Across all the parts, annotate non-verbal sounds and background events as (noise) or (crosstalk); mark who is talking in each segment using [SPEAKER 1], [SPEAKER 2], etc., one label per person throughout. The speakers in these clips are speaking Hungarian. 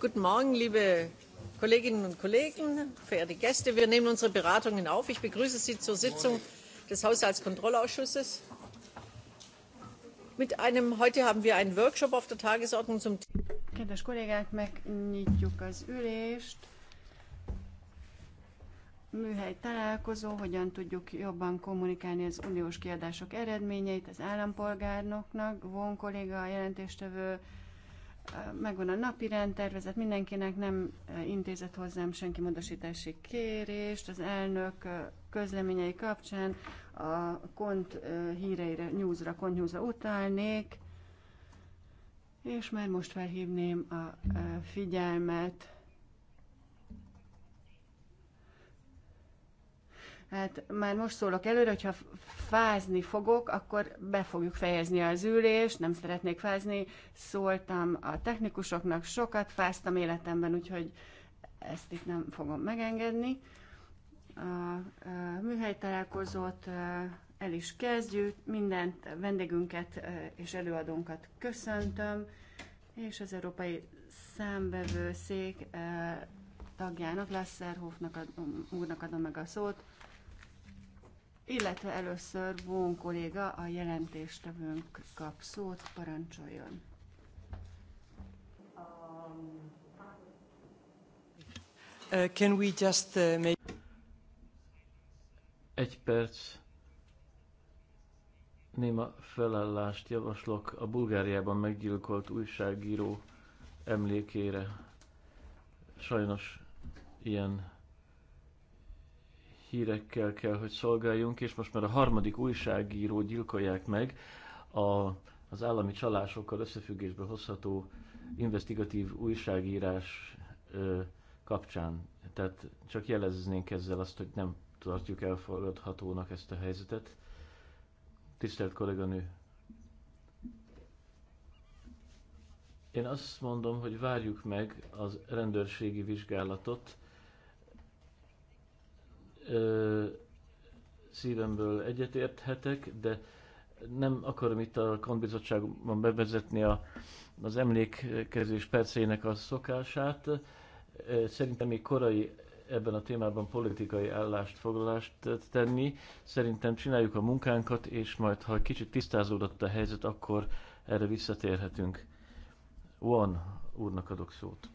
[SPEAKER 1] Guten Morgen, liebe Kolleginnen und Kollegen, verehrte Gäste. Wir nehmen unsere Beratungen auf. Ich begrüße Sie zur Sitzung des Haushaltskontrollausschusses. Mit einem, heute haben wir einen Workshop auf der Tagesordnung zum Kedves kollégák, megnyitjuk az ülést. Műhely
[SPEAKER 2] találkozó, hogyan tudjuk jobban kommunikálni az uniós kiadások eredményeit az állampolgárnoknak. Von kolléga a jelentéstevő megvan a napi rendtervezet, mindenkinek nem intézett hozzám senki módosítási kérést, az elnök közleményei kapcsán a kont híreire, newsra, kont newsra utalnék, és már most felhívném a figyelmet Hát már most szólok előre, hogyha fázni fogok, akkor be fogjuk fejezni az ülést, nem szeretnék fázni. Szóltam a technikusoknak, sokat fáztam életemben, úgyhogy ezt itt nem fogom megengedni. A, a műhely találkozót el is kezdjük. Mindent, vendégünket és előadónkat köszöntöm, és az Európai Számbevőszék tagjának, Lasszerhofnak úrnak adom meg a szót illetve először Vón kolléga a jelentéstevőnk kap szót, parancsoljon.
[SPEAKER 1] Uh, can we just uh, make...
[SPEAKER 3] Egy perc néma felállást javaslok a Bulgáriában meggyilkolt újságíró emlékére. Sajnos ilyen hírekkel kell, hogy szolgáljunk, és most már a harmadik újságíró gyilkolják meg a, az állami csalásokkal összefüggésbe hozható investigatív újságírás ö, kapcsán. Tehát csak jeleznénk ezzel azt, hogy nem tartjuk elfogadhatónak ezt a helyzetet. Tisztelt kolléganő! Én azt mondom, hogy várjuk meg az rendőrségi vizsgálatot, szívemből egyetérthetek, de nem akarom itt a kondbizottságban bevezetni a, az emlékkezés percének a szokását. Szerintem még korai ebben a témában politikai állást foglalást tenni. Szerintem csináljuk a munkánkat, és majd, ha kicsit tisztázódott a helyzet, akkor erre visszatérhetünk. One úrnak adok szót.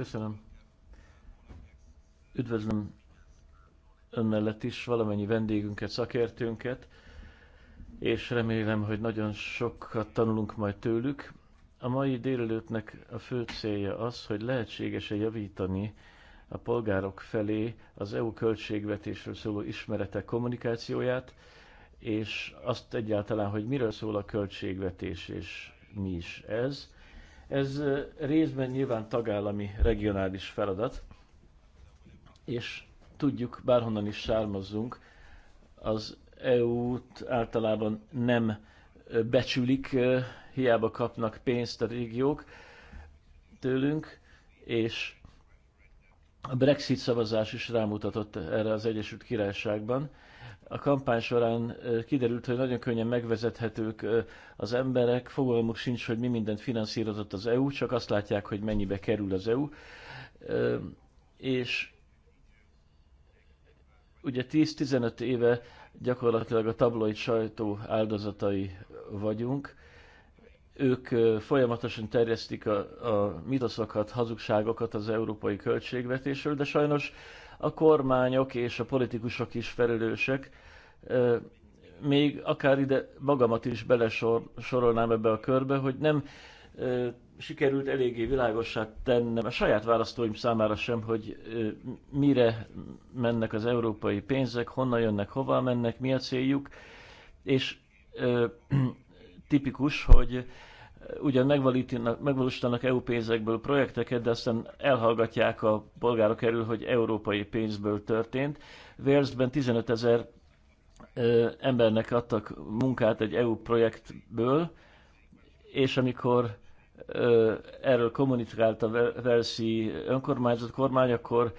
[SPEAKER 3] Köszönöm. Üdvözlöm ön mellett is valamennyi vendégünket, szakértőnket, és remélem, hogy nagyon sokat tanulunk majd tőlük. A mai délelőttnek a fő célja az, hogy lehetséges-e javítani a polgárok felé az EU költségvetésről szóló ismeretek kommunikációját, és azt egyáltalán, hogy miről szól a költségvetés, és mi is ez. Ez részben nyilván tagállami, regionális feladat, és tudjuk, bárhonnan is származzunk, az EU-t általában nem becsülik, hiába kapnak pénzt a régiók tőlünk, és a Brexit szavazás is rámutatott erre az Egyesült Királyságban, a kampány során kiderült, hogy nagyon könnyen megvezethetők az emberek, fogalmuk sincs, hogy mi mindent finanszírozott az EU, csak azt látják, hogy mennyibe kerül az EU. És ugye 10-15 éve gyakorlatilag a tabloid sajtó áldozatai vagyunk. Ők folyamatosan terjesztik a, a mitoszokat, hazugságokat az európai költségvetésről, de sajnos a kormányok és a politikusok is felelősek. Még akár ide magamat is belesorolnám ebbe a körbe, hogy nem sikerült eléggé világossá tennem a saját választóim számára sem, hogy mire mennek az európai pénzek, honnan jönnek, hova mennek, mi a céljuk, és (clears throat) tipikus, hogy ugyan megvalósítanak EU pénzekből projekteket, de aztán elhallgatják a polgárok erről, hogy európai pénzből történt. Walesben 15 ezer embernek adtak munkát egy EU projektből, és amikor ö, erről kommunikált a Velszi önkormányzat kormány, akkor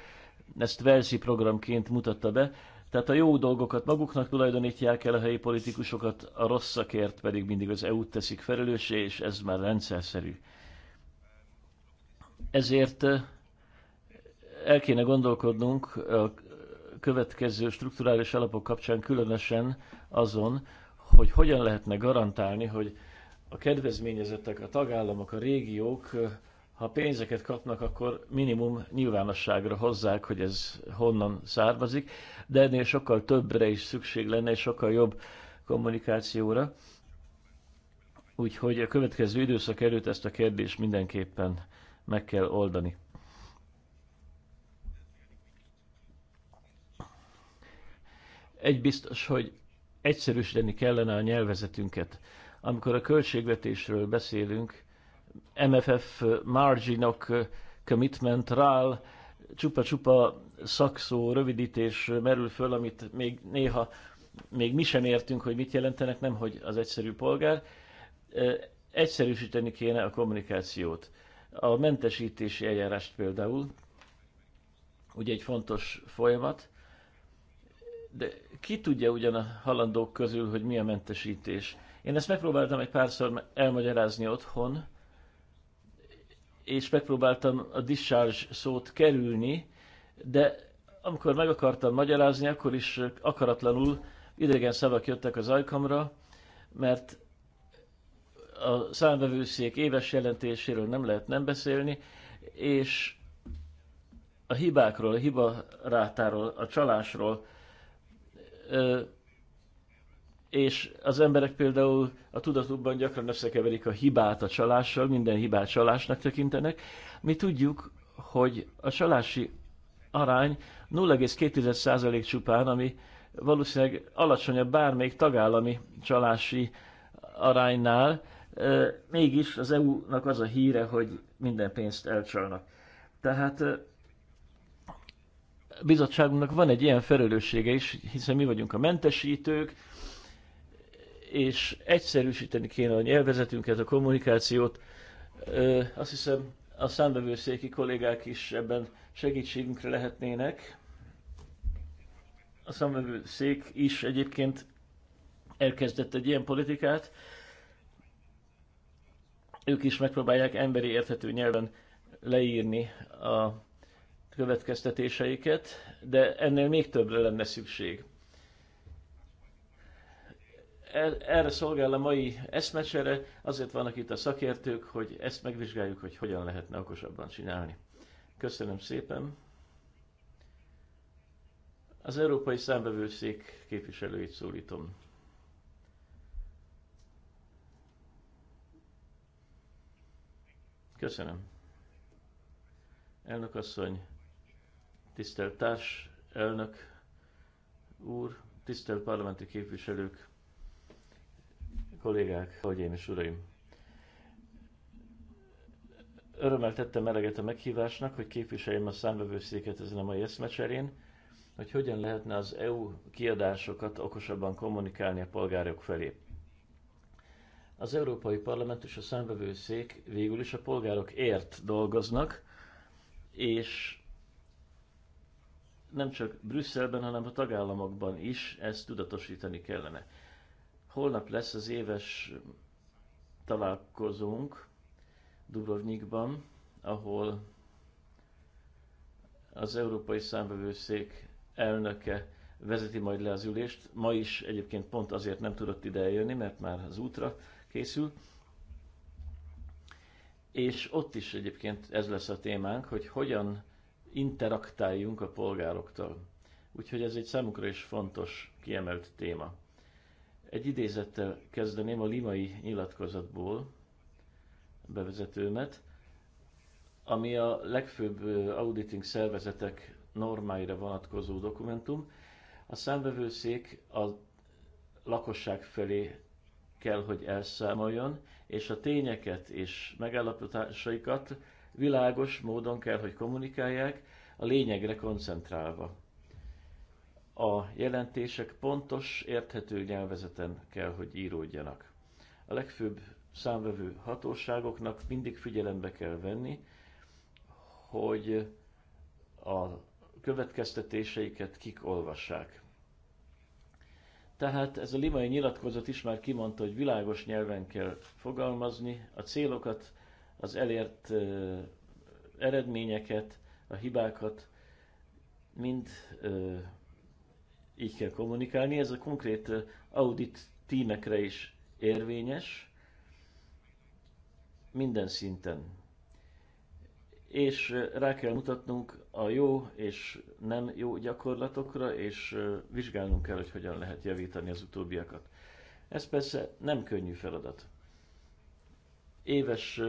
[SPEAKER 3] ezt Velszi programként mutatta be, tehát a jó dolgokat maguknak tulajdonítják el a helyi politikusokat, a rosszakért pedig mindig az EU-t teszik felelőssé, és ez már rendszerszerű. Ezért eh, el kéne gondolkodnunk a következő strukturális alapok kapcsán különösen azon, hogy hogyan lehetne garantálni, hogy a kedvezményezettek, a tagállamok, a régiók eh, ha pénzeket kapnak, akkor minimum nyilvánosságra hozzák, hogy ez honnan származik, de ennél sokkal többre is szükség lenne, és sokkal jobb kommunikációra. Úgyhogy a következő időszak előtt ezt a kérdést mindenképpen meg kell oldani. Egy biztos, hogy egyszerűsíteni kellene a nyelvezetünket. Amikor a költségvetésről beszélünk, MFF marginok, commitment, rál, csupa-csupa szakszó rövidítés merül föl, amit még néha még mi sem értünk, hogy mit jelentenek, nem hogy az egyszerű polgár. Egyszerűsíteni kéne a kommunikációt. A mentesítési eljárást például, ugye egy fontos folyamat, de ki tudja ugyan a halandók közül, hogy mi a mentesítés? Én ezt megpróbáltam egy párszor elmagyarázni otthon, és megpróbáltam a discharge szót kerülni, de amikor meg akartam magyarázni, akkor is akaratlanul idegen szavak jöttek az ajkamra, mert a számvevőszék éves jelentéséről nem lehet nem beszélni, és a hibákról, a hibarátáról, a csalásról és az emberek például a tudatukban gyakran összekeverik a hibát a csalással, minden hibát csalásnak tekintenek. Mi tudjuk, hogy a csalási arány 0,2% csupán, ami valószínűleg alacsonyabb bármelyik tagállami csalási aránynál, mégis az EU-nak az a híre, hogy minden pénzt elcsalnak. Tehát bizottságunknak van egy ilyen felelőssége is, hiszen mi vagyunk a mentesítők, és egyszerűsíteni kéne a nyelvezetünket, a kommunikációt. Azt hiszem, a számbevőszéki kollégák is ebben segítségünkre lehetnének. A számbevőszék is egyébként elkezdett egy ilyen politikát. Ők is megpróbálják emberi érthető nyelven leírni a következtetéseiket, de ennél még többre lenne szükség. Er, erre szolgál a mai eszmecsere, azért vannak itt a szakértők, hogy ezt megvizsgáljuk, hogy hogyan lehetne okosabban csinálni. Köszönöm szépen! Az Európai Számbevőszék képviselőit szólítom. Köszönöm. Elnök asszony, tisztelt társ, elnök úr, tisztelt parlamenti képviselők, kollégák, hölgyeim és uraim! Örömmel tettem eleget a meghívásnak, hogy képviseljem a számvevőszéket ezen a mai eszmecserén, hogy hogyan lehetne az EU kiadásokat okosabban kommunikálni a polgárok felé. Az Európai Parlament és a számvevőszék végül is a polgárok ért dolgoznak, és nem csak Brüsszelben, hanem a tagállamokban is ezt tudatosítani kellene. Holnap lesz az éves találkozónk Dubrovnikban, ahol az Európai Számbevőszék elnöke vezeti majd le az ülést. Ma is egyébként pont azért nem tudott ide eljönni, mert már az útra készül. És ott is egyébként ez lesz a témánk, hogy hogyan interaktáljunk a polgároktól. Úgyhogy ez egy számukra is fontos, kiemelt téma. Egy idézettel kezdeném a limai nyilatkozatból bevezetőmet, ami a legfőbb auditing szervezetek normáira vonatkozó dokumentum. A számbevőszék a lakosság felé kell, hogy elszámoljon, és a tényeket és megállapításaikat világos módon kell, hogy kommunikálják, a lényegre koncentrálva a jelentések pontos, érthető nyelvezeten kell, hogy íródjanak. A legfőbb számvevő hatóságoknak mindig figyelembe kell venni, hogy a következtetéseiket kik olvassák. Tehát ez a limai nyilatkozat is már kimondta, hogy világos nyelven kell fogalmazni, a célokat, az elért eredményeket, a hibákat mind így kell kommunikálni. Ez a konkrét audit tímekre is érvényes, minden szinten. És rá kell mutatnunk a jó és nem jó gyakorlatokra, és vizsgálnunk kell, hogy hogyan lehet javítani az utóbbiakat. Ez persze nem könnyű feladat. Éves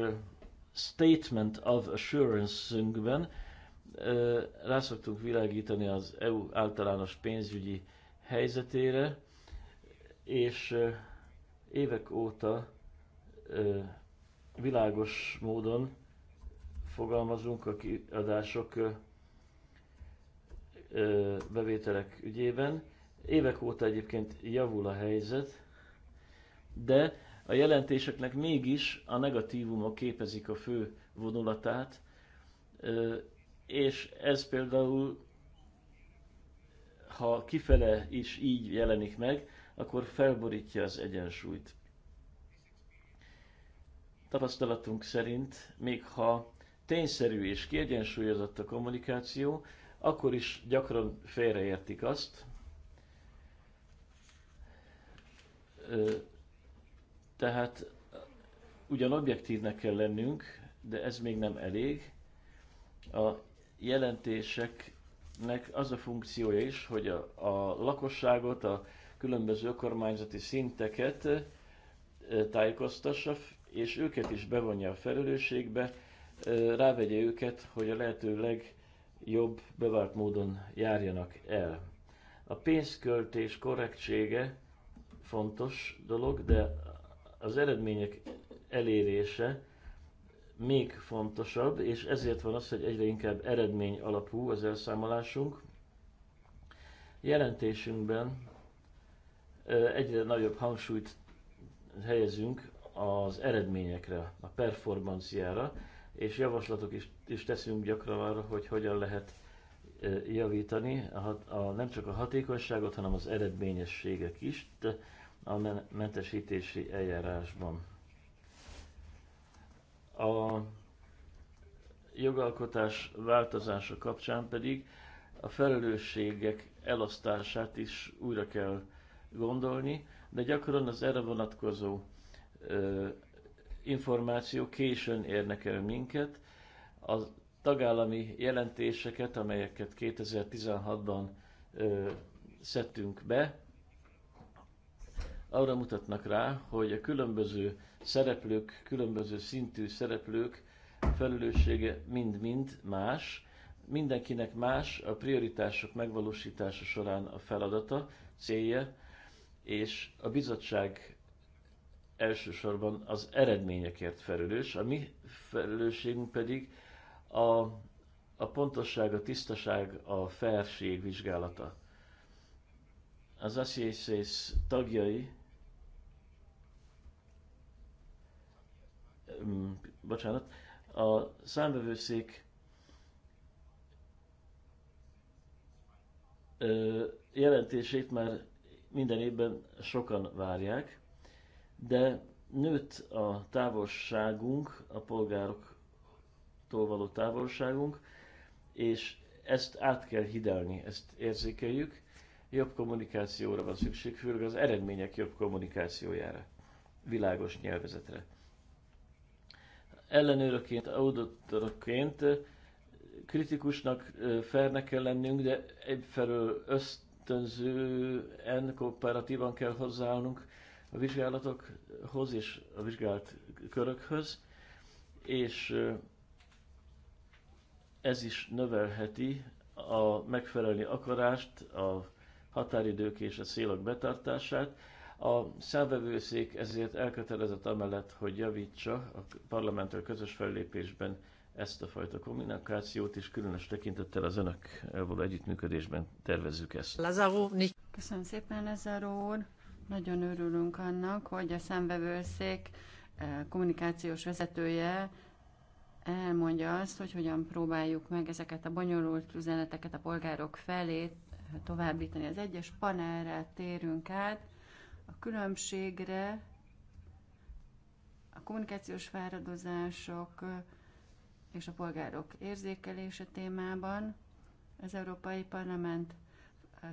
[SPEAKER 3] Statement of Assurance-ünkben rászoktunk világítani az EU általános pénzügyi helyzetére, és évek óta világos módon fogalmazunk a kiadások bevételek ügyében. Évek óta egyébként javul a helyzet, de a jelentéseknek mégis a negatívumok képezik a fő vonulatát, és ez például, ha kifele is így jelenik meg, akkor felborítja az egyensúlyt. Tapasztalatunk szerint, még ha tényszerű és kiegyensúlyozott a kommunikáció, akkor is gyakran félreértik azt, tehát ugyan objektívnek kell lennünk, de ez még nem elég. A jelentéseknek az a funkciója is, hogy a, a lakosságot, a különböző kormányzati szinteket tájékoztassa, és őket is bevonja a felelősségbe, rávegye őket, hogy a lehető legjobb bevált módon járjanak el. A pénzköltés korrektsége fontos dolog, de az eredmények elérése még fontosabb, és ezért van az, hogy egyre inkább eredmény alapú az elszámolásunk. Jelentésünkben egyre nagyobb hangsúlyt helyezünk az eredményekre, a performanciára, és javaslatok is, is teszünk gyakran arra, hogy hogyan lehet javítani a, a, nem csak a hatékonyságot, hanem az eredményességek is a mentesítési eljárásban. A jogalkotás változása kapcsán pedig a felelősségek elosztását is újra kell gondolni, de gyakran az erre vonatkozó ö, információ későn érnek el minket. A tagállami jelentéseket, amelyeket 2016-ban ö, szedtünk be, arra mutatnak rá, hogy a különböző szereplők, különböző szintű szereplők felelőssége mind-mind más. Mindenkinek más a prioritások megvalósítása során a feladata, célja, és a bizottság elsősorban az eredményekért felelős, a mi felelősségünk pedig a, a pontosság, a tisztaság, a felség vizsgálata. Az ACSZ tagjai Mm, bocsánat, a számvevőszék jelentését már minden évben sokan várják, de nőtt a távolságunk, a polgároktól való távolságunk, és ezt át kell hidelni, ezt érzékeljük. Jobb kommunikációra van szükség, főleg az eredmények jobb kommunikációjára, világos nyelvezetre ellenőröként, auditoroként, eh, kritikusnak, eh, fernek kell lennünk, de egyfelől ösztönzően, kooperatívan kell hozzáállnunk a vizsgálatokhoz és a vizsgált körökhöz, és eh, ez is növelheti a megfelelni akarást, a határidők és a célok betartását, a számvevőszék ezért elkötelezett amellett, hogy javítsa a parlamenttel közös fellépésben ezt a fajta kommunikációt, és különös tekintettel az önök való együttműködésben tervezzük ezt.
[SPEAKER 2] Lazaró, Köszönöm szépen, Lazaró úr. Nagyon örülünk annak, hogy a számvevőszék eh, kommunikációs vezetője elmondja azt, hogy hogyan próbáljuk meg ezeket a bonyolult üzeneteket a polgárok felé továbbítani. Az egyes panelre térünk át a különbségre a kommunikációs fáradozások és a polgárok érzékelése témában. Az Európai Parlament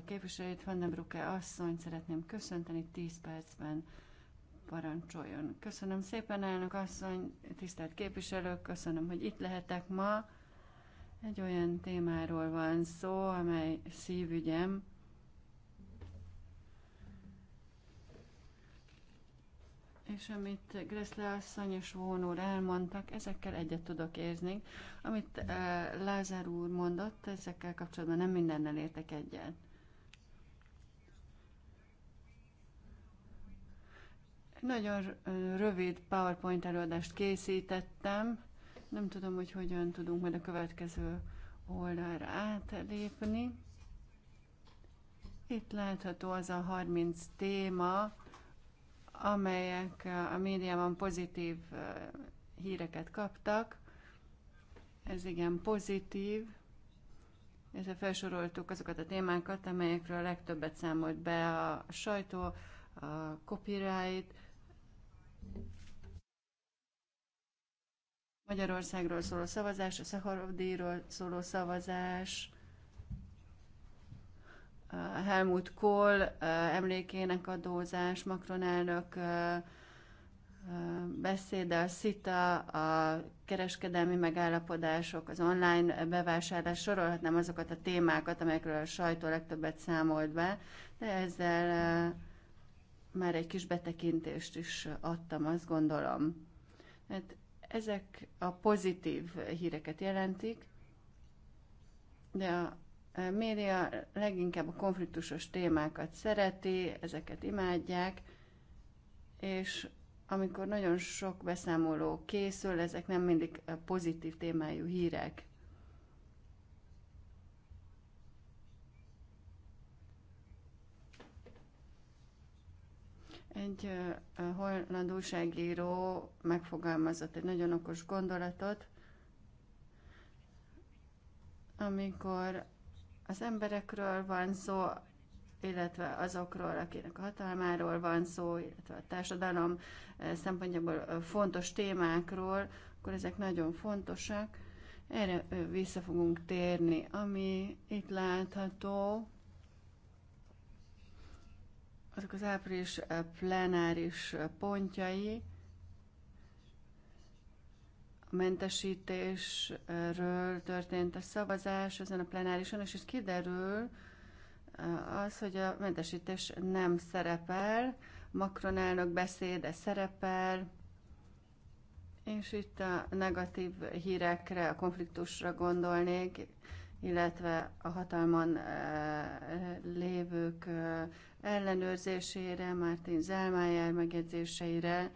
[SPEAKER 2] képviselőjét Van den Brucke asszonyt szeretném köszönteni 10 percben parancsoljon. Köszönöm szépen, elnök asszony, tisztelt képviselők, köszönöm, hogy itt lehetek ma. Egy olyan témáról van szó, amely szívügyem, És amit Greszle asszony és Vón úr elmondtak, ezekkel egyet tudok érzni. Amit eh, Lázár úr mondott, ezekkel kapcsolatban nem mindennel értek egyet. Nagyon rövid PowerPoint előadást készítettem. Nem tudom, hogy hogyan tudunk majd a következő oldalra átlépni. Itt látható az a 30 téma, amelyek a médiában pozitív híreket kaptak. Ez igen pozitív, ezzel felsoroltuk azokat a témákat, amelyekről a legtöbbet számolt be a sajtó, a copyright, Magyarországról szóló szavazás, a Szaharov díjról szóló szavazás, Helmut Kohl emlékének dózás, Macron elnök beszéde, a szita, a kereskedelmi megállapodások, az online bevásárlás, sorolhatnám azokat a témákat, amelyekről a sajtó legtöbbet számolt be, de ezzel már egy kis betekintést is adtam, azt gondolom. Hát ezek a pozitív híreket jelentik, de a média leginkább a konfliktusos témákat szereti, ezeket imádják, és amikor nagyon sok beszámoló készül, ezek nem mindig pozitív témájú hírek. Egy holland újságíró megfogalmazott egy nagyon okos gondolatot, amikor az emberekről van szó, illetve azokról, akinek a hatalmáról van szó, illetve a társadalom eh, szempontjából eh, fontos témákról, akkor ezek nagyon fontosak. Erre eh, vissza fogunk térni. Ami itt látható, azok az április plenáris pontjai, a mentesítésről történt a szavazás ezen a plenárison, és itt kiderül eh, az, hogy a mentesítés nem szerepel, Macron elnök beszéde szerepel, és itt a negatív hírekre, a konfliktusra gondolnék, illetve a hatalman eh, lévők eh, ellenőrzésére, Martin Zellmeyer megjegyzéseire.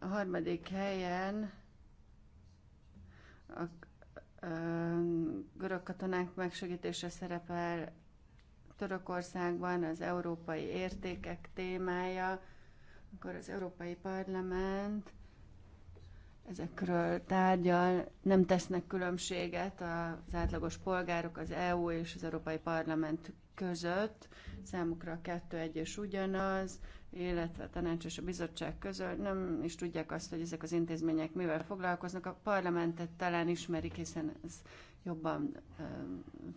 [SPEAKER 2] A harmadik helyen a görög katonák megsegítése szerepel Törökországban az európai értékek témája, akkor az Európai Parlament ezekről tárgyal, nem tesznek különbséget az átlagos polgárok az EU és az Európai Parlament között, számukra a kettő egyes ugyanaz, illetve a tanács és a bizottság között nem is tudják azt, hogy ezek az intézmények mivel foglalkoznak. A parlamentet talán ismerik, hiszen ez jobban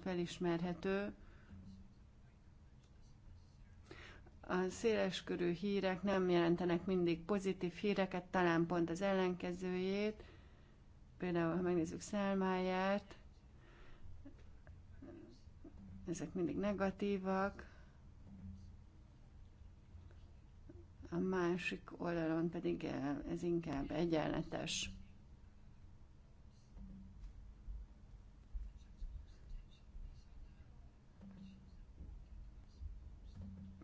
[SPEAKER 2] felismerhető. a széleskörű hírek nem jelentenek mindig pozitív híreket, talán pont az ellenkezőjét, például ha megnézzük szelmáját, ezek mindig negatívak, a másik oldalon pedig ez inkább egyenletes.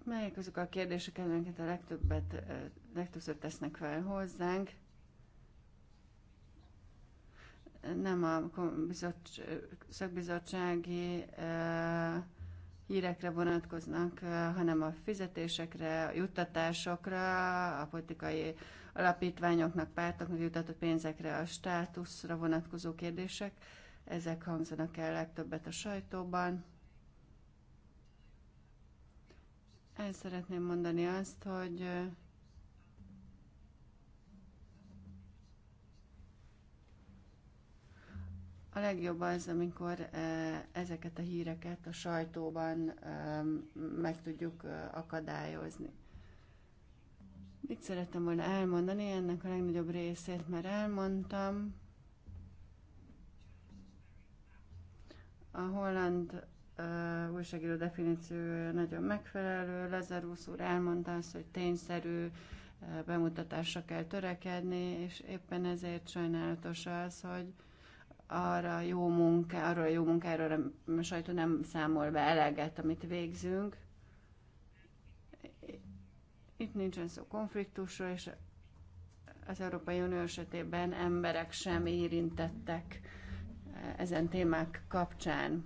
[SPEAKER 2] melyek azok a kérdések, amelyeket a legtöbbet, legtöbbször tesznek fel hozzánk. Nem a szakbizottsági hírekre vonatkoznak, hanem a fizetésekre, a juttatásokra, a politikai alapítványoknak, pártoknak jutatott pénzekre, a státuszra vonatkozó kérdések. Ezek hangzanak el legtöbbet a sajtóban. El szeretném mondani azt, hogy A legjobb az, amikor ezeket a híreket a sajtóban meg tudjuk akadályozni. Mit szerettem volna elmondani? Ennek a legnagyobb részét már elmondtam. A holland uh, újságíró definíciója nagyon megfelelő. Lezer úr elmondta azt, hogy tényszerű uh, bemutatásra kell törekedni, és éppen ezért sajnálatos az, hogy arra jó munka, arról a jó munkáról a sajtó nem számol be eleget, amit végzünk. Itt nincsen szó konfliktusról, és az Európai Unió esetében emberek sem érintettek ezen témák kapcsán.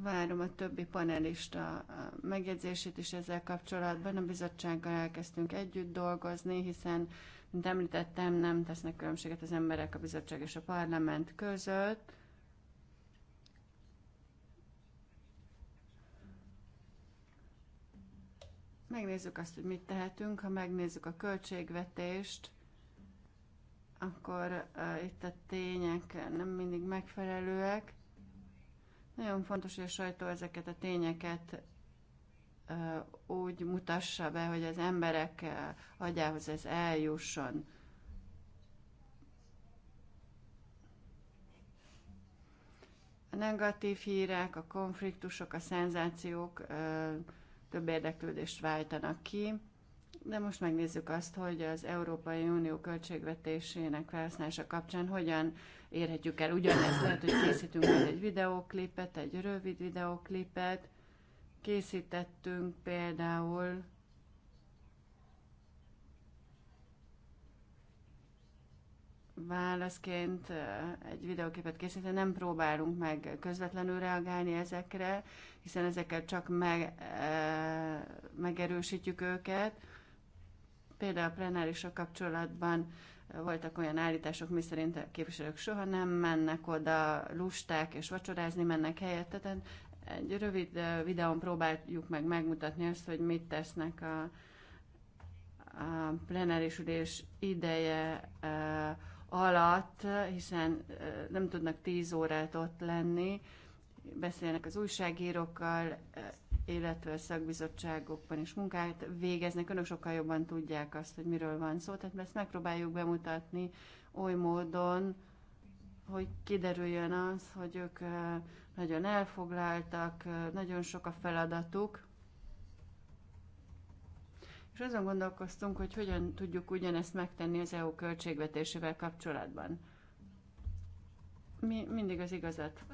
[SPEAKER 2] várom a többi panelista megjegyzését is ezzel kapcsolatban. A bizottsággal elkezdtünk együtt dolgozni, hiszen, mint említettem, nem tesznek különbséget az emberek a bizottság és a parlament között. Megnézzük azt, hogy mit tehetünk. Ha megnézzük a költségvetést, akkor uh, itt a tények nem mindig megfelelőek nagyon fontos, hogy a sajtó ezeket a tényeket úgy mutassa be, hogy az emberek agyához ez eljusson. A negatív hírek, a konfliktusok, a szenzációk több érdeklődést váltanak ki. De most megnézzük azt, hogy az Európai Unió költségvetésének felhasználása kapcsán hogyan érhetjük el ugyanezt. Lehet, hogy készítünk majd egy videóklipet, egy rövid videóklipet. Készítettünk például válaszként egy videóképet készíteni, nem próbálunk meg közvetlenül reagálni ezekre, hiszen ezekkel csak meg, megerősítjük őket, Például a plenárisok kapcsolatban voltak olyan állítások, miszerint a képviselők soha nem mennek oda, lusták és vacsorázni mennek helyette. Tehát egy rövid videón próbáljuk meg megmutatni azt, hogy mit tesznek a, a plenáris ülés ideje alatt, hiszen nem tudnak tíz órát ott lenni, beszélnek az újságírókkal, illetve szakbizottságokban is munkát végeznek. Önök sokkal jobban tudják azt, hogy miről van szó, tehát ezt megpróbáljuk bemutatni oly módon, hogy kiderüljön az, hogy ők nagyon elfoglaltak, nagyon sok a feladatuk, és azon gondolkoztunk, hogy hogyan tudjuk ugyanezt megtenni az EU költségvetésével kapcsolatban. Mi mindig az igazat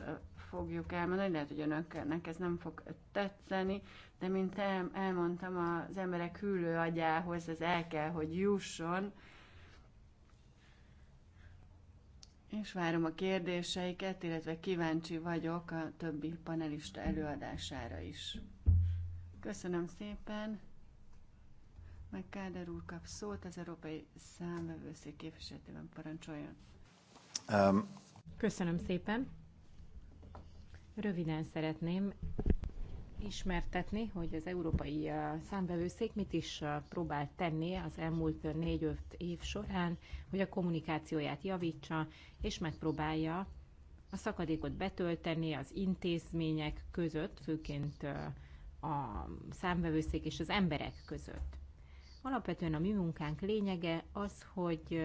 [SPEAKER 2] fogjuk elmondani, lehet, hogy önöknek ez nem fog tetszeni, de mint el, elmondtam, az emberek hűlő agyához ez el kell, hogy jusson. És várom a kérdéseiket, illetve kíváncsi vagyok a többi panelista előadására is. Köszönöm szépen! Meg Káder úr kap szót az Európai Számvevőszék képviseletében parancsoljon.
[SPEAKER 4] Um.
[SPEAKER 5] Köszönöm szépen! Röviden szeretném ismertetni, hogy az Európai uh, Számbevőszék mit is uh, próbált tenni az elmúlt 4-5 év során, hogy a kommunikációját javítsa, és megpróbálja a szakadékot betölteni az intézmények között, főként uh, a számvevőszék és az emberek között. Alapvetően a mi munkánk lényege az, hogy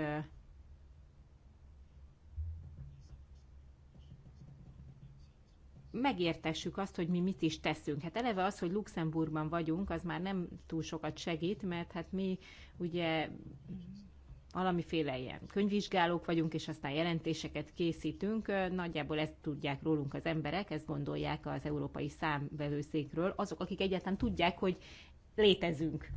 [SPEAKER 5] megértessük azt, hogy mi mit is teszünk. Hát eleve az, hogy Luxemburgban vagyunk, az már nem túl sokat segít, mert hát mi ugye valamiféle ilyen könyvvizsgálók vagyunk, és aztán jelentéseket készítünk. Nagyjából ezt tudják rólunk az emberek, ezt gondolják az európai számvevőszékről, azok, akik egyáltalán tudják, hogy létezünk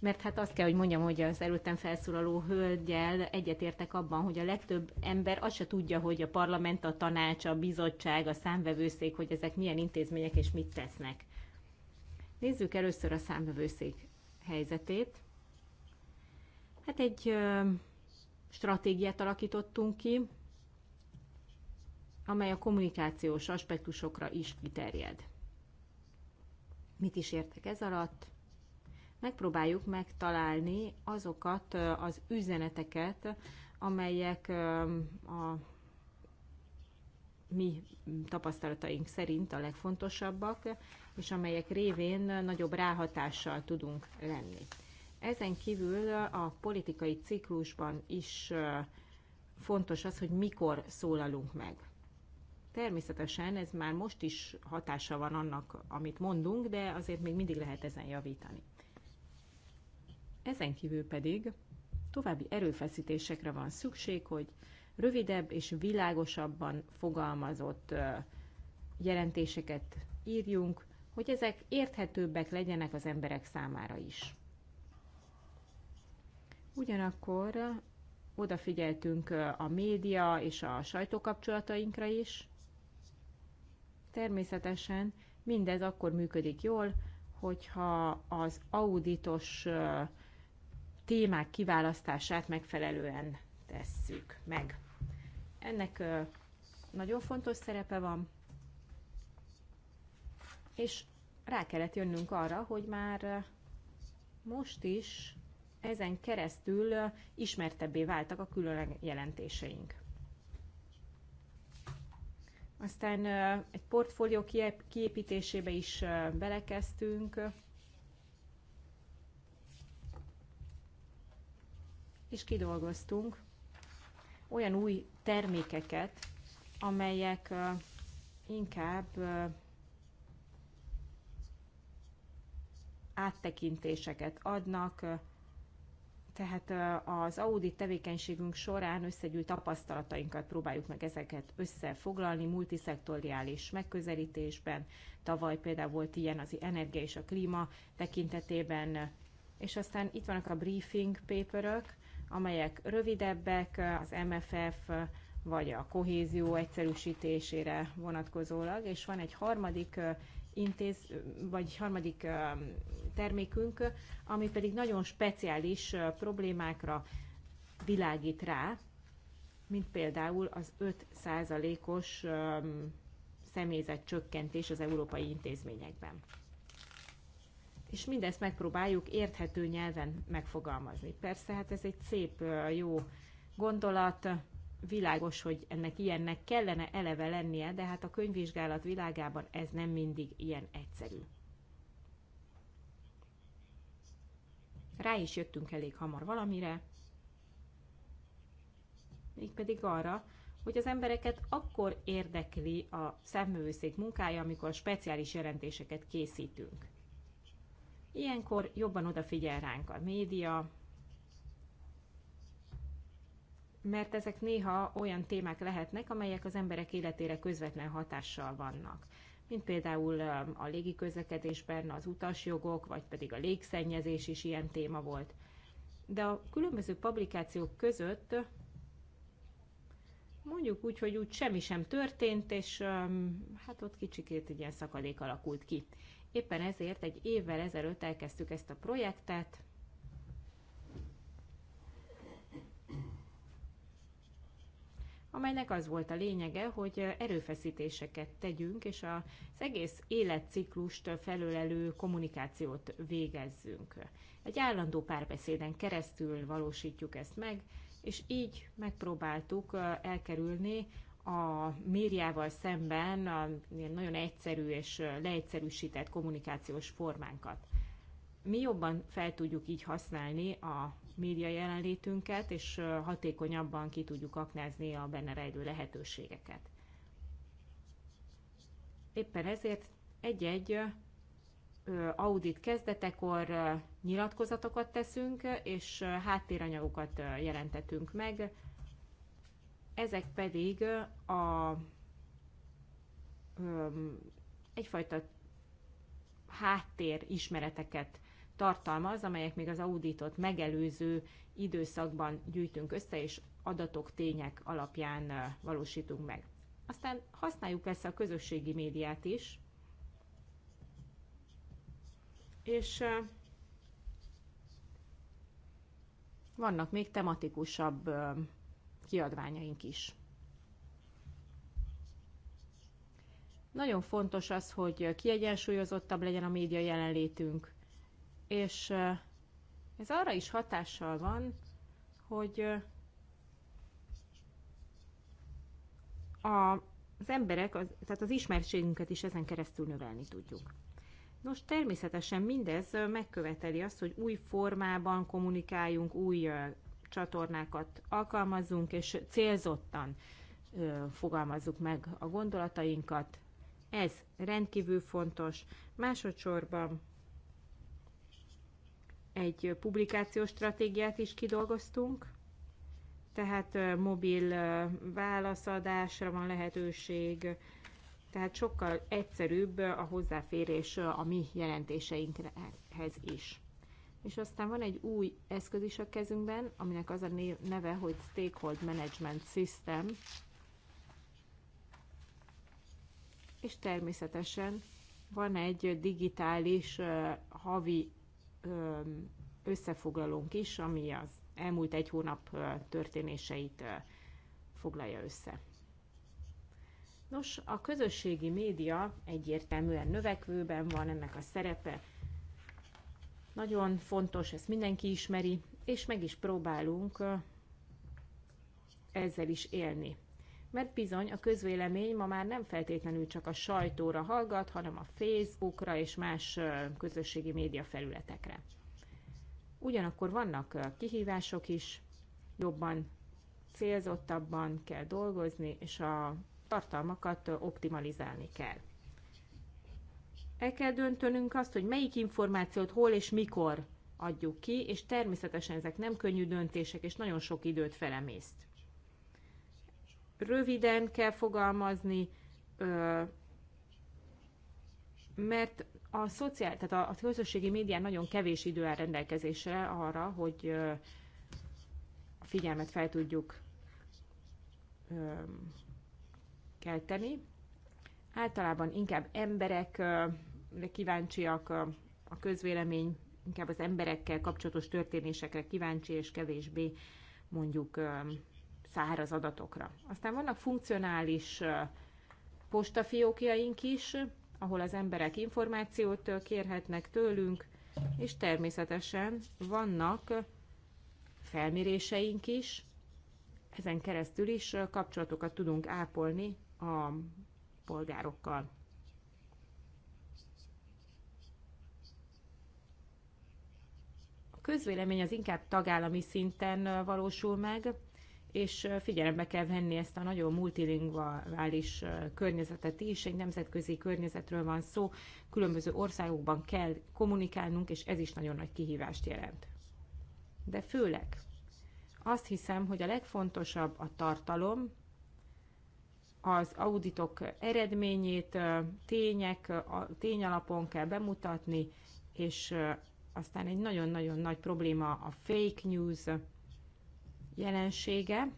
[SPEAKER 5] mert hát azt kell, hogy mondjam, hogy az előttem felszólaló hölgyel egyetértek abban, hogy a legtöbb ember azt se tudja, hogy a parlament, a tanács, a bizottság, a számvevőszék, hogy ezek milyen intézmények és mit tesznek. Nézzük először a számvevőszék helyzetét. Hát egy ö, stratégiát alakítottunk ki, amely a kommunikációs aspektusokra is kiterjed. Mit is értek ez alatt? megpróbáljuk megtalálni azokat az üzeneteket, amelyek a mi tapasztalataink szerint a legfontosabbak, és amelyek révén nagyobb ráhatással tudunk lenni. Ezen kívül a politikai ciklusban is fontos az, hogy mikor szólalunk meg. Természetesen ez már most is hatása van annak, amit mondunk, de azért még mindig lehet ezen javítani. Ezen kívül pedig további erőfeszítésekre van szükség, hogy rövidebb és világosabban fogalmazott jelentéseket írjunk, hogy ezek érthetőbbek legyenek az emberek számára is. Ugyanakkor odafigyeltünk a média és a sajtókapcsolatainkra is. Természetesen mindez akkor működik jól, hogyha az auditos témák kiválasztását megfelelően tesszük meg. Ennek nagyon fontos szerepe van, és rá kellett jönnünk arra, hogy már most is ezen keresztül ismertebbé váltak a különleg jelentéseink. Aztán egy portfólió kiépítésébe is belekezdtünk, és kidolgoztunk olyan új termékeket, amelyek inkább áttekintéseket adnak, tehát az audit tevékenységünk során összegyűlt tapasztalatainkat próbáljuk meg ezeket összefoglalni multiszektoriális megközelítésben. Tavaly például volt ilyen az energia és a klíma tekintetében, és aztán itt vannak a briefing paperök, amelyek rövidebbek az MFF vagy a kohézió egyszerűsítésére vonatkozólag, és van egy harmadik intéz, vagy harmadik termékünk, ami pedig nagyon speciális problémákra világít rá, mint például az 5%-os személyzet csökkentés az európai intézményekben és mindezt megpróbáljuk érthető nyelven megfogalmazni. Persze, hát ez egy szép, jó gondolat, világos, hogy ennek ilyennek kellene eleve lennie, de hát a könyvvizsgálat világában ez nem mindig ilyen egyszerű. Rá is jöttünk elég hamar valamire, mégpedig arra, hogy az embereket akkor érdekli a szemművészék munkája, amikor speciális jelentéseket készítünk. Ilyenkor jobban odafigyel ránk a média, mert ezek néha olyan témák lehetnek, amelyek az emberek életére közvetlen hatással vannak mint például a közlekedésben az utasjogok, vagy pedig a légszennyezés is ilyen téma volt. De a különböző publikációk között mondjuk úgy, hogy úgy semmi sem történt, és hát ott kicsikét egy ilyen szakadék alakult ki. Éppen ezért egy évvel ezelőtt elkezdtük ezt a projektet, amelynek az volt a lényege, hogy erőfeszítéseket tegyünk, és az egész életciklust felölelő kommunikációt végezzünk. Egy állandó párbeszéden keresztül valósítjuk ezt meg, és így megpróbáltuk elkerülni a médiával szemben a nagyon egyszerű és leegyszerűsített kommunikációs formánkat. Mi jobban fel tudjuk így használni a média jelenlétünket, és hatékonyabban ki tudjuk aknázni a benne rejlő lehetőségeket. Éppen ezért egy-egy audit kezdetekor nyilatkozatokat teszünk, és háttéranyagokat jelentetünk meg, ezek pedig a, um, egyfajta háttér ismereteket tartalmaz, amelyek még az auditot megelőző időszakban gyűjtünk össze, és adatok, tények alapján valósítunk meg. Aztán használjuk persze a közösségi médiát is, és vannak még tematikusabb kiadványaink is. Nagyon fontos az, hogy kiegyensúlyozottabb legyen a média jelenlétünk, és eh, ez arra is hatással van, hogy a, eh, az emberek, tehát az ismertségünket is ezen keresztül növelni tudjuk. Nos, természetesen mindez megköveteli azt, hogy új formában kommunikáljunk, új eh, csatornákat alkalmazzunk, és célzottan fogalmazzuk meg a gondolatainkat. Ez rendkívül fontos. Másodszorban egy publikációs stratégiát is kidolgoztunk, tehát mobil válaszadásra van lehetőség, tehát sokkal egyszerűbb a hozzáférés a mi jelentéseinkhez is és aztán van egy új eszköz is a kezünkben, aminek az a neve, hogy Stakehold Management System, és természetesen van egy digitális havi összefoglalónk is, ami az elmúlt egy hónap történéseit foglalja össze. Nos, a közösségi média egyértelműen növekvőben van, ennek a szerepe nagyon fontos, ezt mindenki ismeri, és meg is próbálunk ezzel is élni. Mert bizony a közvélemény ma már nem feltétlenül csak a sajtóra hallgat, hanem a Facebookra és más közösségi média felületekre. Ugyanakkor vannak kihívások is, jobban, célzottabban kell dolgozni, és a tartalmakat optimalizálni kell el kell döntenünk azt, hogy melyik információt hol és mikor adjuk ki, és természetesen ezek nem könnyű döntések, és nagyon sok időt felemészt. Röviden kell fogalmazni, mert a szociál, tehát a, a közösségi médián nagyon kevés idő áll rendelkezésre arra, hogy a figyelmet fel tudjuk kelteni. Általában inkább emberek kíváncsiak a közvélemény, inkább az emberekkel kapcsolatos történésekre kíváncsi, és kevésbé mondjuk száraz adatokra. Aztán vannak funkcionális postafiókjaink is, ahol az emberek információt kérhetnek tőlünk, és természetesen vannak felméréseink is, ezen keresztül is kapcsolatokat tudunk ápolni a polgárokkal. közvélemény az inkább tagállami szinten valósul meg, és figyelembe kell venni ezt a nagyon multilinguális környezetet is, egy nemzetközi környezetről van szó, különböző országokban kell kommunikálnunk, és ez is nagyon nagy kihívást jelent. De főleg azt hiszem, hogy a legfontosabb a tartalom, az auditok eredményét tények, tényalapon kell bemutatni, és aztán egy nagyon-nagyon nagy probléma a fake news jelensége.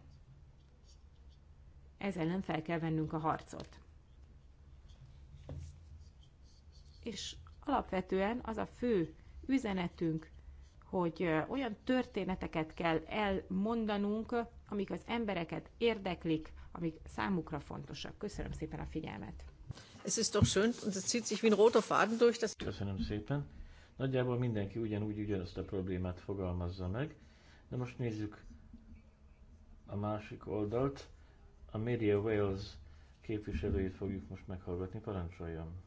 [SPEAKER 5] Ezzel nem fel kell vennünk a harcot. És alapvetően az a fő üzenetünk, hogy olyan történeteket kell elmondanunk, amik az embereket érdeklik,
[SPEAKER 1] amik számukra fontosak. Köszönöm szépen a figyelmet. Es ist doch schön, und es zieht sich wie ein roter Faden durch das. Köszönöm
[SPEAKER 3] szépen. Nagyjából mindenki ugyanúgy ugyanazt a problémát fogalmazza meg. De most nézzük a másik oldalt. A Media Wales képviselőjét fogjuk most meghallgatni. Parancsoljon!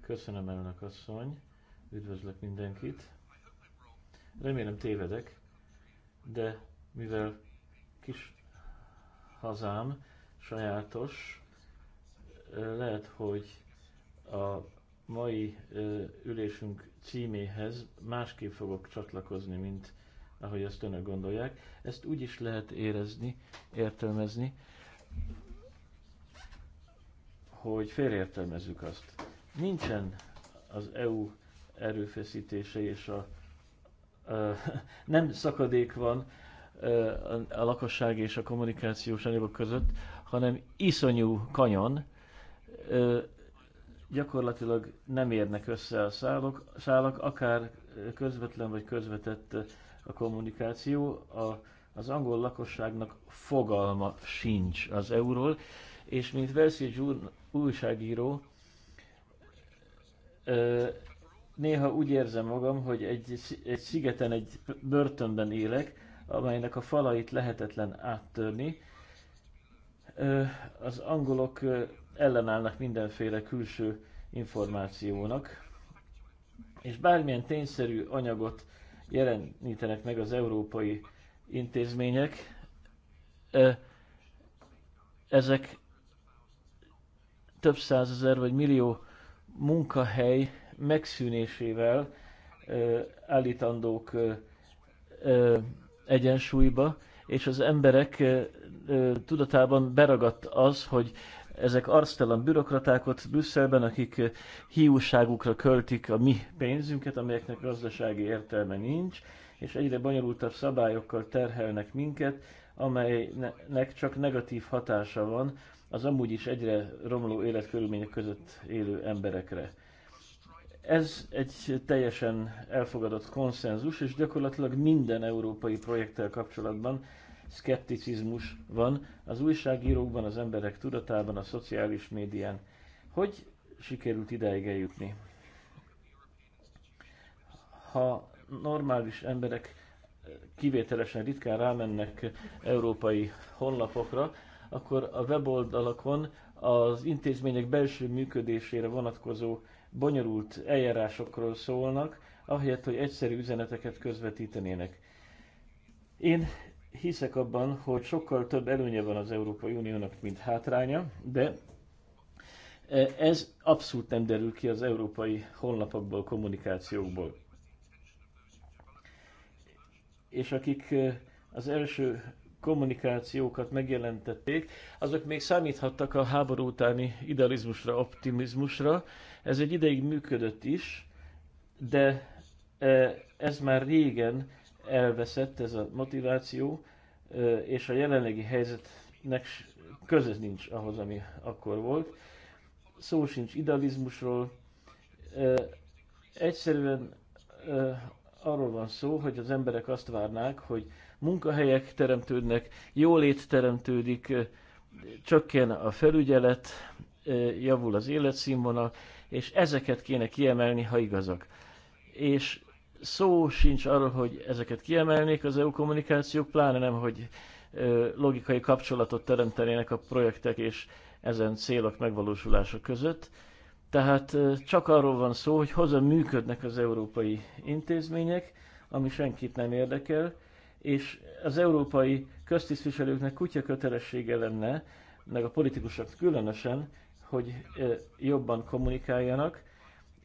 [SPEAKER 3] Köszönöm, elnök asszony! Üdvözlök mindenkit! Remélem tévedek, de mivel kis hazám sajátos, lehet, hogy a mai ülésünk címéhez másképp fogok csatlakozni, mint ahogy azt önök gondolják. Ezt úgy is lehet érezni, értelmezni, hogy félértelmezzük azt. Nincsen az EU erőfeszítése és a, a (laughs) nem szakadék van a, a lakosság és a kommunikációs anyagok között, hanem iszonyú kanyon, gyakorlatilag nem érnek össze a szálok, szálak, akár közvetlen vagy közvetett a kommunikáció. A, az angol lakosságnak fogalma sincs az euról, és mint Versi újságíró, néha úgy érzem magam, hogy egy, egy szigeten, egy börtönben élek, amelynek a falait lehetetlen áttörni. Az angolok ellenállnak mindenféle külső információnak, és bármilyen tényszerű anyagot jelenítenek meg az európai intézmények, ezek több százezer vagy millió munkahely megszűnésével állítandók egyensúlyba, és az emberek tudatában beragadt az, hogy ezek arctalan bürokratákot Brüsszelben, akik hiúságukra költik a mi pénzünket, amelyeknek gazdasági értelme nincs, és egyre bonyolultabb szabályokkal terhelnek minket, amelynek csak negatív hatása van az amúgy is egyre romló életkörülmények között élő emberekre. Ez egy teljesen elfogadott konszenzus, és gyakorlatilag minden európai projekttel kapcsolatban szkepticizmus van az újságírókban, az emberek tudatában, a szociális médián. Hogy sikerült ideig eljutni? Ha normális emberek kivételesen ritkán rámennek európai honlapokra, akkor a weboldalakon az intézmények belső működésére vonatkozó bonyolult eljárásokról szólnak, ahelyett, hogy egyszerű üzeneteket közvetítenének. Én hiszek abban, hogy sokkal több előnye van az Európai Uniónak, mint hátránya, de e, ez abszolút nem derül ki az európai honlapokból, kommunikációkból. És akik e, az első kommunikációkat megjelentették, azok még számíthattak a háború utáni idealizmusra, optimizmusra. Ez egy ideig működött is, de e, ez már régen elveszett ez a motiváció, és a jelenlegi helyzetnek köze nincs ahhoz, ami akkor volt. Szó sincs idealizmusról, egyszerűen arról van szó, hogy az emberek azt várnák, hogy munkahelyek teremtődnek, jólét teremtődik, csökken a felügyelet, javul az életszínvonal, és ezeket kéne kiemelni, ha igazak. És szó sincs arról, hogy ezeket kiemelnék az EU kommunikációk, pláne nem, hogy logikai kapcsolatot teremtenének a projektek és ezen célok megvalósulása között. Tehát csak arról van szó, hogy hozzá működnek az európai intézmények, ami senkit nem érdekel, és az európai köztisztviselőknek kutya kötelessége lenne, meg a politikusok különösen, hogy jobban kommunikáljanak,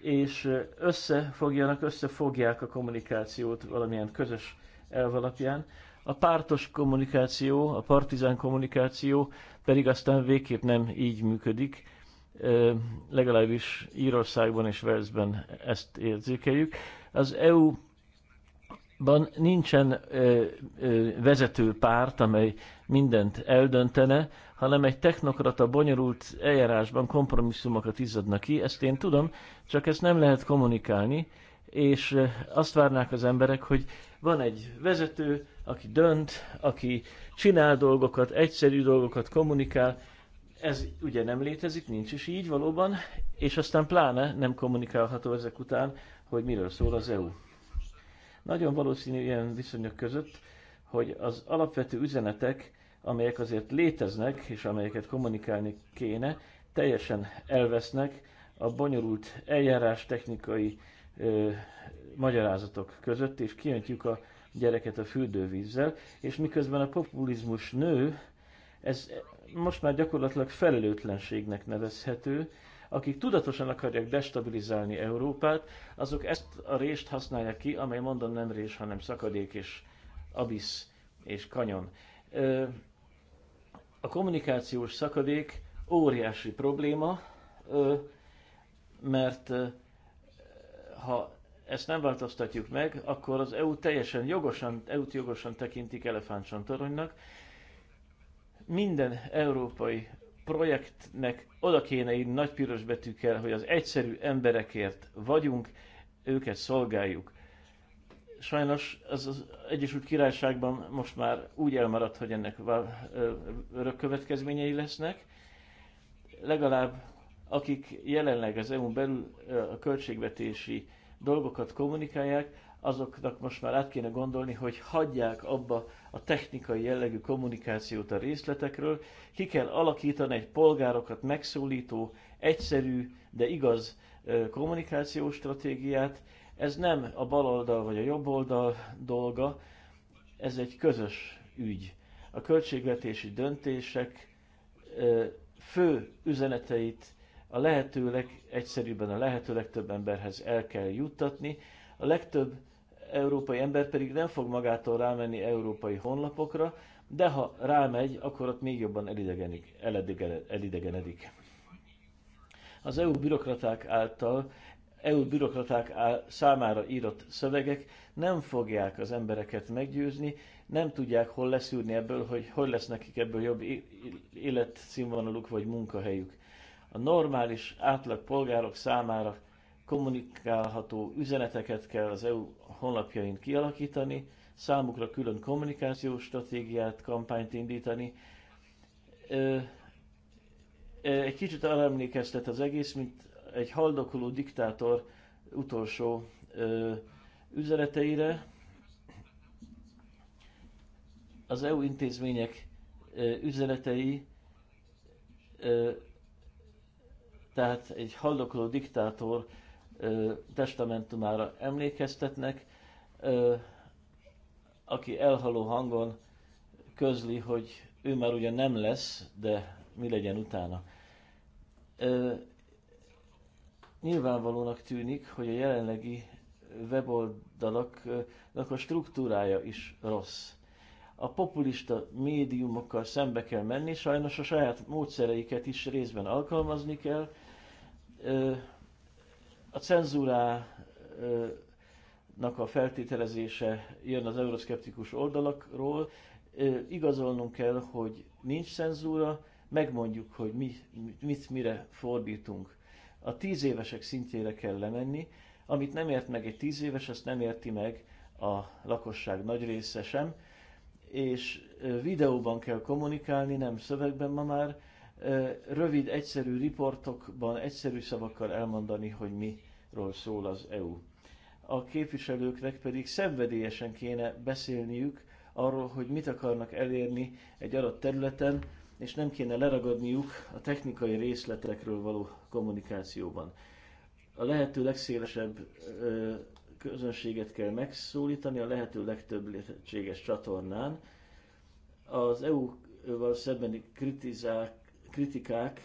[SPEAKER 3] és összefogjanak, összefogják a kommunikációt valamilyen közös elv alapján. A pártos kommunikáció, a partizán kommunikáció pedig aztán végképp nem így működik, legalábbis Írországban és Velszben ezt érzékeljük. Az EU Ban nincsen ö, ö, vezető párt, amely mindent eldöntene, hanem egy technokrata bonyolult eljárásban kompromisszumokat izzadna ki, ezt én tudom, csak ezt nem lehet kommunikálni, és azt várnák az emberek, hogy van egy vezető, aki dönt, aki csinál dolgokat, egyszerű dolgokat kommunikál, ez ugye nem létezik, nincs is így valóban, és aztán pláne nem kommunikálható ezek után, hogy miről szól az EU. Nagyon valószínű ilyen viszonyok között hogy az alapvető üzenetek, amelyek azért léteznek, és amelyeket kommunikálni kéne, teljesen elvesznek a bonyolult eljárás technikai ö, magyarázatok között, és kiöntjük a gyereket a fürdővízzel, és miközben a populizmus nő, ez most már gyakorlatilag felelőtlenségnek nevezhető, akik tudatosan akarják destabilizálni Európát, azok ezt a rést használják ki, amely mondom nem rés, hanem szakadék és abisz és Kanyon. A kommunikációs szakadék óriási probléma, mert ha ezt nem változtatjuk meg, akkor az EU teljesen jogosan, eu jogosan tekintik elefántcsontoronynak. Minden európai projektnek oda kéne így nagy piros betűkkel, hogy az egyszerű emberekért vagyunk, őket szolgáljuk. Sajnos az, az Egyesült Királyságban most már úgy elmaradt, hogy ennek örök következményei lesznek. Legalább akik jelenleg az EU belül a költségvetési dolgokat kommunikálják, azoknak most már át kéne gondolni, hogy hagyják abba a technikai jellegű kommunikációt a részletekről, ki kell alakítani egy polgárokat megszólító, egyszerű, de igaz kommunikációs stratégiát, ez nem a baloldal vagy a jobb oldal dolga, ez egy közös ügy. A költségvetési döntések fő üzeneteit a lehetőleg egyszerűbben a lehető legtöbb emberhez el kell juttatni. A legtöbb európai ember pedig nem fog magától rámenni európai honlapokra, de ha rámegy, akkor ott még jobban elidegenik, elidegenedik. Az EU bürokraták által EU bürokraták számára írott szövegek nem fogják az embereket meggyőzni, nem tudják hol leszűrni ebből, hogy hogy lesz nekik ebből jobb életszínvonaluk vagy munkahelyük. A normális, átlag polgárok számára kommunikálható üzeneteket kell az EU honlapjain kialakítani, számukra külön kommunikációs stratégiát, kampányt indítani. Egy kicsit arra emlékeztet az egész, mint egy haldokuló diktátor utolsó ö, üzeneteire. Az EU intézmények ö, üzenetei, ö, tehát egy haldokuló diktátor ö, testamentumára emlékeztetnek, ö, aki elhaló hangon közli, hogy ő már ugye nem lesz, de mi legyen utána. Nyilvánvalónak tűnik, hogy a jelenlegi weboldalaknak a struktúrája is rossz. A populista médiumokkal szembe kell menni, sajnos a saját módszereiket is részben alkalmazni kell. A cenzúrának a feltételezése jön az euroszkeptikus oldalakról. Igazolnunk kell, hogy nincs cenzúra, megmondjuk, hogy mi, mit mire fordítunk a tíz évesek szintjére kell lemenni, amit nem ért meg egy tíz éves, azt nem érti meg a lakosság nagy része sem, és videóban kell kommunikálni, nem szövegben ma már, rövid, egyszerű riportokban, egyszerű szavakkal elmondani, hogy miről szól az EU. A képviselőknek pedig szenvedélyesen kéne beszélniük arról, hogy mit akarnak elérni egy adott területen, és nem kéne leragadniuk a technikai részletekről való kommunikációban. A lehető legszélesebb ö, közönséget kell megszólítani a lehető legtöbb lehetséges csatornán. Az EU-val szembeni kritizák, kritikák,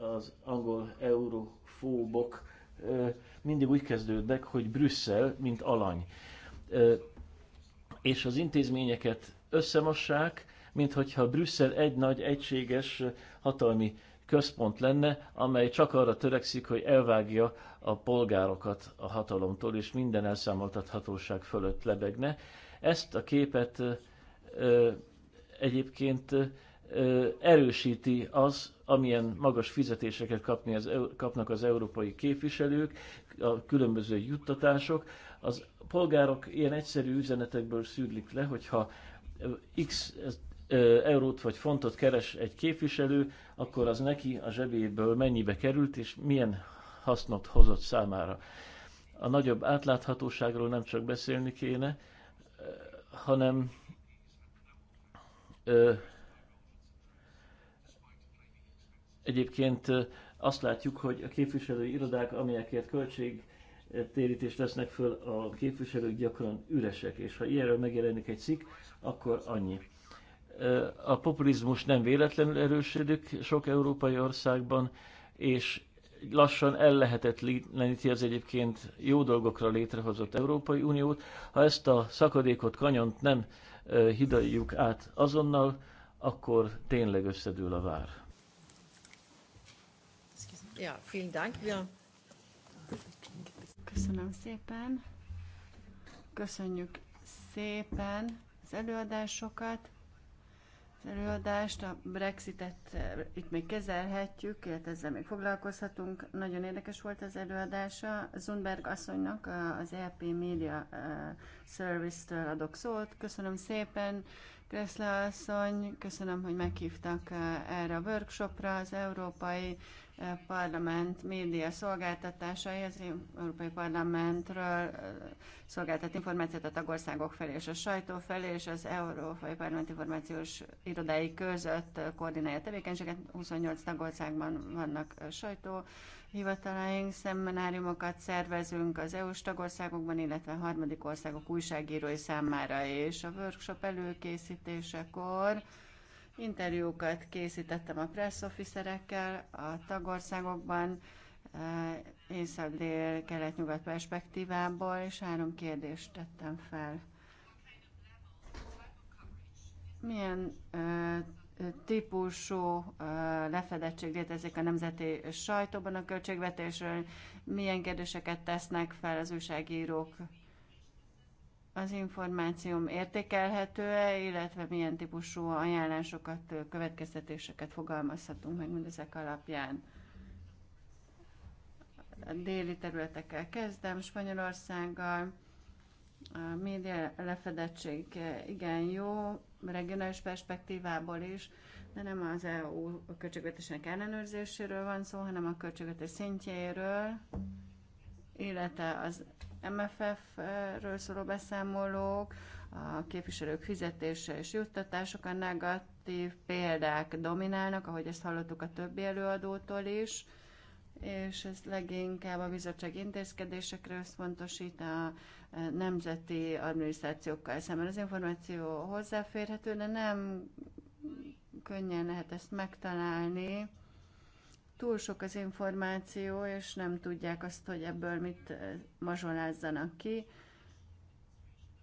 [SPEAKER 3] az angol eurofóbok ö, mindig úgy kezdődnek, hogy Brüsszel, mint alany. Ö, és az intézményeket összemossák, mint hogyha Brüsszel egy nagy, egységes hatalmi központ lenne, amely csak arra törekszik, hogy elvágja a polgárokat a hatalomtól, és minden elszámoltathatóság fölött lebegne. Ezt a képet ö, egyébként ö, erősíti az, amilyen magas fizetéseket kapni az, kapnak az európai képviselők, a különböző juttatások. Az polgárok ilyen egyszerű üzenetekből szűrlik le, hogyha X eurót vagy fontot keres egy képviselő, akkor az neki a zsebéből mennyibe került, és milyen hasznot hozott számára. A nagyobb átláthatóságról nem csak beszélni kéne, hanem ö, egyébként azt látjuk, hogy a képviselői irodák, amelyekért költség térítést lesznek föl, a képviselők gyakran üresek, és ha ilyenről megjelenik egy cikk, akkor annyi. A populizmus nem véletlenül erősödik sok európai országban, és lassan el ellehetetleníti az egyébként jó dolgokra létrehozott Európai Uniót. Ha ezt a szakadékot, kanyont nem hidaljuk át azonnal, akkor tényleg összedől a vár.
[SPEAKER 1] Ja, vielen Dank. Köszönöm
[SPEAKER 2] szépen. Köszönjük szépen az előadásokat előadást, a Brexitet eh, itt még kezelhetjük, illetve ezzel még foglalkozhatunk. Nagyon érdekes volt az előadása. Zundberg asszonynak az EP Media eh, Service-től adok szót. Köszönöm szépen, Kreszle asszony, köszönöm, hogy meghívtak eh, erre a workshopra az Európai parlament média szolgáltatásai az Európai Parlamentről szolgáltat információt a tagországok felé és a sajtó felé, és az Európai Parlament információs irodái között koordinálja tevékenységet. 28 tagországban vannak sajtó hivatalaink, szemináriumokat szervezünk az EU-s tagországokban, illetve harmadik országok újságírói számára, és a workshop előkészítésekor Interjúkat készítettem a presszofiszerekkel a tagországokban, eh, észak-dél-kelet-nyugat perspektívából, és három kérdést tettem fel. Milyen eh, típusú eh, lefedettség létezik a nemzeti sajtóban a költségvetésről, milyen kérdéseket tesznek fel az újságírók az információm értékelhető -e, illetve milyen típusú ajánlásokat, következtetéseket fogalmazhatunk meg mindezek alapján. A déli területekkel kezdem, Spanyolországgal. A média lefedettség e, igen jó, regionális perspektívából is, de nem az EU költségvetésnek ellenőrzéséről van szó, hanem a költségvetés szintjéről, illetve az MFF-ről szóló beszámolók, a képviselők fizetése és juttatások, a negatív példák dominálnak, ahogy ezt hallottuk a többi előadótól is, és ez leginkább a bizottság intézkedésekre összpontosít a e, nemzeti adminisztrációkkal szemben. Az információ hozzáférhető, de nem könnyen lehet ezt megtalálni túl sok az információ, és nem tudják azt, hogy ebből mit eh, mazsolázzanak ki.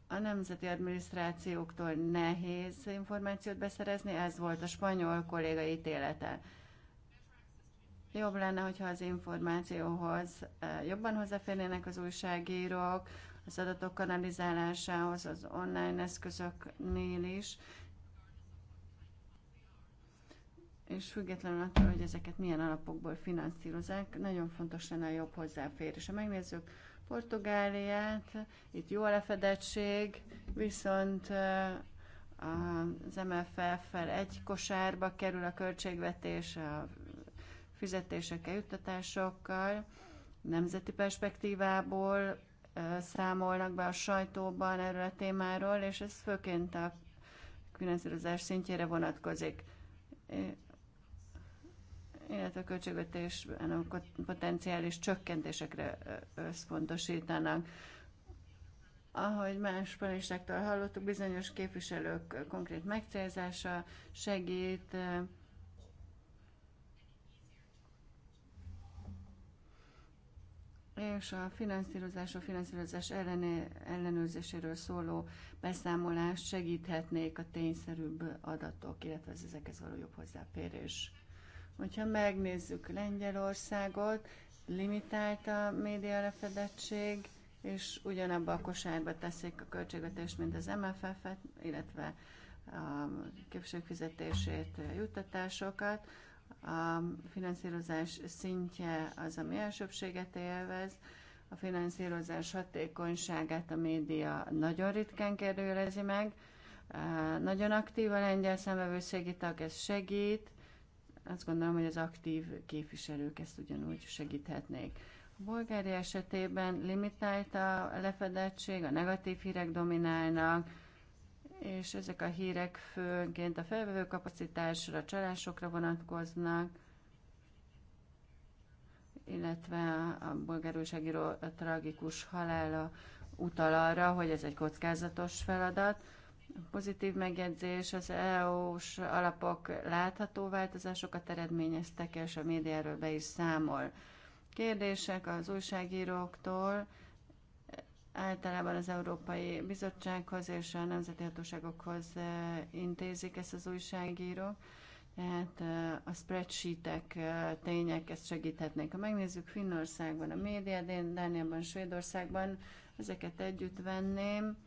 [SPEAKER 2] A nemzeti adminisztrációktól nehéz információt beszerezni, ez volt a spanyol kolléga ítélete. Jobb lenne, hogyha az információhoz eh, jobban hozzáférnének az újságírók, az adatok kanalizálásához, az online eszközöknél is, és függetlenül attól, hogy ezeket milyen alapokból finanszírozák, nagyon fontos lenne a jobb hozzáférés. Ha megnézzük Portugáliát, itt jó a lefedettség, viszont az MFF-fel egy kosárba kerül a költségvetés a fizetésekkel, juttatásokkal, nemzeti perspektívából számolnak be a sajtóban erről a témáról, és ez főként a finanszírozás szintjére vonatkozik illetve a költségvetés a potenciális csökkentésekre összpontosítanak. Ahogy más panistáktól hallottuk, bizonyos képviselők konkrét megcélzása segít, és a finanszírozás, a finanszírozás ellené, ellenőrzéséről szóló beszámolást segíthetnék a tényszerűbb adatok, illetve az ezekhez való jobb hozzáférés. Hogyha megnézzük Lengyelországot, limitált a média lefedettség, és ugyanabba a kosárba teszik a költségvetést, mint az MFF-et, illetve a képviselőfizetését, juttatásokat. A finanszírozás szintje az, ami elsőbséget élvez, a finanszírozás hatékonyságát a média nagyon ritkán kérdőjelezi meg, nagyon aktív a lengyel szemvevőszégi tag, ez segít, azt gondolom, hogy az aktív képviselők ezt ugyanúgy segíthetnék. A bolgári esetében limitált a lefedettség, a negatív hírek dominálnak, és ezek a hírek főként a felvevő kapacitásra, a csalásokra vonatkoznak, illetve a bulgárúságíró tragikus halála utal arra, hogy ez egy kockázatos feladat. Pozitív megjegyzés, az EU-s alapok látható változásokat eredményeztek, és a médiáról be is számol. Kérdések az újságíróktól, általában az Európai Bizottsághoz és a nemzeti hatóságokhoz eh, intézik ezt az újságírók. Tehát eh, a spreadsheetek, eh, tények, ezt segíthetnék. Ha megnézzük Finnországban a média, Dániában, Svédországban, ezeket együtt venném,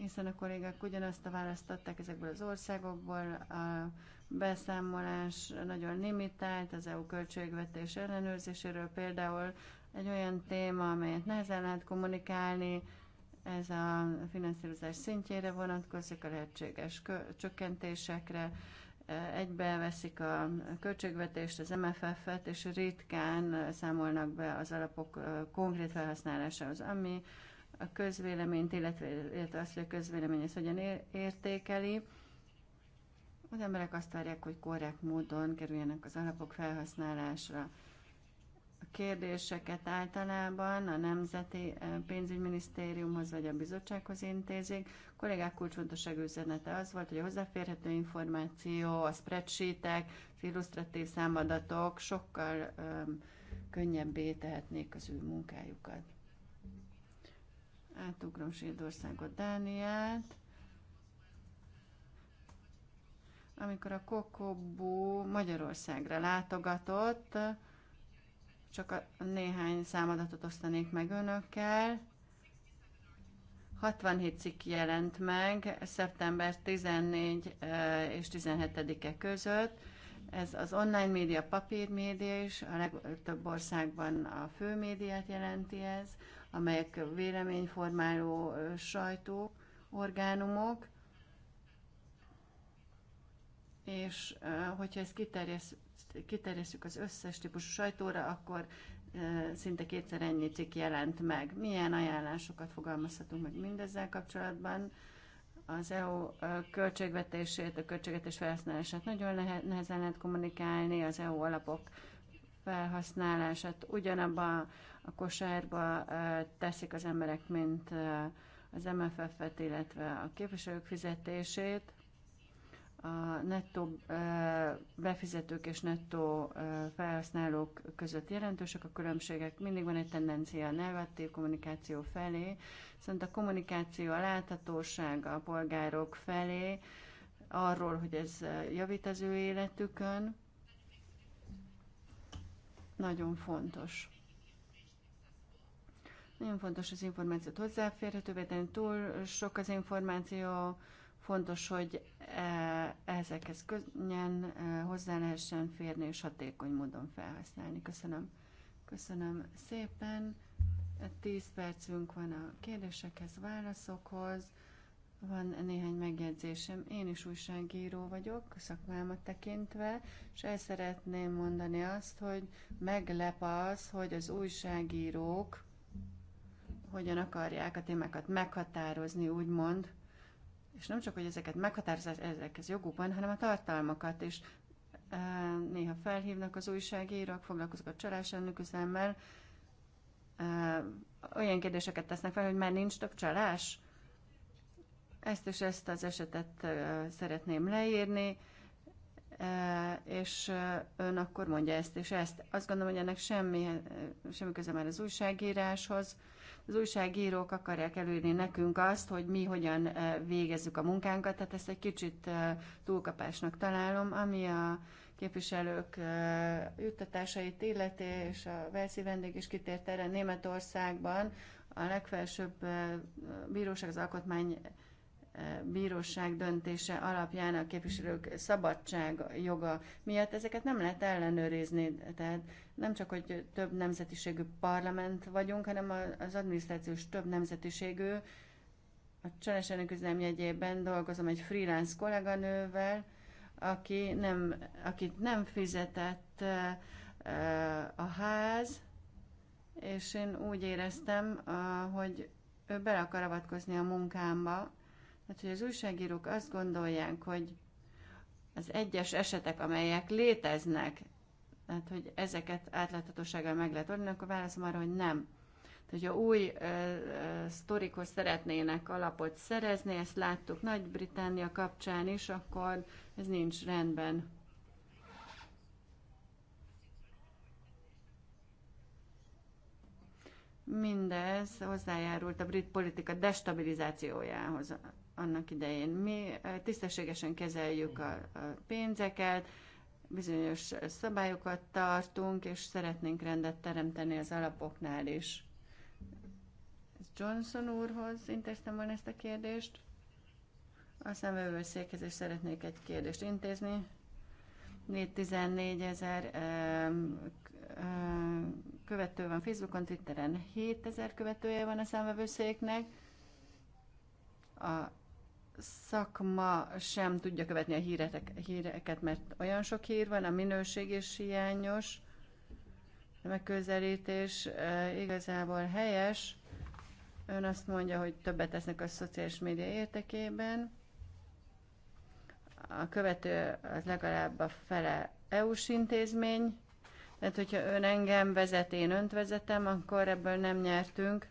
[SPEAKER 2] hiszen a kollégák ugyanazt a választ adták ezekből az országokból, a beszámolás nagyon limitált, az EU költségvetés ellenőrzéséről például egy olyan téma, amelyet nehezen lehet kommunikálni, ez a finanszírozás szintjére vonatkozik, a lehetséges csökkentésekre, e, egybeveszik a költségvetést, az MFF-et, és ritkán számolnak be az alapok konkrét felhasználásához, ami a közvéleményt, illetve, illetve azt, hogy a közvélemény ezt hogyan értékeli. Az emberek azt várják, hogy korrekt módon kerüljenek az alapok felhasználásra. A kérdéseket általában a Nemzeti eh, Pénzügyminisztériumhoz vagy a bizottsághoz intézik. A kollégák kulcsfontosság üzenete az volt, hogy a hozzáférhető információ, a spreadsheetek, az illusztratív számadatok sokkal öm, eh, könnyebbé tehetnék az ő munkájukat átugrom Svédországot, Dániát, amikor a Kokobó Magyarországra látogatott, csak a néhány számadatot osztanék meg önökkel. 67 cikk jelent meg szeptember 14 eh, és 17-e között. Ez az online média, papírmédia is, a legtöbb országban a fő médiát jelenti ez amelyek véleményformáló sajtó orgánumok, és hogyha ezt kiterjesztjük az összes típusú sajtóra, akkor szinte kétszer ennyi cikk jelent meg. Milyen ajánlásokat fogalmazhatunk meg mindezzel kapcsolatban? Az EU költségvetését, a költségvetés felhasználását nagyon nehezen lehet kommunikálni, az EU alapok felhasználását ugyanabban a kosárba teszik az emberek, mint az MFF-et, illetve a képviselők fizetését, a nettó befizetők és nettó felhasználók között jelentősek a különbségek. Mindig van egy tendencia a negatív kommunikáció felé, szóval a kommunikáció, a láthatóság a polgárok felé, arról, hogy ez javít az ő életükön, nagyon fontos. Nagyon fontos az információt hozzáférhetővé tenni, túl sok az információ, fontos, hogy e, ezekhez könnyen e, hozzá lehessen férni és hatékony módon felhasználni. Köszönöm. Köszönöm szépen. 10 percünk van a kérdésekhez, válaszokhoz. Van néhány megjegyzésem. Én is újságíró vagyok, szakmámat tekintve, és el szeretném mondani azt, hogy meglep az, hogy az újságírók hogyan akarják a témákat meghatározni, úgymond, és nem csak, hogy ezeket meghatározás ezekhez jogukban, hanem a tartalmakat is. Néha felhívnak az újságírók, foglalkoznak a csalás elnöküzemmel, olyan kérdéseket tesznek fel, hogy már nincs több csalás. Ezt és ezt az esetet szeretném leírni, és ön akkor mondja ezt és ezt. Azt gondolom, hogy ennek semmi, semmi köze már az újságíráshoz, az újságírók akarják előírni nekünk azt, hogy mi hogyan eh, végezzük a munkánkat, tehát ezt egy kicsit eh, túlkapásnak találom, ami a képviselők eh, juttatásait illeti, és a Velszi vendég is kitért erre Németországban, a legfelsőbb bíróság az alkotmány E, bíróság döntése alapján a képviselők szabadság joga miatt ezeket nem lehet ellenőrizni. Tehát nem csak, hogy több nemzetiségű parlament vagyunk, hanem az adminisztrációs több nemzetiségű. A Csanes Elnöküzem jegyében dolgozom egy freelance kolléganővel, aki nem, akit nem fizetett e, e, a ház, és én úgy éreztem, hogy ő bele akar avatkozni a munkámba, Hát, hogy az újságírók azt gondolják, hogy az egyes esetek, amelyek léteznek, tehát, hogy ezeket átláthatósággal meg lehet oldani, akkor válaszom arra, hogy nem. Tehát, hogyha új ö, sztorikhoz szeretnének alapot szerezni, ezt láttuk Nagy-Britannia kapcsán is, akkor ez nincs rendben. Mindez hozzájárult a brit politika destabilizációjához annak idején. Mi eh, tisztességesen kezeljük a, a pénzeket, bizonyos szabályokat tartunk, és szeretnénk rendet teremteni az alapoknál is. Johnson úrhoz intéztem volna ezt a kérdést. A székhez is szeretnék egy kérdést intézni. 14 ezer követő van Facebookon, Twitteren ezer követője van a számvevőszéknek. A szakma sem tudja követni a híretek, híreket, mert olyan sok hír van, a minőség is hiányos, a megközelítés igazából helyes. Ön azt mondja, hogy többet tesznek a szociális média értekében. A követő az legalább a fele EU-s intézmény, tehát hogyha ön engem vezet, én önt vezetem, akkor ebből nem nyertünk.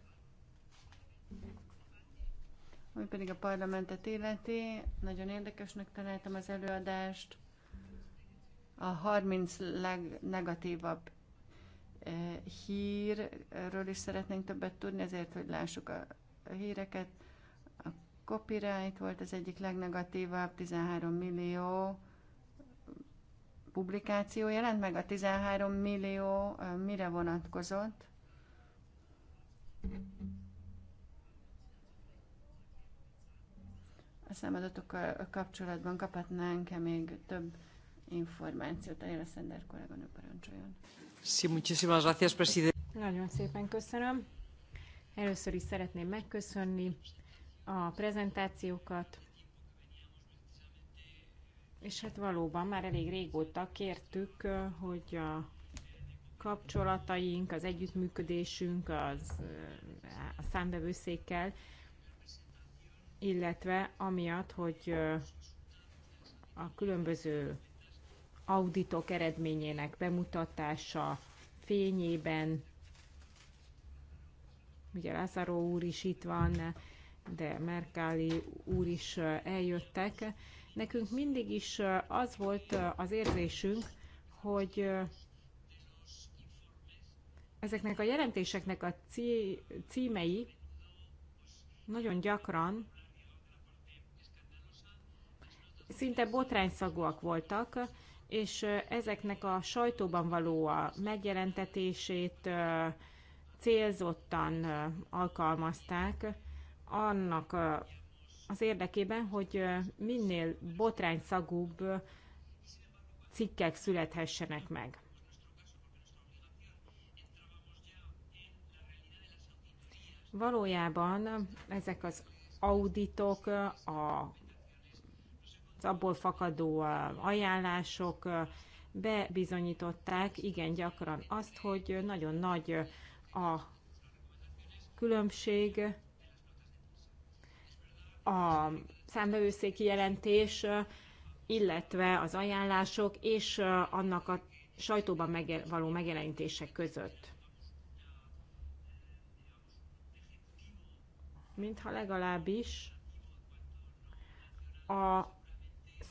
[SPEAKER 2] Ami pedig a parlamentet életi. nagyon érdekesnek találtam az előadást. A 30 legnegatívabb eh, hírről is szeretnénk többet tudni, ezért, hogy lássuk a híreket. A copyright volt az egyik legnegatívabb, 13 millió publikáció jelent meg, a 13 millió eh, mire vonatkozott? a számadatokkal kapcsolatban kaphatnánk-e még több információt? a Szender kolléganő parancsoljon.
[SPEAKER 1] Sí, muchísimas gracias, presidente.
[SPEAKER 5] Nagyon szépen köszönöm. Először is szeretném megköszönni a prezentációkat, és hát valóban már elég régóta kértük, hogy a kapcsolataink, az együttműködésünk az, a számbevőszékkel illetve amiatt, hogy a különböző auditok eredményének bemutatása fényében, ugye Lázaro úr is itt van, de Merkáli úr is eljöttek. Nekünk mindig is az volt az érzésünk, hogy ezeknek a jelentéseknek a címei nagyon gyakran szinte botrányszagúak voltak, és ezeknek a sajtóban való a megjelentetését célzottan alkalmazták annak az érdekében, hogy minél botrányszagúbb cikkek születhessenek meg. Valójában ezek az auditok, a abból fakadó ajánlások bebizonyították igen gyakran azt, hogy nagyon nagy a különbség a számbevőszéki jelentés, illetve az ajánlások és annak a sajtóban való megjelenítések között. Mintha legalábbis a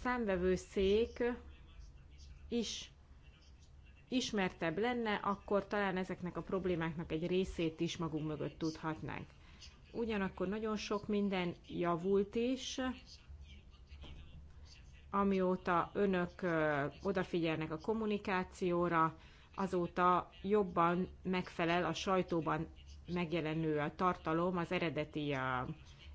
[SPEAKER 5] számvevőszék is ismertebb lenne, akkor talán ezeknek a problémáknak egy részét is magunk mögött tudhatnánk. Ugyanakkor nagyon sok minden javult is, amióta önök odafigyelnek a kommunikációra, azóta jobban megfelel a sajtóban megjelenő tartalom az eredeti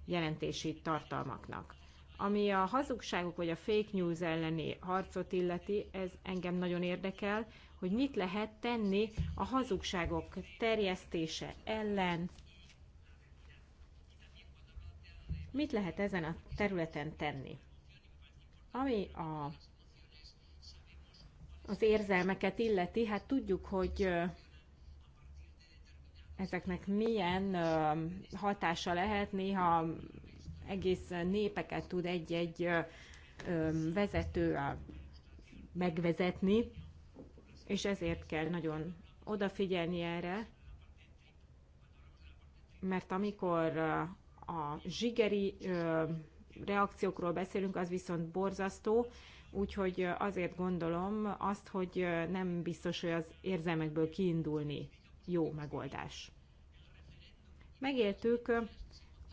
[SPEAKER 5] jelentési tartalmaknak. Ami a hazugságok vagy a fake news elleni harcot illeti, ez engem nagyon érdekel, hogy mit lehet tenni a hazugságok terjesztése ellen. Mit lehet ezen a területen tenni? Ami a, az érzelmeket illeti, hát tudjuk, hogy ezeknek milyen hatása lehet, néha egész népeket tud egy-egy vezető megvezetni, és ezért kell nagyon odafigyelni erre, mert amikor a zsigeri reakciókról beszélünk, az viszont borzasztó, úgyhogy azért gondolom azt, hogy nem biztos, hogy az érzelmekből kiindulni jó megoldás. Megéltük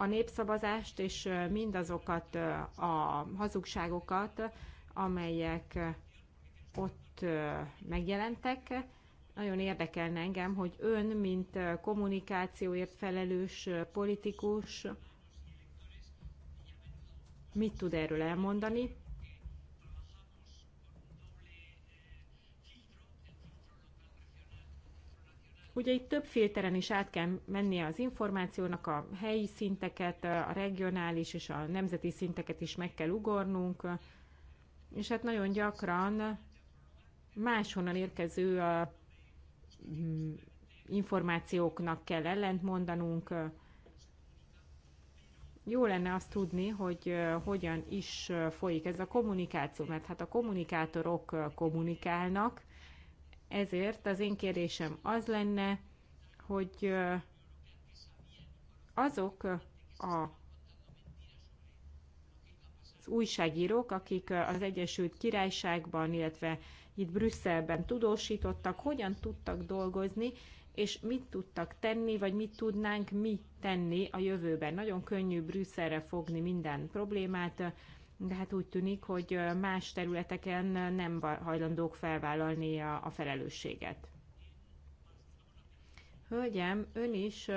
[SPEAKER 5] a népszavazást és mindazokat a hazugságokat, amelyek ott megjelentek. Nagyon érdekelne engem, hogy ön, mint kommunikációért felelős politikus, mit tud erről elmondani, Ugye itt több filteren is át kell mennie az információnak, a helyi szinteket, a regionális és a nemzeti szinteket is meg kell ugornunk, és hát nagyon gyakran máshonnan érkező mm, információknak kell ellentmondanunk. Jó lenne azt tudni, hogy hogyan is folyik ez a kommunikáció, mert hát a kommunikátorok kommunikálnak, ezért az én kérésem az lenne, hogy azok a az újságírók, akik az Egyesült Királyságban, illetve itt Brüsszelben tudósítottak, hogyan tudtak dolgozni, és mit tudtak tenni, vagy mit tudnánk mi tenni a jövőben. Nagyon könnyű Brüsszelre fogni minden problémát, de hát úgy tűnik, hogy más területeken nem hajlandók felvállalni a felelősséget. Hölgyem, ön is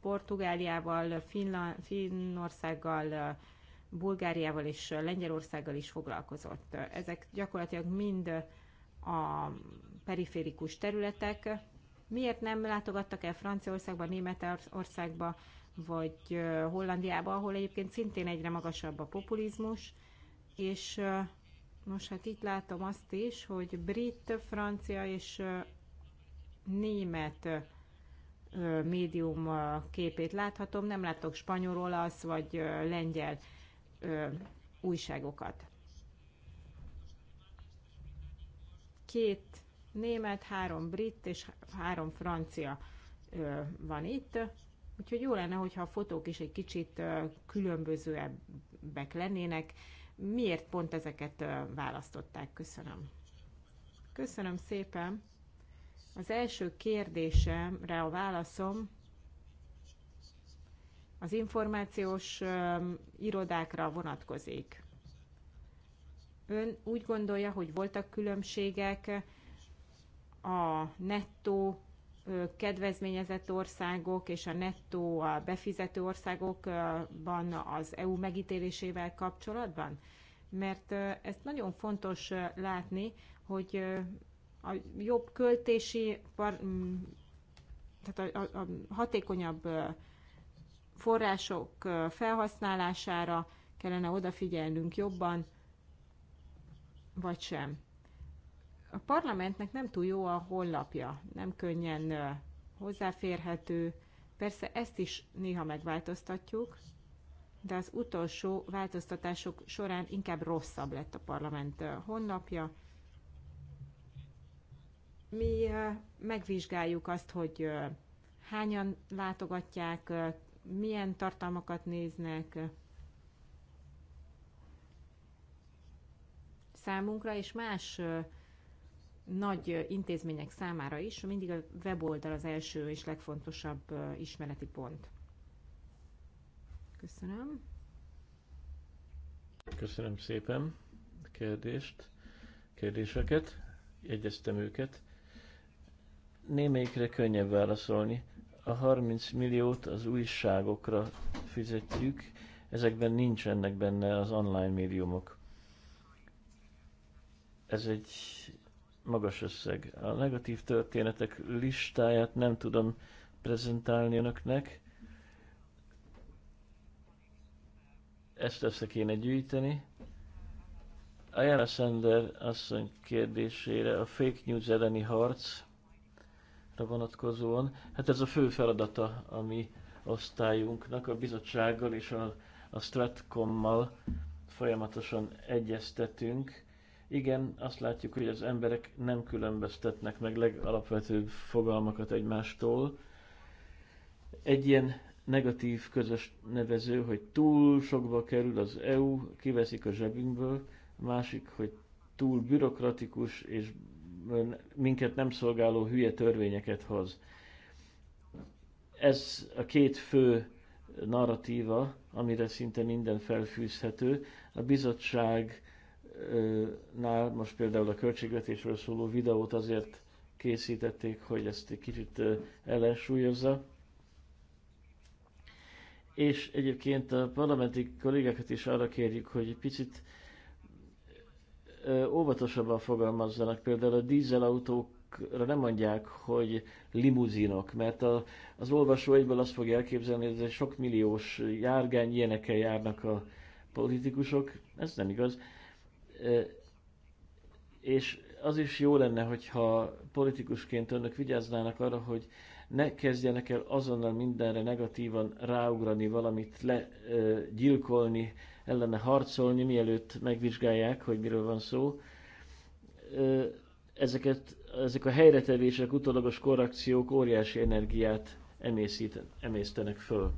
[SPEAKER 5] Portugáliával, Finla- Finnországgal, Bulgáriával és Lengyelországgal is foglalkozott. Ezek gyakorlatilag mind a periférikus területek. Miért nem látogattak el Franciaországba, Németországba, vagy hollandiában, ahol egyébként szintén egyre magasabb a populizmus, és most hát itt látom azt is, hogy brit, francia és német médium képét láthatom, nem látok spanyol, olasz vagy lengyel újságokat. Két német, három brit és három francia van itt, Úgyhogy jó lenne, hogyha a fotók is egy kicsit különbözőbbek lennének. Miért pont ezeket választották? Köszönöm. Köszönöm szépen. Az első kérdésemre a válaszom az információs irodákra vonatkozik. Ön úgy gondolja, hogy voltak különbségek a nettó kedvezményezett országok és a nettó befizető országokban az EU megítélésével kapcsolatban? Mert ezt nagyon fontos látni, hogy a jobb költési, tehát a, a hatékonyabb források felhasználására kellene odafigyelnünk jobban, vagy sem a parlamentnek nem túl jó a honlapja, nem könnyen hozzáférhető. Persze ezt is néha megváltoztatjuk, de az utolsó változtatások során inkább rosszabb lett a parlament honlapja. Mi megvizsgáljuk azt, hogy hányan látogatják, milyen tartalmakat néznek, számunkra és más nagy intézmények számára is, mindig a weboldal az első és legfontosabb ismereti pont. Köszönöm.
[SPEAKER 3] Köszönöm szépen a kérdést, kérdéseket, jegyeztem őket. Némelyikre könnyebb válaszolni. A 30 milliót az újságokra fizetjük, ezekben nincsenek benne az online médiumok. Ez egy magas összeg. A negatív történetek listáját nem tudom prezentálni önöknek. Ezt össze kéne gyűjteni. Jana Sender asszony kérdésére a fake news elleni harcra vonatkozóan. Hát ez a fő feladata a mi osztályunknak, a bizottsággal és a, a Stratcommal folyamatosan egyeztetünk igen, azt látjuk, hogy az emberek nem különböztetnek meg legalapvetőbb fogalmakat egymástól. Egy ilyen negatív közös nevező, hogy túl sokba kerül az EU, kiveszik a zsebünkből, a másik, hogy túl bürokratikus és minket nem szolgáló hülye törvényeket hoz. Ez a két fő narratíva, amire szinte minden felfűzhető. A bizottság nál most például a költségvetésről szóló videót azért készítették, hogy ezt egy kicsit ellensúlyozza. És egyébként a parlamenti kollégákat is arra kérjük, hogy egy picit óvatosabban fogalmazzanak. Például a dízelautókra nem mondják, hogy limuzinok, mert a, az olvasó egyből azt fogja elképzelni, hogy ez egy sok milliós járgány, ilyenekkel járnak a politikusok. Ez nem igaz és az is jó lenne, hogyha politikusként önök vigyáznának arra, hogy ne kezdjenek el azonnal mindenre negatívan ráugrani, valamit legyilkolni, ellene harcolni, mielőtt megvizsgálják, hogy miről van szó. Ezeket, ezek a helyretevések, utólagos korrekciók óriási energiát emésztenek föl.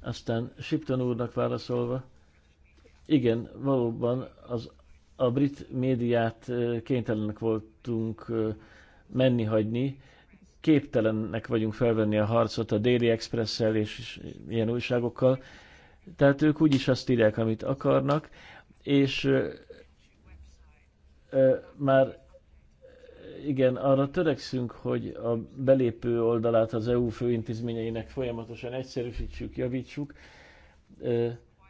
[SPEAKER 3] Aztán Sipton úrnak válaszolva, igen, valóban az, a brit médiát kénytelenek voltunk menni hagyni, képtelennek vagyunk felvenni a harcot a Daily express és ilyen újságokkal, tehát ők úgyis azt írják, amit akarnak, és ö, ö, már igen, arra törekszünk, hogy a belépő oldalát az EU főintézményeinek folyamatosan egyszerűsítsük, javítsuk,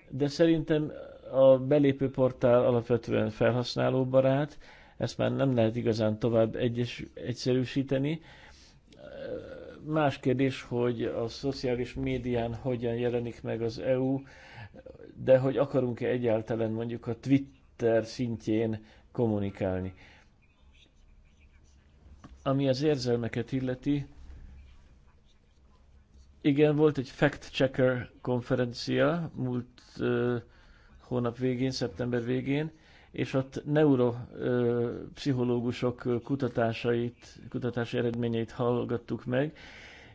[SPEAKER 3] de szerintem a belépő portál alapvetően felhasználóbarát, ezt már nem lehet igazán tovább egyes, egyszerűsíteni. Más kérdés, hogy a szociális médián hogyan jelenik meg az EU, de hogy akarunk-e egyáltalán mondjuk a Twitter szintjén kommunikálni. Ami az érzelmeket illeti, igen, volt egy fact-checker konferencia múlt uh, hónap végén, szeptember végén, és ott neuropszichológusok kutatásait, kutatási eredményeit hallgattuk meg,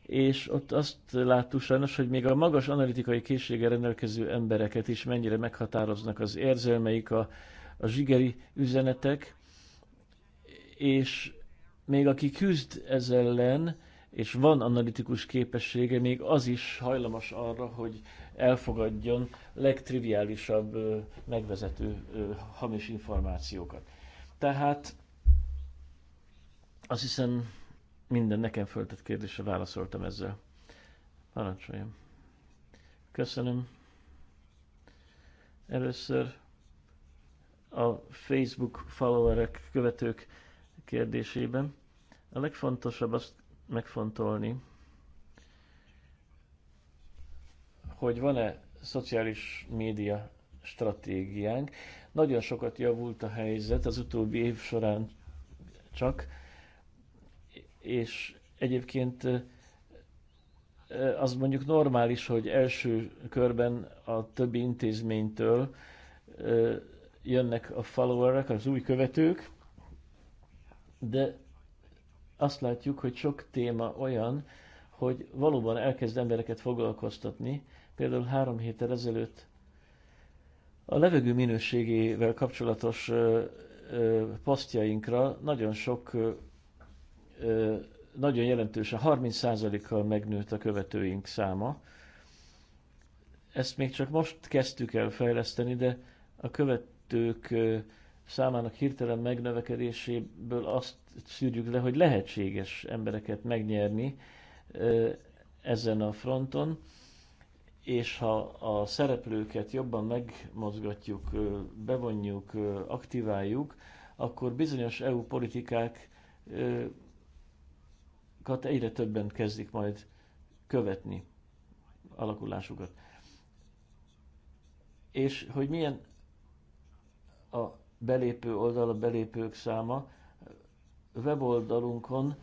[SPEAKER 3] és ott azt láttuk sajnos, hogy még a magas analitikai készséggel rendelkező embereket is mennyire meghatároznak az érzelmeik, a, a zsigeri üzenetek, és még aki küzd ezzel ellen, és van analitikus képessége, még az is hajlamos arra, hogy elfogadjon legtriviálisabb megvezető hamis információkat. Tehát azt hiszem minden nekem föltett kérdésre válaszoltam ezzel. Parancsoljam. Köszönöm. Először a Facebook followerek, követők kérdésében. A legfontosabb azt megfontolni, hogy van-e szociális média stratégiánk. Nagyon sokat javult a helyzet az utóbbi év során csak, és egyébként az mondjuk normális, hogy első körben a többi intézménytől jönnek a followerek, az új követők, de azt látjuk, hogy sok téma olyan, hogy valóban elkezd embereket foglalkoztatni, például három héttel ezelőtt a levegő minőségével kapcsolatos posztjainkra nagyon sok, nagyon jelentősen 30%-kal megnőtt a követőink száma. Ezt még csak most kezdtük el fejleszteni, de a követők számának hirtelen megnövekedéséből azt szűrjük le, hogy lehetséges embereket megnyerni ezen a fronton és ha a szereplőket jobban megmozgatjuk, bevonjuk, aktiváljuk, akkor bizonyos EU politikákat egyre többen kezdik majd követni alakulásukat. És hogy milyen a belépő oldal, a belépők száma, weboldalunkon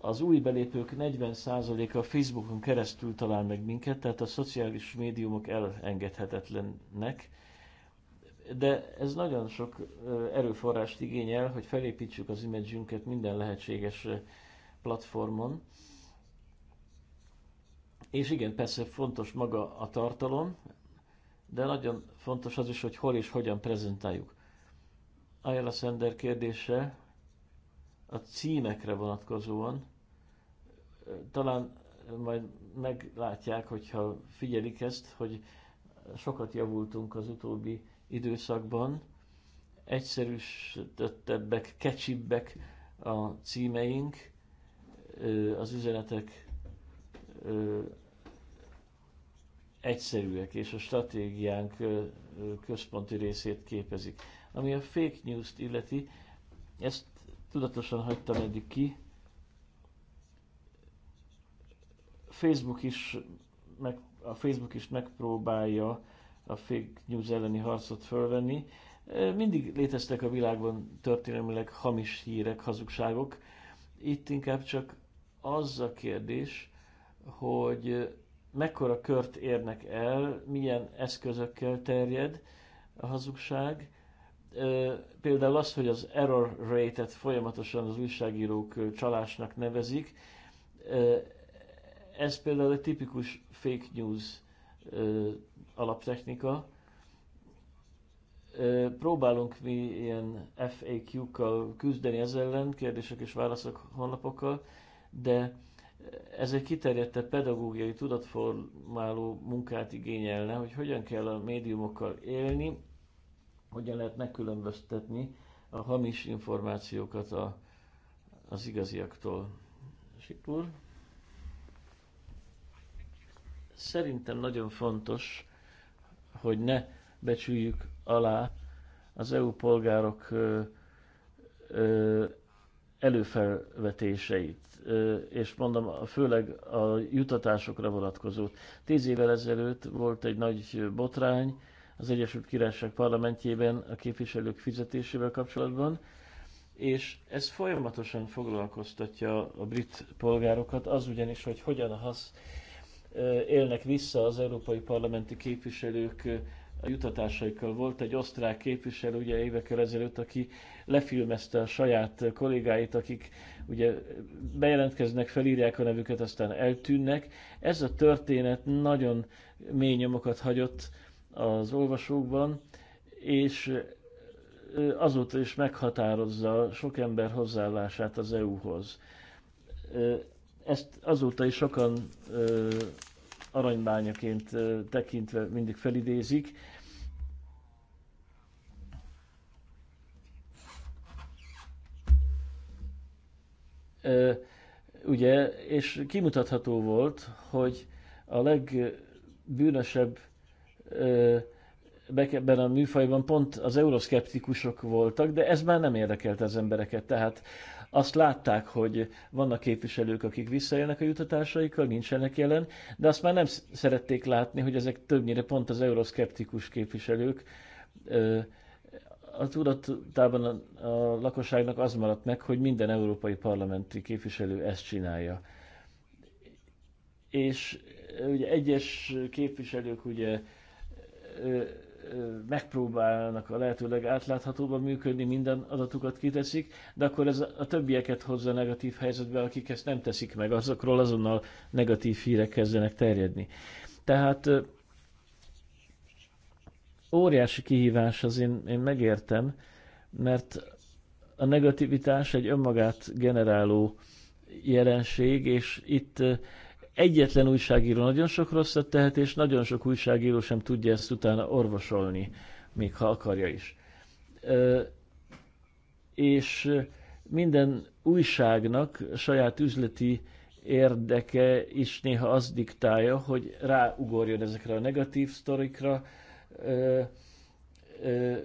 [SPEAKER 3] az új belépők 40%-a Facebookon keresztül talál meg minket, tehát a szociális médiumok elengedhetetlennek, de ez nagyon sok erőforrást igényel, hogy felépítsük az imedzsünket minden lehetséges platformon. És igen, persze fontos maga a tartalom, de nagyon fontos az is, hogy hol és hogyan prezentáljuk. Ayala Sender kérdése a címekre vonatkozóan. Talán majd meglátják, hogyha figyelik ezt, hogy sokat javultunk az utóbbi időszakban, egyszerűsítettebbek, kecsibbek a címeink, az üzenetek egyszerűek, és a stratégiánk központi részét képezik. Ami a fake news-t illeti, ezt Tudatosan hagytam eddig ki. Facebook is meg, a Facebook is megpróbálja a fake news elleni harcot fölvenni. Mindig léteztek a világban történelmileg hamis hírek, hazugságok. Itt inkább csak az a kérdés, hogy mekkora kört érnek el, milyen eszközökkel terjed a hazugság, például az, hogy az error rate-et folyamatosan az újságírók csalásnak nevezik, ez például egy tipikus fake news alaptechnika. Próbálunk mi ilyen faq kal küzdeni ezzel, ellen, kérdések és válaszok honlapokkal, de ez egy kiterjedtebb pedagógiai tudatformáló munkát igényelne, hogy hogyan kell a médiumokkal élni, hogyan lehet megkülönböztetni a hamis információkat a, az igaziaktól. Siklur? Szerintem nagyon fontos, hogy ne becsüljük alá az EU polgárok ö, ö, előfelvetéseit, ö, és mondom, főleg a jutatásokra vonatkozó. Tíz évvel ezelőtt volt egy nagy botrány, az Egyesült Királyság parlamentjében a képviselők fizetésével kapcsolatban, és ez folyamatosan foglalkoztatja a brit polgárokat, az ugyanis, hogy hogyan hasz, élnek vissza az európai parlamenti képviselők a jutatásaikkal. Volt egy osztrák képviselő ugye évekkel ezelőtt, aki lefilmezte a saját kollégáit, akik ugye bejelentkeznek, felírják a nevüket, aztán eltűnnek. Ez a történet nagyon mély nyomokat hagyott az olvasókban, és azóta is meghatározza sok ember hozzáállását az EU-hoz. Ezt azóta is sokan aranybányaként tekintve mindig felidézik. Ugye, és kimutatható volt, hogy a legbűnösebb ebben a műfajban pont az euroszkeptikusok voltak, de ez már nem érdekelte az embereket. Tehát azt látták, hogy vannak képviselők, akik visszaélnek a jutatásaikkal, nincsenek jelen, de azt már nem szerették látni, hogy ezek többnyire pont az euroszkeptikus képviselők. A tudatában a, a lakosságnak az maradt meg, hogy minden európai parlamenti képviselő ezt csinálja. És ugye egyes képviselők ugye megpróbálnak a lehetőleg átláthatóban működni, minden adatukat kiteszik, de akkor ez a többieket hozza negatív helyzetbe, akik ezt nem teszik meg, azokról azonnal negatív hírek kezdenek terjedni. Tehát óriási kihívás, az én, én megértem, mert a negativitás egy önmagát generáló jelenség, és itt egyetlen újságíró nagyon sok rosszat tehet, és nagyon sok újságíró sem tudja ezt utána orvosolni, még ha akarja is. És minden újságnak saját üzleti érdeke is néha az diktálja, hogy ráugorjon ezekre a negatív sztorikra,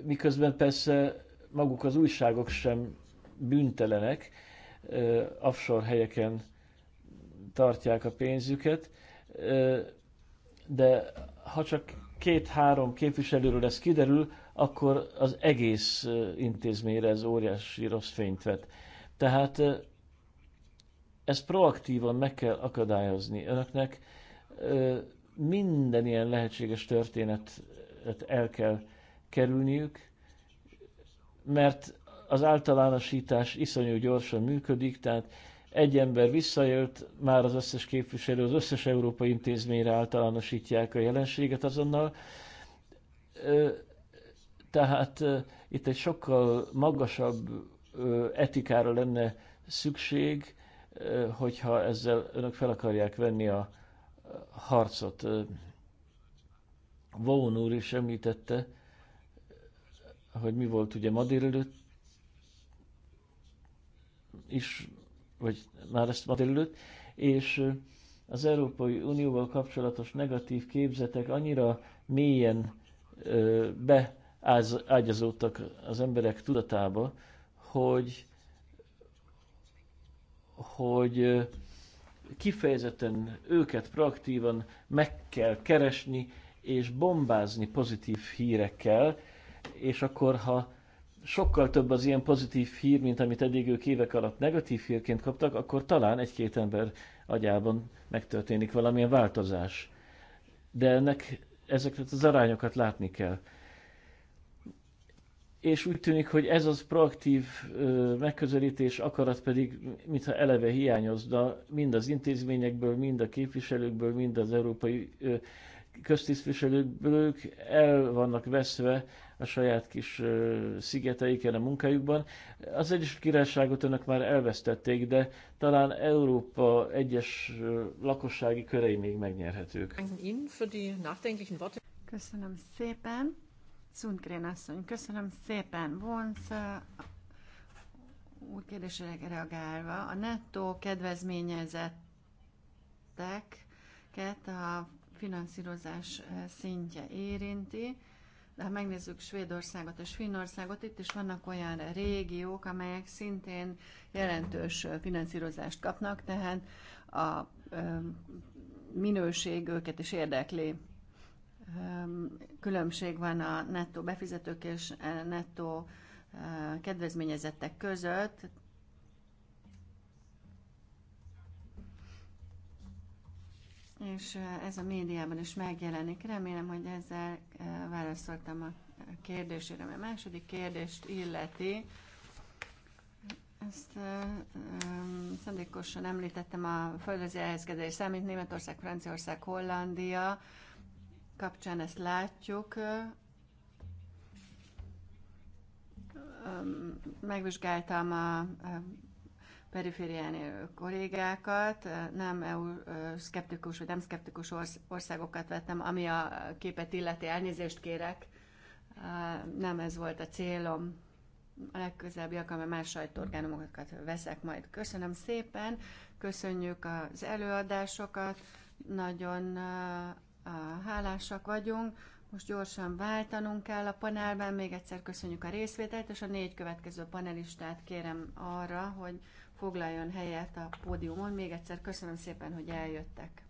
[SPEAKER 3] miközben persze maguk az újságok sem büntelenek, offshore helyeken tartják a pénzüket, de ha csak két-három képviselőről ez kiderül, akkor az egész intézményre ez óriási rossz fényt vet. Tehát ezt proaktívan meg kell akadályozni. Önöknek minden ilyen lehetséges történetet el kell kerülniük, mert az általánosítás iszonyú gyorsan működik, tehát egy ember visszajött, már az összes képviselő, az összes európai intézményre általánosítják a jelenséget azonnal. Tehát itt egy sokkal magasabb etikára lenne szükség, hogyha ezzel önök fel akarják venni a harcot. Vaughan úr is említette, hogy mi volt ugye ma délelőtt, is vagy már ezt ma előtt, és az Európai Unióval kapcsolatos negatív képzetek annyira mélyen beágyazódtak az emberek tudatába, hogy, hogy kifejezetten őket proaktívan meg kell keresni és bombázni pozitív hírekkel, és akkor, ha sokkal több az ilyen pozitív hír, mint amit eddig ők évek alatt negatív hírként kaptak, akkor talán egy-két ember agyában megtörténik valamilyen változás. De ennek ezeket az arányokat látni kell. És úgy tűnik, hogy ez az proaktív megközelítés, akarat pedig, mintha eleve hiányozna mind az intézményekből, mind a képviselőkből, mind az európai köztisztviselőkből, ők el vannak veszve a saját kis szigeteiken, a munkájukban. Az Egyesült Királyságot önök már elvesztették, de talán Európa egyes lakossági körei még megnyerhetők.
[SPEAKER 2] Köszönöm szépen. Szundgrén asszony, köszönöm szépen. Vonsz úgy kérdésre reagálva, a nettó kedvezményezetteket a finanszírozás szintje érinti. De ha megnézzük Svédországot és Finnországot, itt is vannak olyan régiók, amelyek szintén jelentős finanszírozást kapnak, tehát a minőség őket is érdekli. Különbség van a nettó befizetők és nettó kedvezményezettek között, és ez a médiában is megjelenik. Remélem, hogy ezzel válaszoltam a kérdésére, mert a második kérdést illeti. Ezt szándékosan említettem a földrajzi elhelyezkedés számít Németország, Franciaország, Hollandia kapcsán ezt látjuk. megvizsgáltam a, a periférián élő kollégákat, nem EU szkeptikus vagy nem szkeptikus országokat vettem, ami a képet illeti elnézést kérek. Nem ez volt a célom. A legközelebbi alkalommal más sajtóorganumokat veszek majd. Köszönöm szépen, köszönjük az előadásokat, nagyon hálásak vagyunk. Most gyorsan váltanunk kell a panelben, még egyszer köszönjük a részvételt, és a négy következő panelistát kérem arra, hogy foglaljon helyet a pódiumon. Még egyszer köszönöm szépen, hogy eljöttek.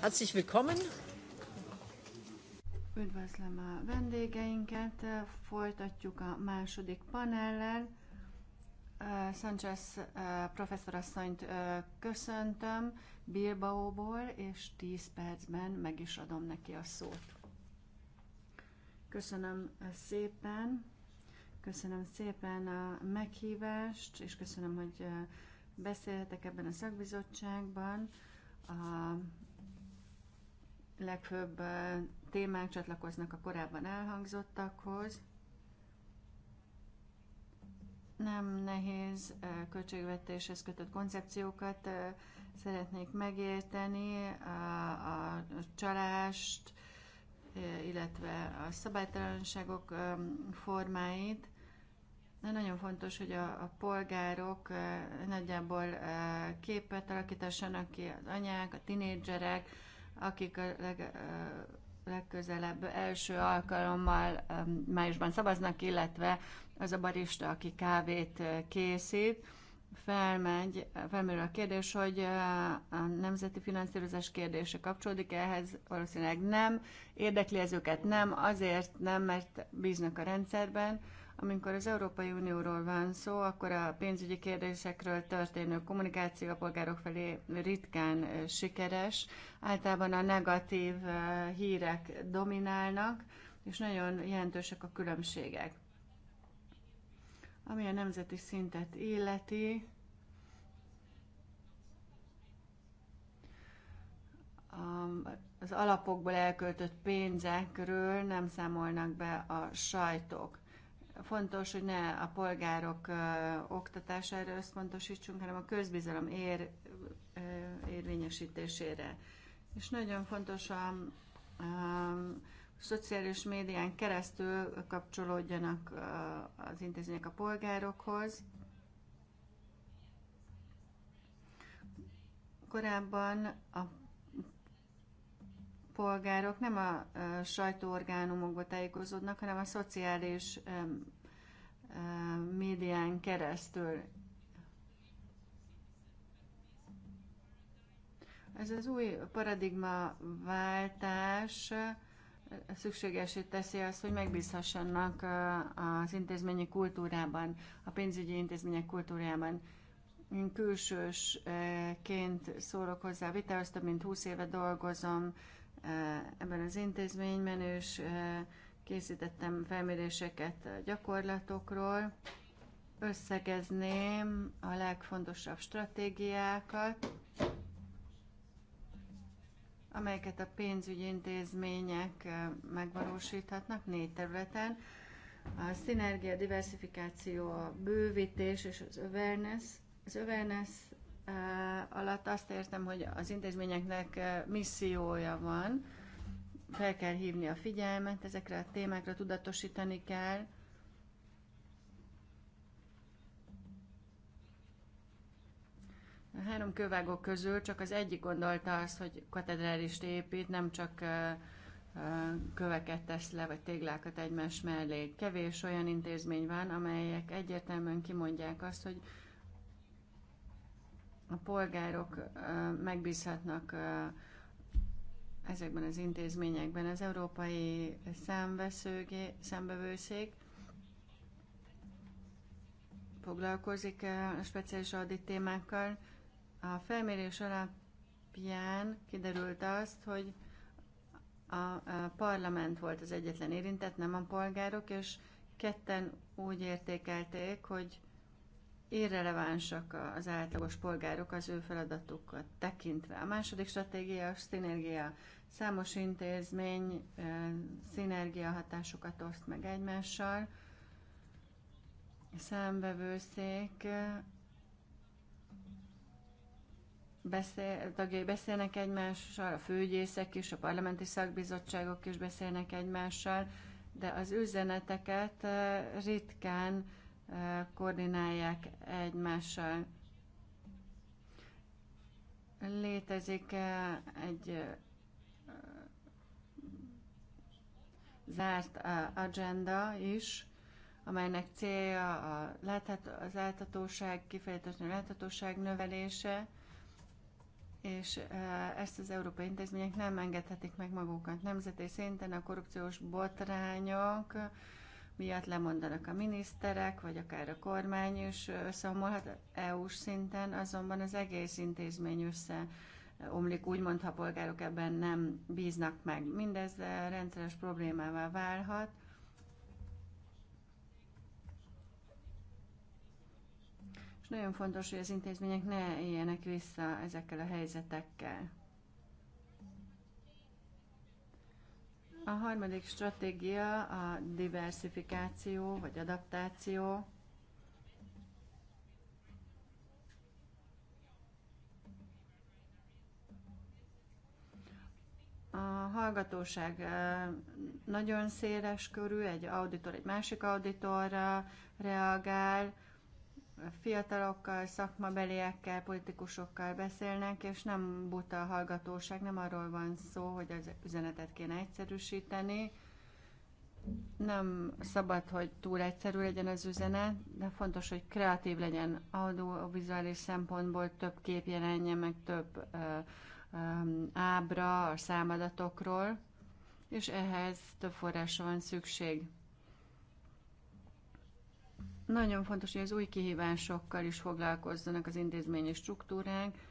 [SPEAKER 1] Herzlich willkommen.
[SPEAKER 2] Üdvözlöm a vendégeinket, folytatjuk a második panellel. Sanchez professzorasszonyt köszöntöm Bilbaóból, és 10 percben meg is adom neki a szót. Köszönöm szépen, köszönöm szépen a meghívást, és köszönöm, hogy beszélhetek ebben a szakbizottságban. A legfőbb témák csatlakoznak a korábban elhangzottakhoz. Nem nehéz költségvetéshez kötött koncepciókat szeretnék megérteni, a csalást, illetve a szabálytalanságok formáit. De nagyon fontos, hogy a, a polgárok nagyjából képet alakítassanak ki, az anyák, a tinédzserek, akik a leg, legközelebb első alkalommal májusban szavaznak, illetve az a barista, aki kávét készít, felmegy, felmerül a kérdés, hogy a nemzeti finanszírozás kérdése kapcsolódik ehhez, valószínűleg nem, érdekli ez őket nem, azért nem, mert bíznak a rendszerben, amikor az Európai Unióról van szó, akkor a pénzügyi kérdésekről történő kommunikáció a polgárok felé ritkán sikeres. Általában a negatív hírek dominálnak, és nagyon jelentősek a különbségek. Ami a nemzeti szintet illeti, az alapokból elköltött pénzekről nem számolnak be a sajtok. Fontos, hogy ne a polgárok oktatására összpontosítsunk, hanem a közbizalom ér, érvényesítésére. És nagyon fontos a, a szociális médián keresztül kapcsolódjanak az intézmények a polgárokhoz. Korábban a polgárok nem a sajtóorgánumokba tájékozódnak, hanem a szociális médián keresztül. Ez az új paradigma váltás szükségesé teszi azt, hogy megbízhassanak az intézményi kultúrában, a pénzügyi intézmények kultúrában. Én külsősként szólok hozzá a vitához, több mint 20 éve dolgozom ebben az intézményben, és készítettem felméréseket a gyakorlatokról. Összegezném a legfontosabb stratégiákat, amelyeket a pénzügyi intézmények megvalósíthatnak négy területen. A szinergia, diversifikáció, a bővítés és az awareness. Az awareness alatt azt értem, hogy az intézményeknek missziója van, fel kell hívni a figyelmet, ezekre a témákra tudatosítani kell. A három kövágó közül csak az egyik gondolta azt, hogy katedrálist épít, nem csak köveket tesz le, vagy téglákat egymás mellé. Kevés olyan intézmény van, amelyek egyértelműen kimondják azt, hogy a polgárok megbízhatnak ezekben az intézményekben. Az Európai Számbevőszék foglalkozik a speciális audit témákkal. A felmérés alapján kiderült azt, hogy a parlament volt az egyetlen érintett, nem a polgárok, és ketten úgy értékelték, hogy irrelevánsak az átlagos polgárok az ő feladatukat tekintve. A második stratégia a szinergia. Számos intézmény szinergia hatásokat oszt meg egymással. Számbevőszék beszél, tagjai beszélnek egymással, a főügyészek is, a parlamenti szakbizottságok is beszélnek egymással, de az üzeneteket ritkán koordinálják egymással. Létezik eh, egy eh, zárt eh, agenda is, amelynek célja a látható, az láthatóság, kifejezetten a láthatóság növelése, és ezt az európai intézmények nem engedhetik meg magukat. Nemzeti szinten a korrupciós botrányok, miatt lemondanak a miniszterek, vagy akár a kormány is összeomolhat EU-s szinten, azonban az egész intézmény összeomlik, úgymond, ha polgárok ebben nem bíznak meg. Mindez rendszeres problémává válhat. És nagyon fontos, hogy az intézmények ne éljenek vissza ezekkel a helyzetekkel. A harmadik stratégia a diversifikáció vagy adaptáció. A hallgatóság nagyon széles körű, egy auditor egy másik auditorra reagál, fiatalokkal, szakmabeliekkel, politikusokkal beszélnek, és nem buta a hallgatóság, nem arról van szó, hogy az üzenetet kéne egyszerűsíteni. Nem szabad, hogy túl egyszerű legyen az üzenet, de fontos, hogy kreatív legyen. Audiovizuális szempontból több kép jelenje, meg, több ö, ö, ábra a számadatokról, és ehhez több forrásra van szükség nagyon fontos, hogy az új kihívásokkal is foglalkozzanak az intézményi struktúrák,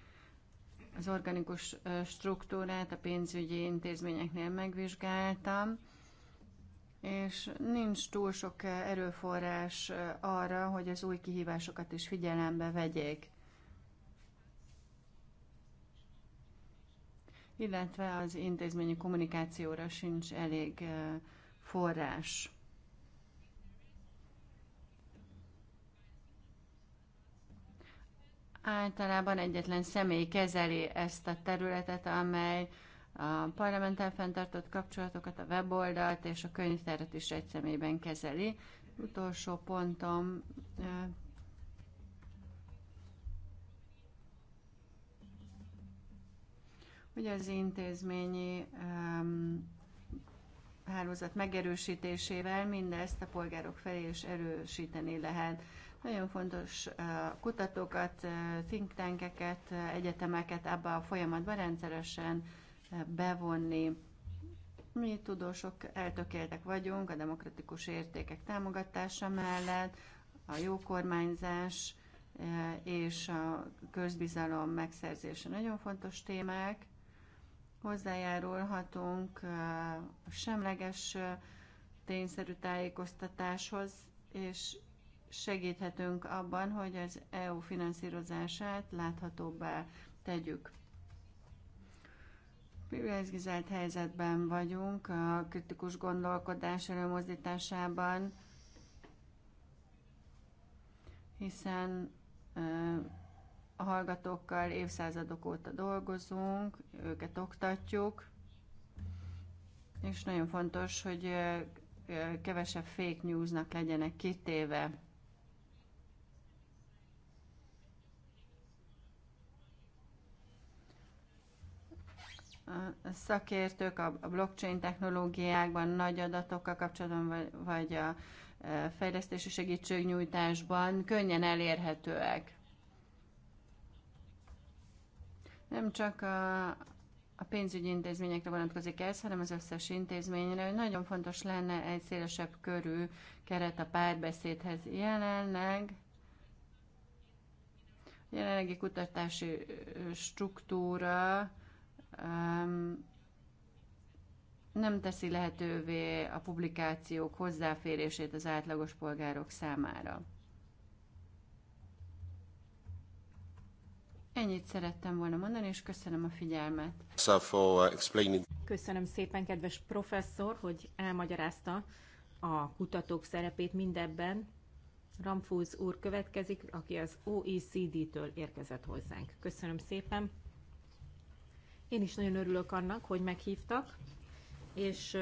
[SPEAKER 2] az organikus struktúrát a pénzügyi intézményeknél megvizsgáltam, és nincs túl sok erőforrás arra, hogy az új kihívásokat is figyelembe vegyék. Illetve az intézményi kommunikációra sincs elég forrás. Általában egyetlen személy kezeli ezt a területet, amely a parlamenten fenntartott kapcsolatokat, a weboldalt és a könyvtárat is egy személyben kezeli. Utolsó pontom. Ugye az intézményi um, hálózat megerősítésével mindezt a polgárok felé is erősíteni lehet. Nagyon fontos eh, kutatókat, eh, think tankeket, eh, egyetemeket ebbe a folyamatba rendszeresen bevonni. Mi tudósok eltökéltek vagyunk a demokratikus értékek támogatása mellett, a jó kormányzás és a közbizalom megszerzése nagyon fontos témák. Hozzájárulhatunk a semleges tényszerű tájékoztatáshoz, és segíthetünk abban, hogy az EU finanszírozását láthatóbbá tegyük. Privilegizált helyzetben vagyunk a kritikus gondolkodás előmozdításában, hiszen a hallgatókkal évszázadok óta dolgozunk, őket oktatjuk, és nagyon fontos, hogy kevesebb fake newsnak legyenek kitéve. szakértők a blockchain technológiákban, nagy adatokkal kapcsolatban, vagy a e, fejlesztési segítségnyújtásban könnyen elérhetőek. Nem csak a, a pénzügyi intézményekre vonatkozik ez, hanem az összes intézményre, hogy nagyon fontos lenne egy szélesebb körű keret a párbeszédhez. Jelenleg jelenlegi kutatási struktúra nem teszi lehetővé a publikációk hozzáférését az átlagos polgárok számára. Ennyit szerettem volna mondani, és köszönöm a figyelmet.
[SPEAKER 4] Uh,
[SPEAKER 5] köszönöm szépen, kedves professzor, hogy elmagyarázta a kutatók szerepét mindebben. Ramfúz úr következik, aki az OECD-től érkezett hozzánk. Köszönöm szépen. Én is nagyon örülök annak, hogy meghívtak, és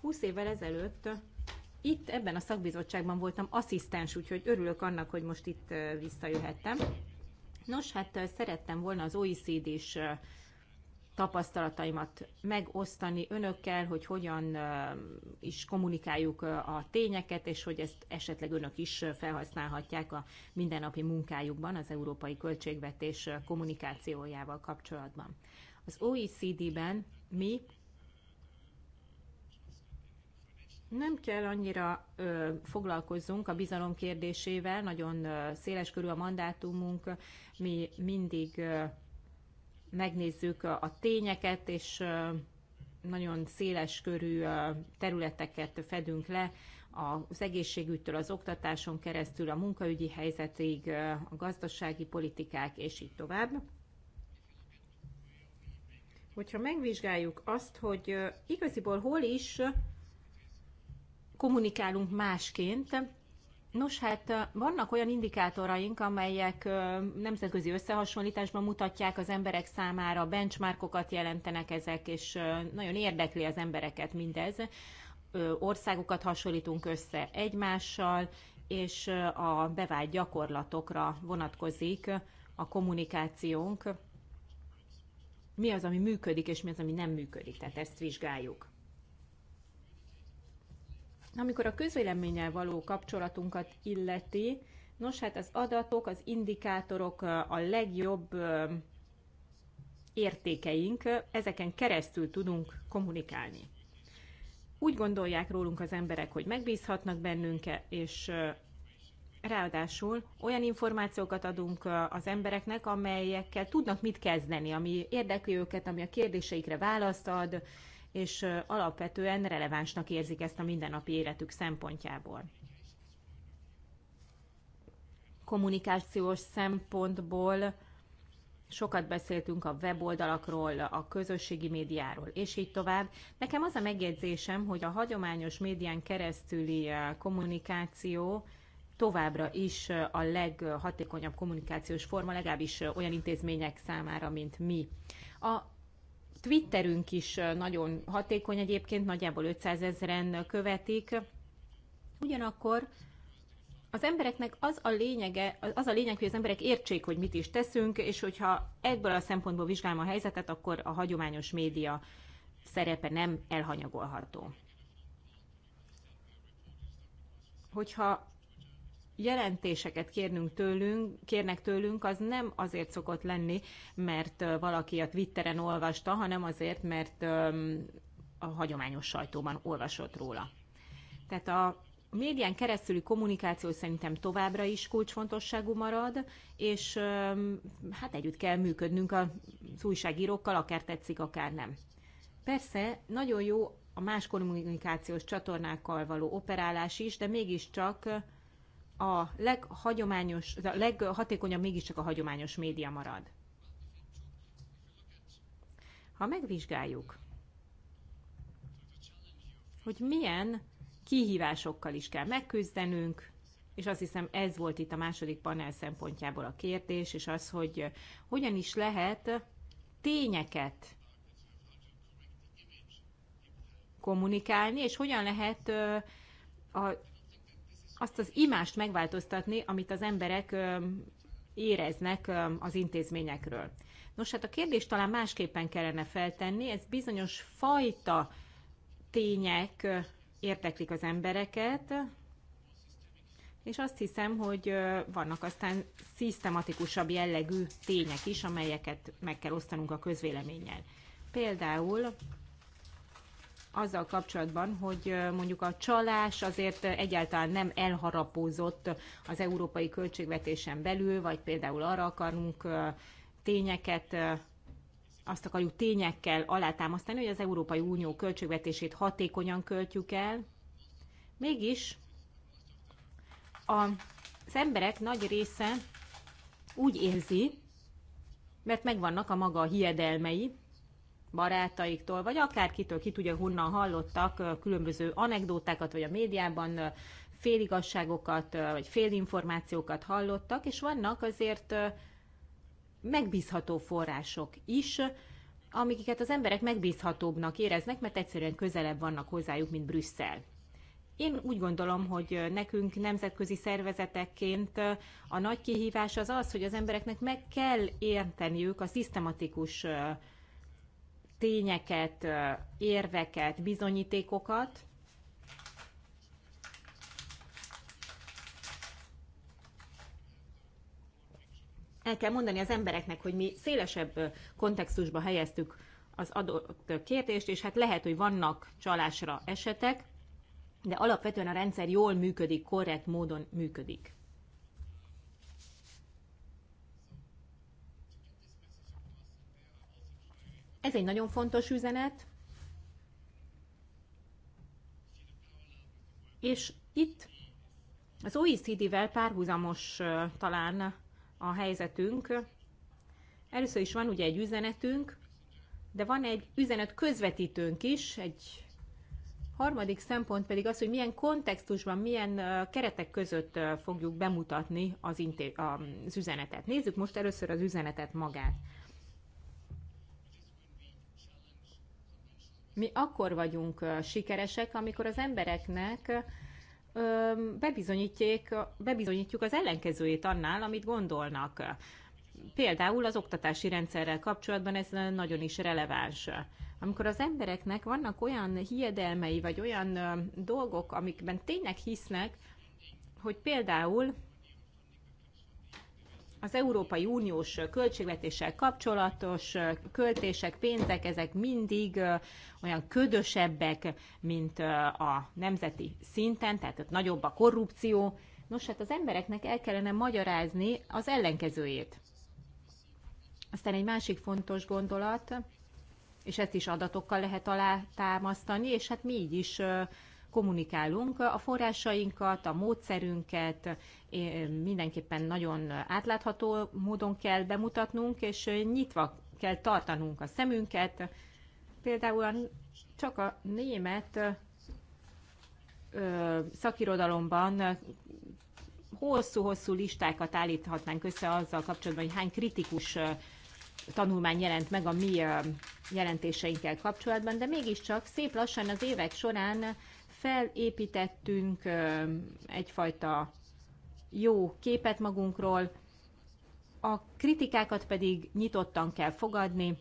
[SPEAKER 5] 20 évvel ezelőtt itt ebben a szakbizottságban voltam asszisztens, úgyhogy örülök annak, hogy most itt visszajöhettem. Nos, hát szerettem volna az OECD-s tapasztalataimat megosztani önökkel, hogy hogyan is kommunikáljuk a tényeket, és hogy ezt esetleg önök is felhasználhatják a mindennapi munkájukban az európai költségvetés kommunikációjával kapcsolatban. Az OECD-ben mi nem kell annyira ö, foglalkozzunk a bizalom kérdésével, nagyon ö, széles körül a mandátumunk, mi mindig ö, megnézzük a tényeket, és nagyon széles körű területeket fedünk le, az egészségügytől az oktatáson keresztül a munkaügyi helyzetig, a gazdasági politikák, és így tovább. Hogyha megvizsgáljuk azt, hogy igaziból hol is kommunikálunk másként, Nos, hát vannak olyan indikátoraink, amelyek nemzetközi összehasonlításban mutatják az emberek számára, benchmarkokat jelentenek ezek, és nagyon érdekli az embereket mindez. Országokat hasonlítunk össze egymással, és a bevált gyakorlatokra vonatkozik a kommunikációnk. Mi az, ami működik, és mi az, ami nem működik, tehát ezt vizsgáljuk. Amikor a közvéleménnyel való kapcsolatunkat illeti, nos hát az adatok, az indikátorok a legjobb értékeink, ezeken keresztül tudunk kommunikálni. Úgy gondolják rólunk az emberek, hogy megbízhatnak bennünket, és ráadásul olyan információkat adunk az embereknek, amelyekkel tudnak mit kezdeni, ami érdekli őket, ami a kérdéseikre választ ad, és alapvetően relevánsnak érzik ezt a mindennapi életük szempontjából. Kommunikációs szempontból sokat beszéltünk a weboldalakról, a közösségi médiáról, és így tovább. Nekem az a megjegyzésem, hogy a hagyományos médián keresztüli kommunikáció továbbra is a leghatékonyabb kommunikációs forma, legalábbis olyan intézmények számára, mint mi. A Twitterünk is nagyon hatékony egyébként, nagyjából 500 ezeren követik. Ugyanakkor az embereknek az a lényege, az a lényeg, hogy az emberek értsék, hogy mit is teszünk, és hogyha ebből a szempontból vizsgálom a helyzetet, akkor a hagyományos média szerepe nem elhanyagolható. Hogyha jelentéseket kérnünk tőlünk, kérnek tőlünk, az nem azért szokott lenni, mert valaki a Twitteren olvasta, hanem azért, mert a hagyományos sajtóban olvasott róla. Tehát a médián keresztüli kommunikáció szerintem továbbra is kulcsfontosságú marad, és hát együtt kell működnünk az újságírókkal, akár tetszik, akár nem. Persze, nagyon jó a más kommunikációs csatornákkal való operálás is, de mégiscsak a leghagyományos, a leghatékonyabb mégiscsak a hagyományos média marad. Ha megvizsgáljuk, hogy milyen kihívásokkal is kell megküzdenünk, és azt hiszem ez volt itt a második panel szempontjából a kérdés, és az, hogy hogyan is lehet tényeket kommunikálni, és hogyan lehet a azt az imást megváltoztatni, amit az emberek éreznek az intézményekről. Nos, hát a kérdést talán másképpen kellene feltenni, ez bizonyos fajta tények érteklik az embereket, és azt hiszem, hogy vannak aztán szisztematikusabb jellegű tények is, amelyeket meg kell osztanunk a közvéleménnyel. Például azzal kapcsolatban, hogy mondjuk a csalás azért egyáltalán nem elharapózott az európai költségvetésen belül, vagy például arra akarunk tényeket azt akarjuk tényekkel alátámasztani, hogy az Európai Unió költségvetését hatékonyan költjük el. Mégis a, az emberek nagy része úgy érzi, mert megvannak a maga hiedelmei, barátaiktól, vagy akárkitől, ki tudja, honnan hallottak különböző anekdótákat, vagy a médiában féligasságokat, vagy félinformációkat hallottak, és vannak azért megbízható források is, amiket az emberek megbízhatóbbnak éreznek, mert egyszerűen közelebb vannak hozzájuk, mint Brüsszel. Én úgy gondolom, hogy nekünk nemzetközi szervezetekként a nagy kihívás az az, hogy az embereknek meg kell érteniük a szisztematikus tényeket, érveket, bizonyítékokat, el kell mondani az embereknek, hogy mi szélesebb kontextusba helyeztük az adott kérdést, és hát lehet, hogy vannak csalásra esetek, de alapvetően a rendszer jól működik, korrekt módon működik. Ez egy nagyon fontos üzenet, és itt az OECD-vel párhuzamos talán a helyzetünk. Először is van ugye egy üzenetünk, de van egy üzenet közvetítőnk is, egy harmadik szempont pedig az, hogy milyen kontextusban, milyen keretek között fogjuk bemutatni az, az üzenetet. Nézzük most először az üzenetet magát. mi akkor vagyunk sikeresek, amikor az embereknek bebizonyítjék, bebizonyítjuk az ellenkezőjét annál, amit gondolnak. Például az oktatási rendszerrel kapcsolatban ez nagyon is releváns. Amikor az embereknek vannak olyan hiedelmei, vagy olyan dolgok, amikben tényleg hisznek, hogy például az Európai Uniós költségvetéssel kapcsolatos költések, pénzek, ezek mindig olyan ködösebbek, mint a nemzeti szinten, tehát nagyobb a korrupció. Nos, hát az embereknek el kellene magyarázni az ellenkezőjét. Aztán egy másik fontos gondolat, és ezt is adatokkal lehet alátámasztani, és hát mi így is kommunikálunk. A forrásainkat, a módszerünket mindenképpen nagyon átlátható módon kell bemutatnunk, és nyitva kell tartanunk a szemünket. Például csak a német szakirodalomban hosszú-hosszú listákat állíthatnánk össze azzal kapcsolatban, hogy hány kritikus tanulmány jelent meg a mi jelentéseinkkel kapcsolatban, de mégiscsak szép lassan az évek során felépítettünk egyfajta jó képet magunkról, a kritikákat pedig nyitottan kell fogadni,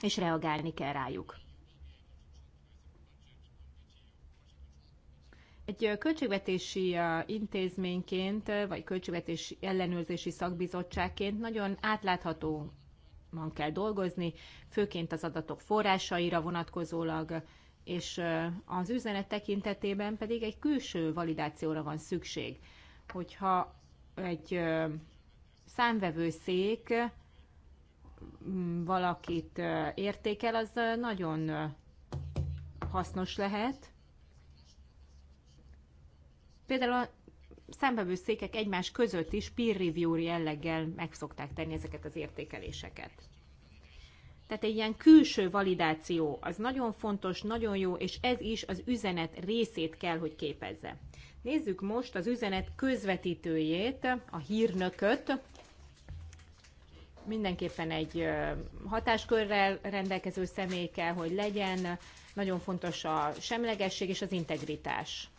[SPEAKER 5] és reagálni kell rájuk. Egy költségvetési intézményként, vagy költségvetési ellenőrzési szakbizottságként nagyon átláthatóan kell dolgozni, főként az adatok forrásaira vonatkozólag, és az üzenet tekintetében pedig egy külső validációra van szükség. Hogyha egy számvevőszék mm, valakit értékel, az nagyon hasznos lehet. Például a számvevőszékek egymás között is peer review jelleggel meg szokták tenni ezeket az értékeléseket. Tehát egy ilyen külső validáció, az nagyon fontos, nagyon jó, és ez is az üzenet részét kell, hogy képezze. Nézzük most az üzenet közvetítőjét, a hírnököt. Mindenképpen egy hatáskörrel rendelkező személy kell, hogy legyen. Nagyon fontos a semlegesség és az integritás.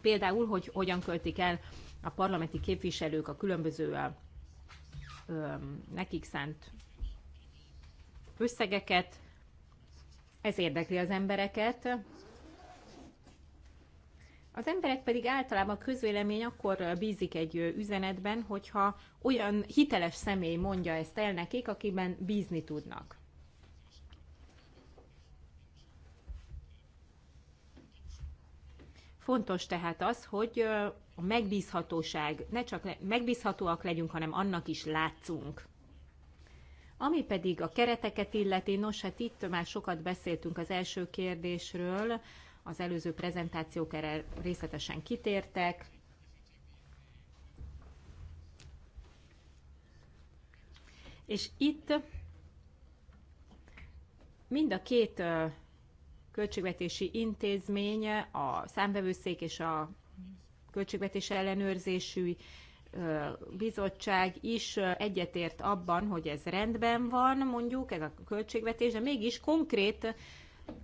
[SPEAKER 5] Például, hogy hogyan költik el a parlamenti képviselők a különböző ö, nekik szánt összegeket. Ez érdekli az embereket. Az emberek pedig általában a közvélemény akkor bízik egy üzenetben, hogyha olyan hiteles személy mondja ezt el nekik, akiben bízni tudnak. Fontos tehát az, hogy a megbízhatóság, ne csak megbízhatóak legyünk, hanem annak is látszunk. Ami pedig a kereteket illeti, nos, hát itt már sokat beszéltünk az első kérdésről, az előző prezentációk erre részletesen kitértek. És itt mind a két költségvetési intézmény, a számvevőszék és a költségvetés ellenőrzésű bizottság is egyetért abban, hogy ez rendben van, mondjuk, ez a költségvetés, de mégis konkrét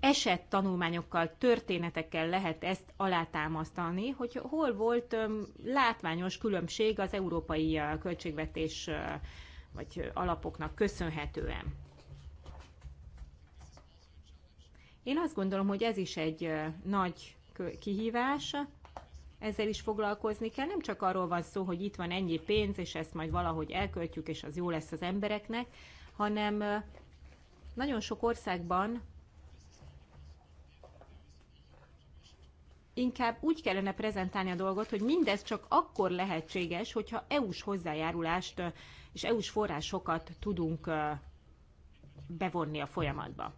[SPEAKER 5] esett tanulmányokkal, történetekkel lehet ezt alátámasztani, hogy hol volt látványos különbség az európai költségvetés vagy alapoknak köszönhetően. Én azt gondolom, hogy ez is egy nagy kihívás, ezzel is foglalkozni kell. Nem csak arról van szó, hogy itt van ennyi pénz, és ezt majd valahogy elköltjük, és az jó lesz az embereknek, hanem nagyon sok országban inkább úgy kellene prezentálni a dolgot, hogy mindez csak akkor lehetséges, hogyha EU-s hozzájárulást és EU-s forrásokat tudunk bevonni a folyamatba.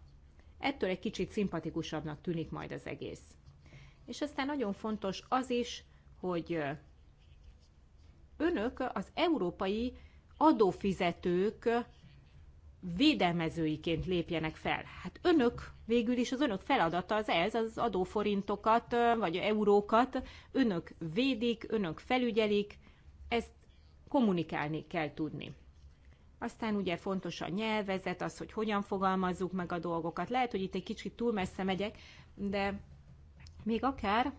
[SPEAKER 5] Ettől egy kicsit szimpatikusabbnak tűnik majd az egész. És aztán nagyon fontos az is, hogy önök az európai adófizetők védelmezőiként lépjenek fel. Hát önök, végül is az önök feladata az ez, az adóforintokat, vagy eurókat önök védik, önök felügyelik, ezt kommunikálni kell tudni. Aztán ugye fontos a nyelvezet, az, hogy hogyan fogalmazzuk meg a dolgokat. Lehet, hogy itt egy kicsit túl messze megyek, de még akár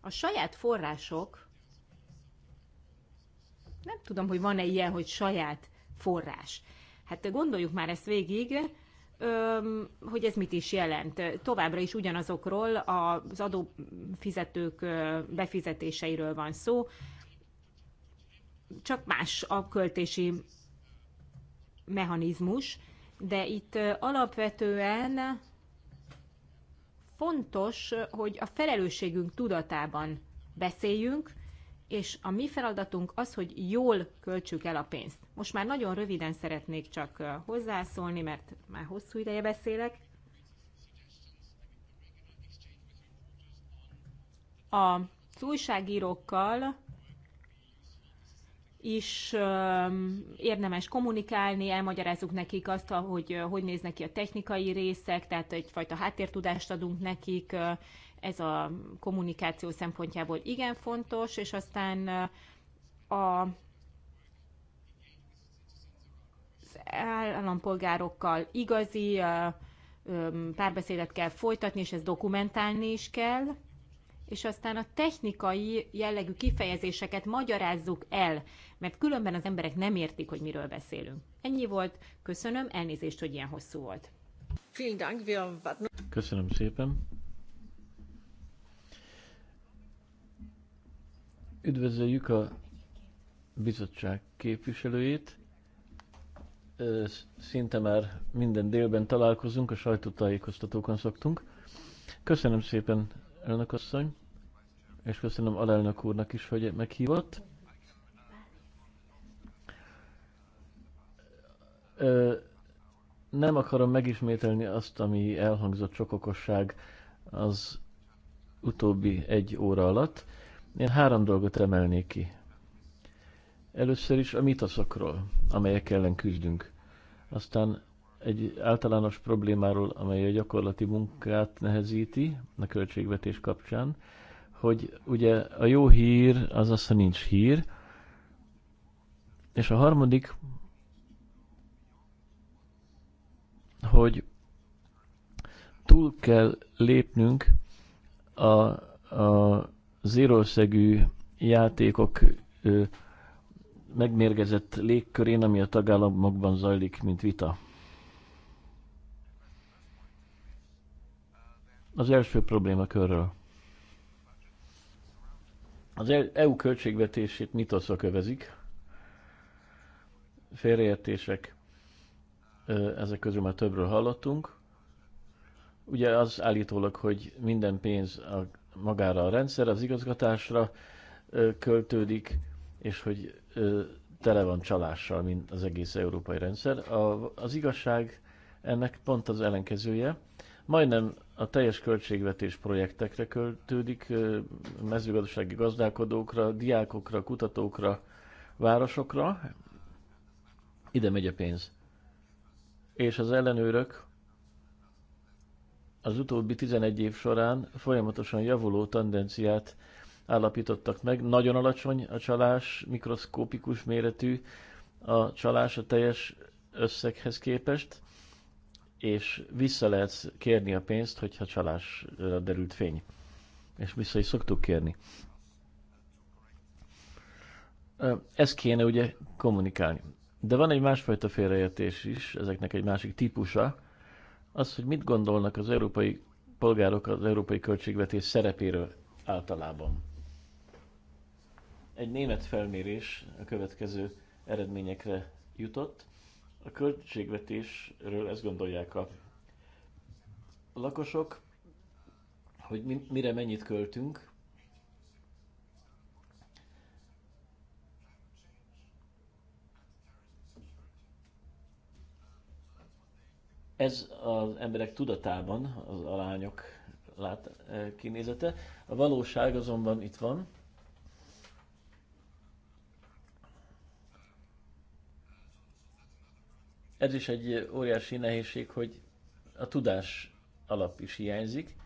[SPEAKER 5] a saját források, nem tudom, hogy van-e ilyen, hogy saját forrás. Hát gondoljuk már ezt végig, hogy ez mit is jelent. Továbbra is ugyanazokról az adófizetők befizetéseiről van szó, csak más a költési mechanizmus, de itt alapvetően fontos, hogy a felelősségünk tudatában beszéljünk, és a mi feladatunk az, hogy jól költsük el a pénzt. Most már nagyon röviden szeretnék csak hozzászólni, mert már hosszú ideje beszélek. A újságírókkal is érdemes kommunikálni, elmagyarázzuk nekik azt, hogy hogy néznek ki a technikai részek, tehát egyfajta háttértudást adunk nekik, ez a kommunikáció szempontjából igen fontos, és aztán a állampolgárokkal igazi párbeszédet kell folytatni, és ezt dokumentálni is kell, és aztán a technikai jellegű kifejezéseket magyarázzuk el mert különben az emberek nem értik, hogy miről beszélünk. Ennyi volt, köszönöm, elnézést, hogy ilyen hosszú volt.
[SPEAKER 3] Köszönöm szépen. Üdvözöljük a bizottság képviselőjét. Szinte már minden délben találkozunk, a sajtótájékoztatókon szoktunk. Köszönöm szépen, elnök asszony, és köszönöm alelnök úrnak is, hogy meghívott. nem akarom megismételni azt, ami elhangzott sok okosság az utóbbi egy óra alatt. Én három dolgot emelnék ki. Először is a mitoszokról, amelyek ellen küzdünk. Aztán egy általános problémáról, amely a gyakorlati munkát nehezíti a költségvetés kapcsán, hogy ugye a jó hír az az, ha nincs hír, és a harmadik hogy túl kell lépnünk a, a zérószegű játékok ö, megmérgezett légkörén, ami a tagállamokban zajlik, mint vita. Az első probléma körről. Az e- EU költségvetését mitoszok övezik, félreértések, ezek közül már többről hallottunk. Ugye az állítólag, hogy minden pénz a, magára a rendszer, az igazgatásra költődik, és hogy tele van csalással, mint az egész európai rendszer. A, az igazság ennek pont az ellenkezője. Majdnem a teljes költségvetés projektekre költődik, mezőgazdasági gazdálkodókra, diákokra, kutatókra, városokra. Ide megy a pénz és az ellenőrök az utóbbi 11 év során folyamatosan javuló tendenciát állapítottak meg. Nagyon alacsony a csalás, mikroszkópikus méretű a csalás a teljes összeghez képest, és vissza lehet kérni a pénzt, hogyha csalásra derült fény. És vissza is szoktuk kérni. Ezt kéne ugye kommunikálni. De van egy másfajta félreértés is, ezeknek egy másik típusa, az, hogy mit gondolnak az európai polgárok az európai költségvetés szerepéről általában. Egy német felmérés a következő eredményekre jutott. A költségvetésről ezt gondolják a lakosok, hogy mi, mire mennyit költünk, Ez az emberek tudatában az alányok lát, eh, kinézete. A valóság azonban itt van. Ez is egy óriási nehézség, hogy a tudás alap is hiányzik.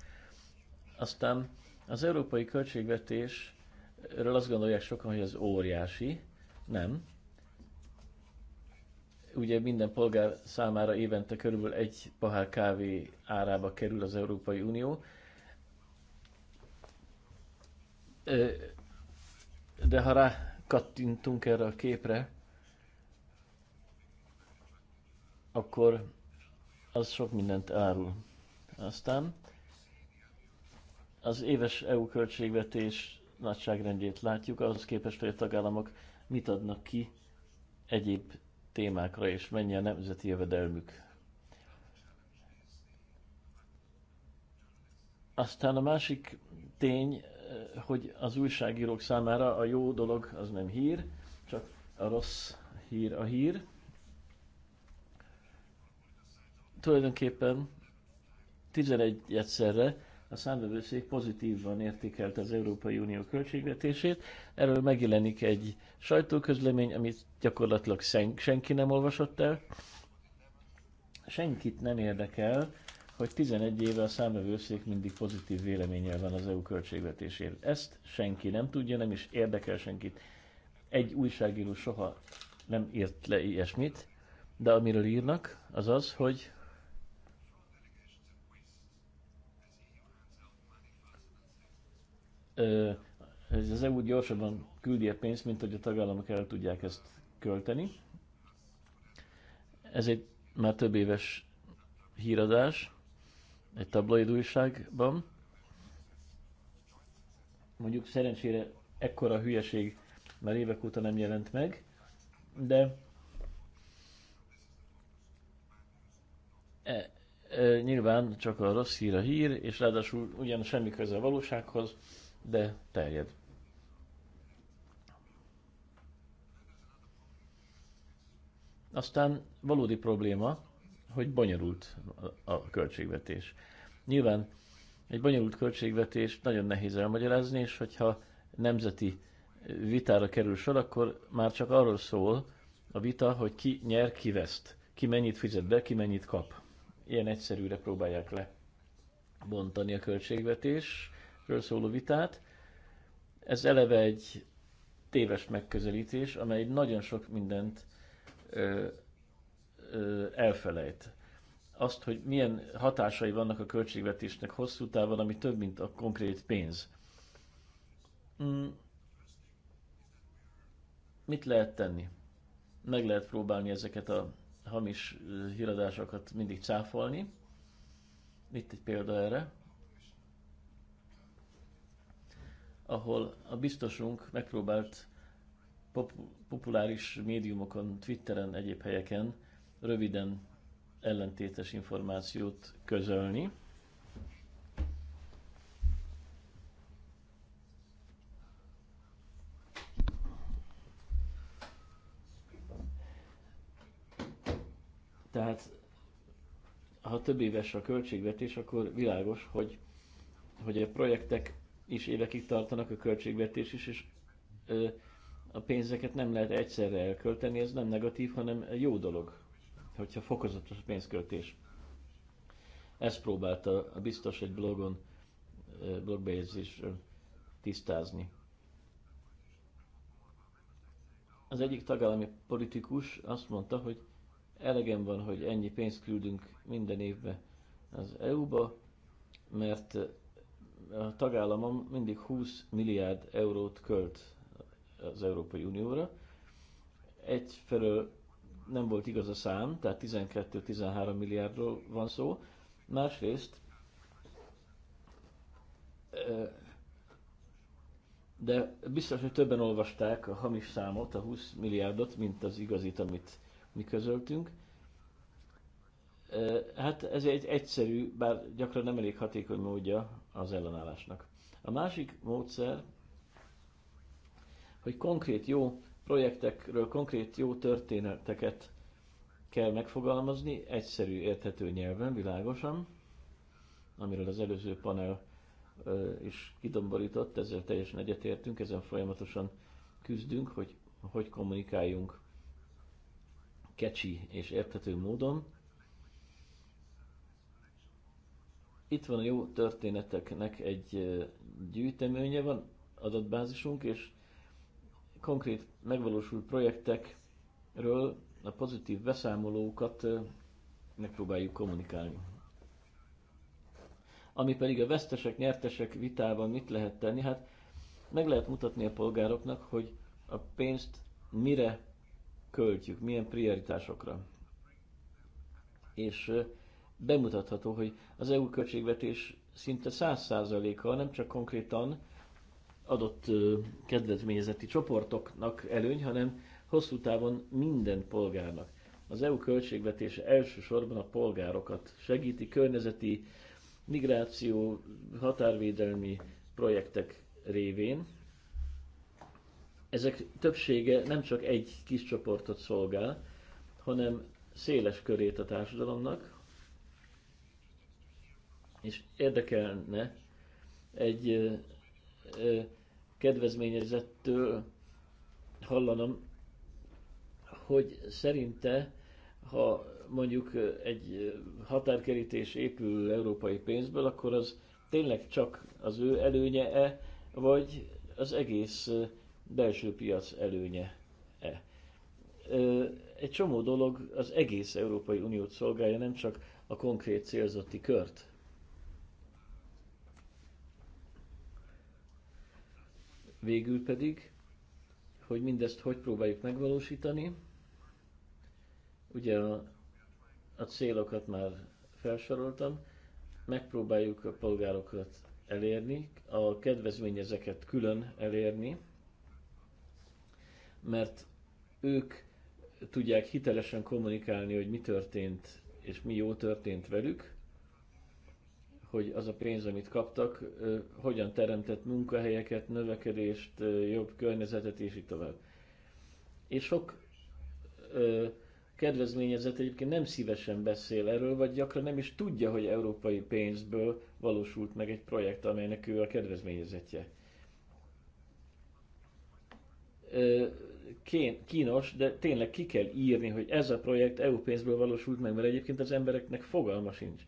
[SPEAKER 3] Aztán az európai költségvetésről azt gondolják sokan, hogy az óriási. Nem ugye minden polgár számára évente körülbelül egy pohár kávé árába kerül az Európai Unió. De ha rá kattintunk erre a képre, akkor az sok mindent árul. Aztán az éves EU költségvetés nagyságrendjét látjuk, ahhoz képest, hogy a tagállamok mit adnak ki egyéb témákra, és mennyi a nemzeti jövedelmük. Aztán a másik tény, hogy az újságírók számára a jó dolog az nem hír, csak a rossz hír a hír. Tulajdonképpen 11 egyszerre a számvevőszék pozitívan értékelte az Európai Unió költségvetését. Erről megjelenik egy sajtóközlemény, amit gyakorlatilag senki nem olvasott el. Senkit nem érdekel, hogy 11 éve a számvevőszék mindig pozitív véleménnyel van az EU költségvetéséről. Ezt senki nem tudja, nem is érdekel senkit. Egy újságíró soha nem írt le ilyesmit, de amiről írnak, az az, hogy ez az EU gyorsabban küldi a pénzt, mint hogy a tagállamok el tudják ezt költeni. Ez egy már több éves híradás egy tabloid újságban. Mondjuk szerencsére ekkora hülyeség már évek óta nem jelent meg, de e, e, nyilván csak a rossz hír a hír, és ráadásul ugyan semmi köze a valósághoz, de terjed. Aztán valódi probléma, hogy bonyolult a költségvetés. Nyilván egy bonyolult költségvetés nagyon nehéz elmagyarázni, és hogyha nemzeti vitára kerül sor, akkor már csak arról szól a vita, hogy ki nyer, ki veszt, ki mennyit fizet be, ki mennyit kap. Ilyen egyszerűre próbálják le bontani a költségvetés szóló vitát. Ez eleve egy téves megközelítés, amely nagyon sok mindent ö, ö, elfelejt. Azt, hogy milyen hatásai vannak a költségvetésnek hosszú távon, ami több, mint a konkrét pénz. Mm. Mit lehet tenni? Meg lehet próbálni ezeket a hamis híradásokat mindig cáfolni. Itt egy példa erre. ahol a biztosunk megpróbált populáris médiumokon, Twitteren, egyéb helyeken röviden ellentétes információt közölni. Tehát, ha több éves a költségvetés, akkor világos, hogy, hogy a projektek is évekig tartanak a költségvetés is, és a pénzeket nem lehet egyszerre elkölteni, ez nem negatív, hanem jó dolog, hogyha fokozatos pénzköltés. Ezt próbálta a biztos egy blogon, blogbejegyzés tisztázni. Az egyik tagállami politikus azt mondta, hogy elegem van, hogy ennyi pénzt küldünk minden évbe az EU-ba, mert a tagállamom mindig 20 milliárd eurót költ az Európai Unióra. Egyfelől nem volt igaz a szám, tehát 12-13 milliárdról van szó, másrészt de biztos, hogy többen olvasták a hamis számot, a 20 milliárdot, mint az igazit, amit mi közöltünk. Hát ez egy egyszerű, bár gyakran nem elég hatékony módja az ellenállásnak. A másik módszer, hogy konkrét jó projektekről, konkrét jó történeteket kell megfogalmazni egyszerű, érthető nyelven, világosan, amiről az előző panel is kidomborított, ezzel teljesen egyetértünk, ezen folyamatosan küzdünk, hogy hogy kommunikáljunk kecsi és érthető módon. Itt van a jó történeteknek egy gyűjteménye, van adatbázisunk, és konkrét megvalósult projektekről a pozitív beszámolókat megpróbáljuk kommunikálni. Ami pedig a vesztesek, nyertesek vitában mit lehet tenni, hát meg lehet mutatni a polgároknak, hogy a pénzt mire költjük, milyen prioritásokra. És bemutatható, hogy az EU költségvetés szinte 100 százaléka, nem csak konkrétan adott kedvezményezeti csoportoknak előny, hanem hosszú távon minden polgárnak. Az EU költségvetése elsősorban a polgárokat segíti környezeti, migráció, határvédelmi projektek révén. Ezek többsége nem csak egy kis csoportot szolgál, hanem széles körét a társadalomnak, és érdekelne egy ö, ö, kedvezményezettől hallanom, hogy szerinte, ha mondjuk egy határkerítés épül európai pénzből, akkor az tényleg csak az ő előnye-e, vagy az egész belső piac előnye-e. Egy csomó dolog az egész Európai Uniót szolgálja, nem csak a konkrét célzotti kört. Végül pedig, hogy mindezt hogy próbáljuk megvalósítani. Ugye a, a célokat már felsoroltam, megpróbáljuk a polgárokat elérni, a kedvezményezeket külön elérni, mert ők tudják hitelesen kommunikálni, hogy mi történt és mi jó történt velük, hogy az a pénz, amit kaptak, hogyan teremtett munkahelyeket, növekedést, jobb környezetet, és így tovább. És sok kedvezményezett egyébként nem szívesen beszél erről, vagy gyakran nem is tudja, hogy európai pénzből valósult meg egy projekt, amelynek ő a kedvezményezetje. Kínos, de tényleg ki kell írni, hogy ez a projekt EU pénzből valósult meg, mert egyébként az embereknek fogalma sincs.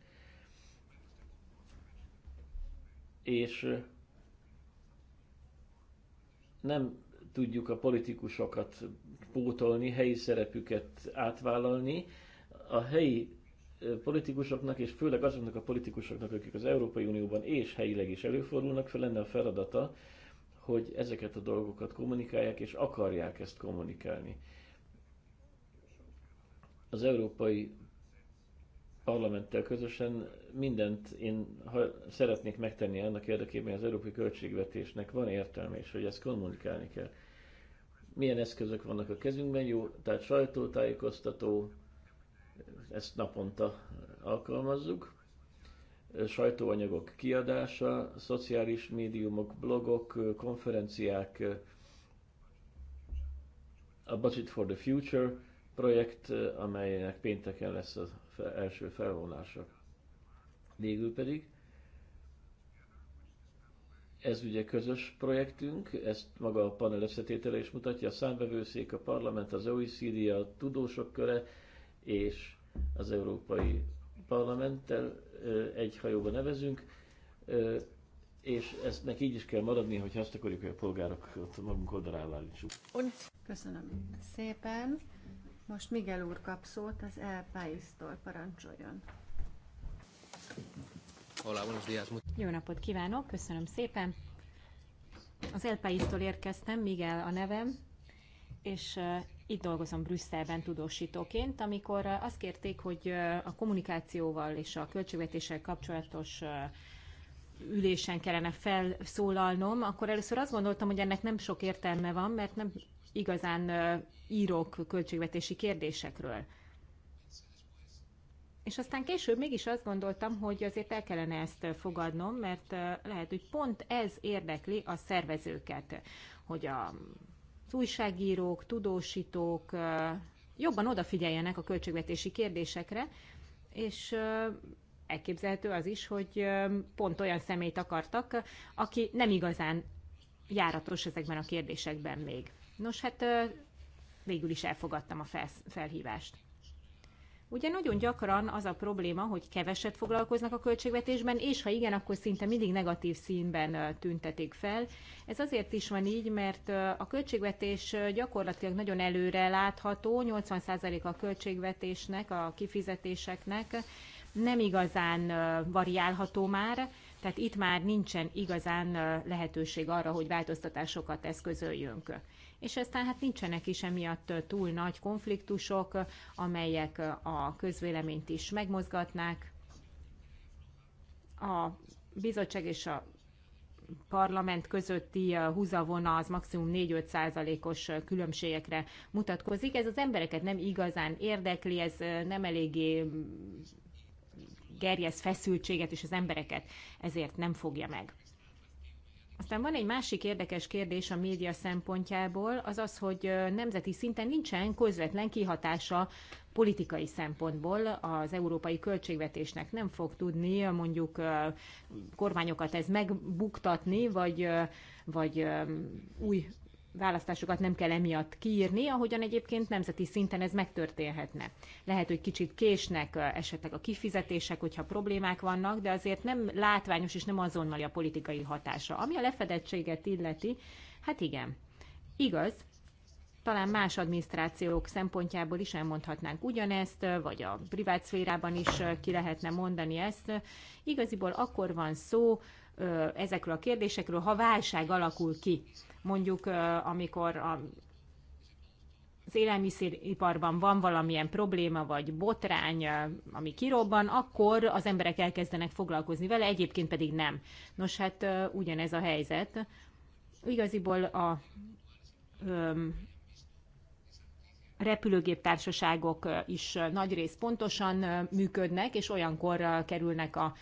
[SPEAKER 3] és nem tudjuk a politikusokat pótolni, helyi szerepüket átvállalni. A helyi politikusoknak, és főleg azoknak a politikusoknak, akik az Európai Unióban és helyileg is előfordulnak, fel lenne a feladata, hogy ezeket a dolgokat kommunikálják, és akarják ezt kommunikálni. Az Európai parlamenttel közösen mindent én ha szeretnék megtenni annak érdekében, hogy az európai költségvetésnek van értelme, és hogy ezt kommunikálni kell. Milyen eszközök vannak a kezünkben, jó, tehát sajtótájékoztató, ezt naponta alkalmazzuk, sajtóanyagok kiadása, szociális médiumok, blogok, konferenciák, a Budget for the Future projekt, amelynek pénteken lesz az első felvonásra. Végül pedig, ez ugye közös projektünk, ezt maga a panel összetétele is mutatja, a számbevőszék, a parlament, az OECD, a tudósok köre és az Európai Parlamenttel egy hajóba nevezünk, és ezt neki így is kell maradni, hogy azt akarjuk, hogy a polgárok magunk oldalára állítsuk.
[SPEAKER 2] Köszönöm szépen. Most Miguel úr kap szót az El pais tól
[SPEAKER 5] parancsoljon.
[SPEAKER 6] Hola, buenos días.
[SPEAKER 5] Jó napot kívánok, köszönöm szépen. Az El pais tól érkeztem, Miguel a nevem, és itt dolgozom Brüsszelben tudósítóként, amikor azt kérték, hogy a kommunikációval és a költségvetéssel kapcsolatos ülésen kellene felszólalnom, akkor először azt gondoltam, hogy ennek nem sok értelme van, mert nem igazán írok költségvetési kérdésekről. És aztán később mégis azt gondoltam, hogy azért el kellene ezt fogadnom, mert lehet, hogy pont ez érdekli a szervezőket, hogy a az újságírók, tudósítók jobban odafigyeljenek a költségvetési kérdésekre, és elképzelhető az is, hogy pont olyan személyt akartak, aki nem igazán járatos ezekben a kérdésekben még. Nos, hát végül is elfogadtam a felhívást. Ugye nagyon gyakran az a probléma, hogy keveset foglalkoznak a költségvetésben, és ha igen, akkor szinte mindig negatív színben tüntetik fel. Ez azért is van így, mert a költségvetés gyakorlatilag nagyon előre látható, 80% a költségvetésnek, a kifizetéseknek nem igazán variálható már, tehát itt már nincsen igazán lehetőség arra, hogy változtatásokat eszközöljünk és aztán hát nincsenek is emiatt túl nagy konfliktusok, amelyek a közvéleményt is megmozgatnák. A bizottság és a parlament közötti húzavona az maximum 4-5 százalékos különbségekre mutatkozik. Ez az embereket nem igazán érdekli, ez nem eléggé gerjez feszültséget, és az embereket ezért nem fogja meg. Aztán van egy másik érdekes kérdés a média szempontjából, az az, hogy nemzeti szinten nincsen közvetlen kihatása politikai szempontból az európai költségvetésnek. Nem fog tudni mondjuk kormányokat ez megbuktatni, vagy, vagy új választásokat nem kell emiatt kiírni, ahogyan egyébként nemzeti szinten ez megtörténhetne. Lehet, hogy kicsit késnek esetleg a kifizetések, hogyha problémák vannak, de azért nem látványos és nem azonnali a politikai hatása. Ami a lefedettséget illeti, hát igen, igaz, talán más adminisztrációk szempontjából is elmondhatnánk ugyanezt, vagy a privát szférában is ki lehetne mondani ezt. Igaziból akkor van szó ezekről a kérdésekről, ha válság alakul ki mondjuk amikor a, az élelmiszeriparban van valamilyen probléma vagy botrány, ami kirobban, akkor az emberek elkezdenek foglalkozni vele, egyébként pedig nem. Nos, hát ugyanez a helyzet. Igaziból a öm, repülőgép társaságok is nagy rész pontosan működnek, és olyankor kerülnek a,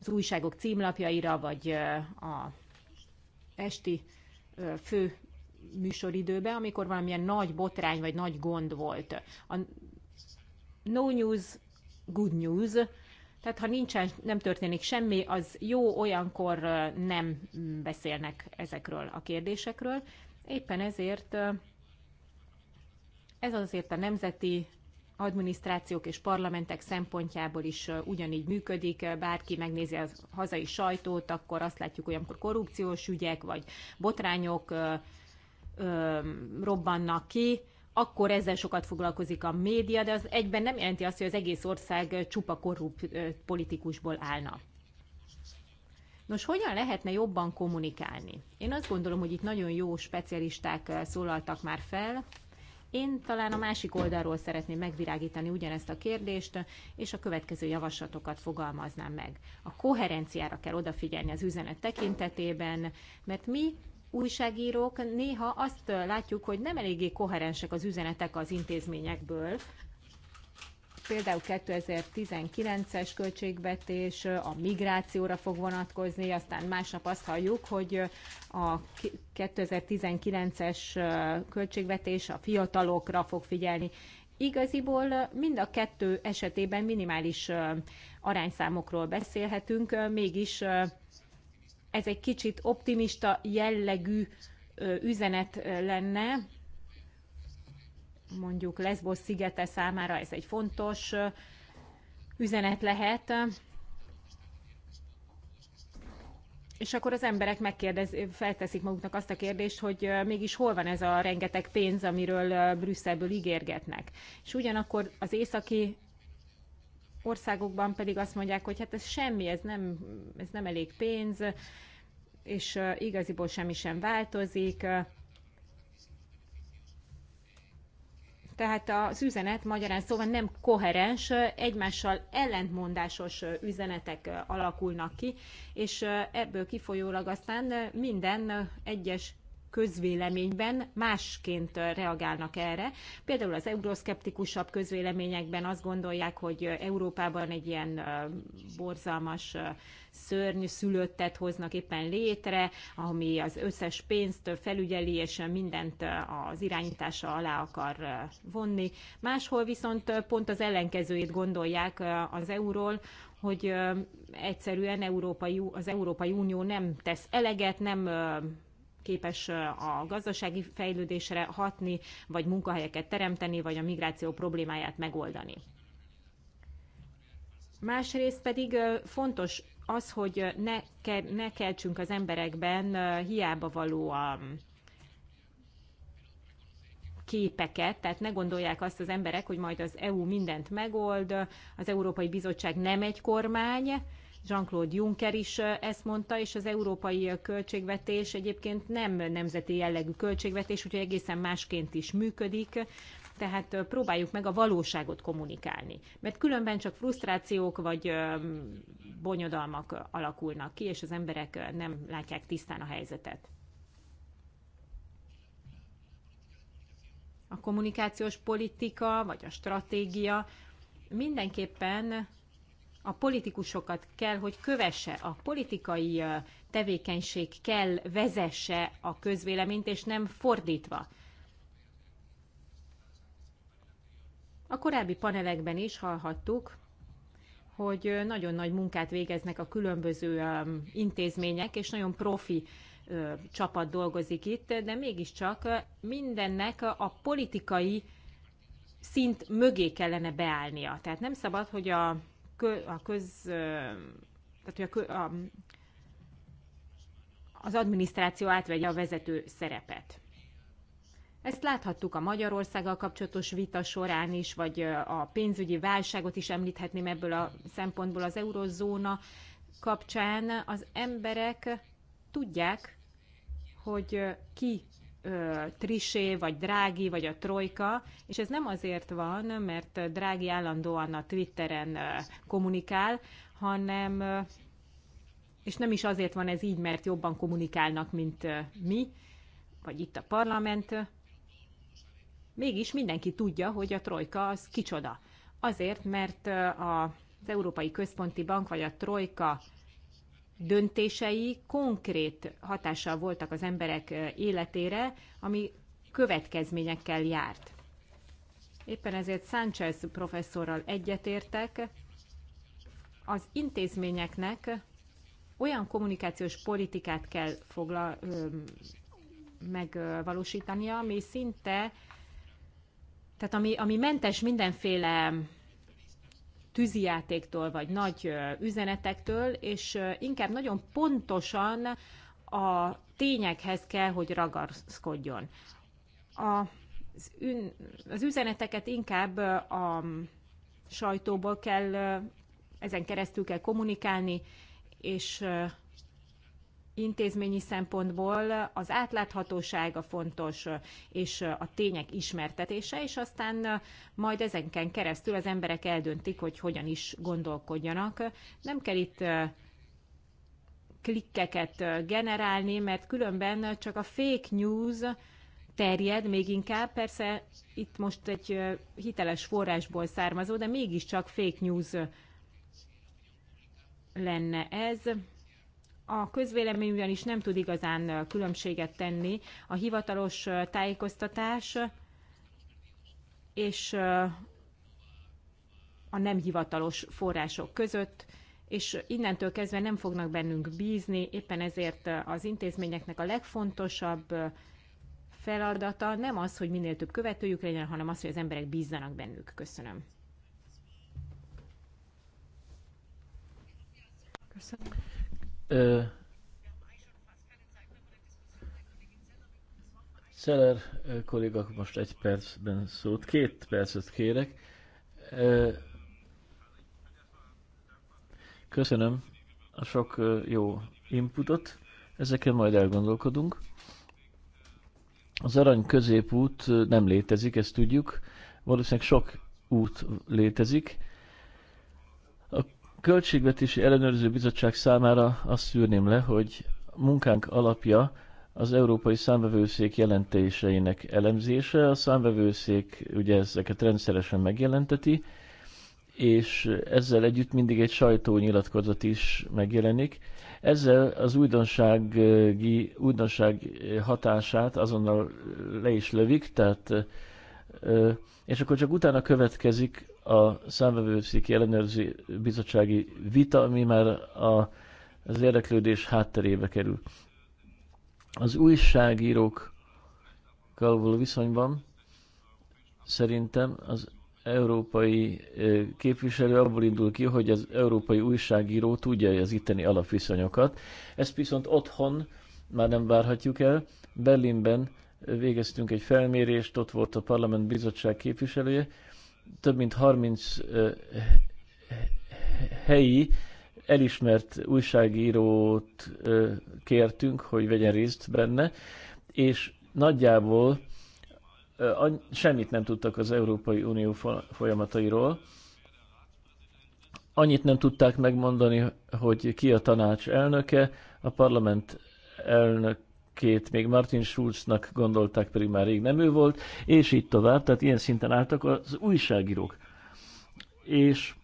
[SPEAKER 5] az újságok címlapjaira, vagy a esti fő műsoridőbe, amikor valamilyen nagy botrány vagy nagy gond volt. A no news, good news, tehát ha nincsen, nem történik semmi, az jó, olyankor nem beszélnek ezekről a kérdésekről. Éppen ezért ez azért a nemzeti adminisztrációk és parlamentek szempontjából is ugyanígy működik. Bárki megnézi a hazai sajtót, akkor azt látjuk, hogy amikor korrupciós ügyek vagy botrányok ö, ö, robbannak ki, akkor ezzel sokat foglalkozik a média, de az egyben nem jelenti azt, hogy az egész ország csupa korrupt politikusból állna. Nos, hogyan lehetne jobban kommunikálni? Én azt gondolom, hogy itt nagyon jó specialisták szólaltak már fel, én talán a másik oldalról szeretném megvirágítani ugyanezt a kérdést, és a következő javaslatokat fogalmaznám meg. A koherenciára kell odafigyelni az üzenet tekintetében, mert mi újságírók néha azt látjuk, hogy nem eléggé koherensek az üzenetek az intézményekből, például 2019-es költségvetés a migrációra fog vonatkozni, aztán másnap azt halljuk, hogy a 2019-es költségvetés a fiatalokra fog figyelni. Igaziból mind a kettő esetében minimális arányszámokról beszélhetünk, mégis ez egy kicsit optimista jellegű üzenet lenne, mondjuk Lesbos szigete számára ez egy fontos üzenet lehet. És akkor az emberek megkérdez, felteszik maguknak azt a kérdést, hogy mégis hol van ez a rengeteg pénz, amiről Brüsszelből ígérgetnek. És ugyanakkor az északi országokban pedig azt mondják, hogy hát ez semmi, ez nem, ez nem elég pénz, és igaziból semmi sem változik, Tehát az üzenet magyarán szóval nem koherens, egymással ellentmondásos üzenetek alakulnak ki, és ebből kifolyólag aztán minden egyes közvéleményben másként reagálnak erre. Például az euroszkeptikusabb közvéleményekben azt gondolják, hogy Európában egy ilyen borzalmas szörny szülöttet hoznak éppen létre, ami az összes pénzt felügyeli, és mindent az irányítása alá akar vonni. Máshol viszont pont az ellenkezőjét gondolják az euról, hogy egyszerűen Európai, az Európai Unió nem tesz eleget, nem képes a gazdasági fejlődésre hatni, vagy munkahelyeket teremteni, vagy a migráció problémáját megoldani. Másrészt pedig fontos az, hogy ne, ke, ne keltsünk az emberekben hiába való a képeket, tehát ne gondolják azt az emberek, hogy majd az EU mindent megold, az Európai Bizottság nem egy kormány, Jean-Claude Juncker is ezt mondta, és az európai költségvetés egyébként nem nemzeti jellegű költségvetés, úgyhogy egészen másként is működik, tehát próbáljuk meg a valóságot kommunikálni, mert különben csak frusztrációk vagy bonyodalmak alakulnak ki, és az emberek nem látják tisztán a helyzetet. A kommunikációs politika vagy a stratégia mindenképpen a politikusokat kell, hogy kövesse, a politikai tevékenység kell vezesse a közvéleményt, és nem fordítva. A korábbi panelekben is hallhattuk, hogy nagyon nagy munkát végeznek a különböző intézmények, és nagyon profi csapat dolgozik itt, de mégiscsak mindennek a politikai szint mögé kellene beállnia. Tehát nem szabad, hogy a kö, a köz, tehát hogy a, kö, a, az adminisztráció átvegye a vezető szerepet. Ezt láthattuk a Magyarországgal kapcsolatos vita során is, vagy a pénzügyi válságot is említhetném ebből a szempontból az eurozóna kapcsán. Az emberek tudják, hogy ki ö, Trisé, vagy Drági, vagy a Trojka, és ez nem azért van, mert Drági állandóan a Twitteren ö, kommunikál, hanem, ö, és nem is azért van ez így, mert jobban kommunikálnak, mint ö, mi, vagy itt a parlament, ö, mégis mindenki tudja, hogy a Trojka az kicsoda. Azért, mert ö, a, az Európai Központi Bank, vagy a Trojka döntései konkrét hatással voltak az emberek életére, ami következményekkel járt. Éppen ezért Sánchez professzorral egyetértek, az intézményeknek olyan kommunikációs politikát kell foglal, ö, megvalósítania, ami szinte, tehát ami, ami mentes mindenféle tűzijátéktól, vagy nagy üzenetektől, és inkább nagyon pontosan a tényekhez kell, hogy ragaszkodjon. A, az, ün, az üzeneteket inkább a sajtóból kell, ezen keresztül kell kommunikálni, és intézményi szempontból az átláthatósága fontos, és a tények ismertetése, és aztán majd ezeken keresztül az emberek eldöntik, hogy hogyan is gondolkodjanak. Nem kell itt klikkeket generálni, mert különben csak a fake news terjed még inkább, persze itt most egy hiteles forrásból származó, de mégiscsak fake news lenne ez a közvélemény ugyanis nem tud igazán különbséget tenni a hivatalos tájékoztatás és a nem hivatalos források között, és innentől kezdve nem fognak bennünk bízni, éppen ezért az intézményeknek a legfontosabb feladata nem az, hogy minél több követőjük legyen, hanem az, hogy az emberek bízzanak bennük. Köszönöm.
[SPEAKER 1] Köszönöm.
[SPEAKER 3] Ö, Szeller kollégak most egy percben szólt, két percet kérek. köszönöm a sok jó inputot, ezeken majd elgondolkodunk. Az arany középút nem létezik, ezt tudjuk. Valószínűleg sok út létezik, Költségvetési Ellenőrző Bizottság számára azt szűrném le, hogy munkánk alapja az Európai Számvevőszék jelentéseinek elemzése. A számvevőszék ugye ezeket rendszeresen megjelenteti, és ezzel együtt mindig egy sajtónyilatkozat is megjelenik. Ezzel az újdonsági, újdonság hatását azonnal le is lövik, tehát és akkor csak utána következik a számvevőszéki ellenőrző bizottsági vita, ami már a, az érdeklődés hátterébe kerül. Az újságírókkal való viszonyban szerintem az európai képviselő abból indul ki, hogy az európai újságíró tudja az itteni alapviszonyokat. Ezt viszont otthon már nem várhatjuk el. Berlinben végeztünk egy felmérést, ott volt a parlament bizottság képviselője, több mint 30 helyi elismert újságírót kértünk, hogy vegyen részt benne, és nagyjából semmit nem tudtak az Európai Unió folyamatairól. Annyit nem tudták megmondani, hogy ki a tanács elnöke, a parlament elnök két még Martin Schulznak gondolták, pedig már rég nem ő volt, és így tovább, tehát ilyen szinten álltak az újságírók. És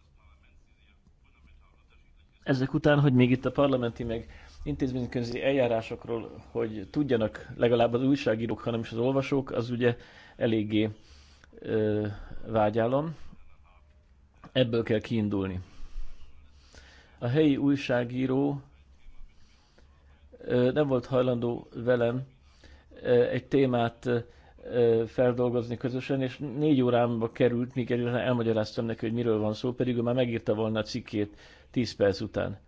[SPEAKER 3] ezek után, hogy még itt a parlamenti meg intézményközi eljárásokról, hogy tudjanak legalább az újságírók, hanem is az olvasók, az ugye eléggé ö, vágyálom. Ebből kell kiindulni. A helyi újságíró nem volt hajlandó velem egy témát feldolgozni közösen, és négy órámba került, míg elmagyaráztam neki, hogy miről van szó, pedig ő már megírta volna a cikkét tíz perc után.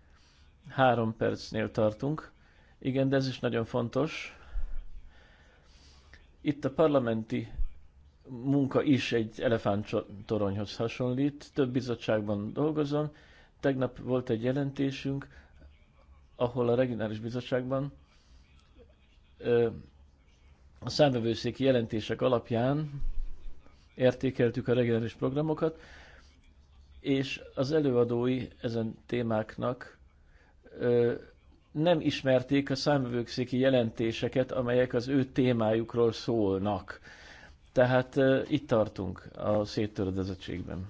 [SPEAKER 3] Három percnél tartunk. Igen, de ez is nagyon fontos. Itt a parlamenti munka is egy elefánttoronyhoz hasonlít. Több bizottságban dolgozom. Tegnap volt egy jelentésünk, ahol a regionális bizottságban a számvevőszéki jelentések alapján értékeltük a regionális programokat, és az előadói ezen témáknak nem ismerték a számvevőszéki jelentéseket, amelyek az ő témájukról szólnak. Tehát itt tartunk a széttöredezettségben.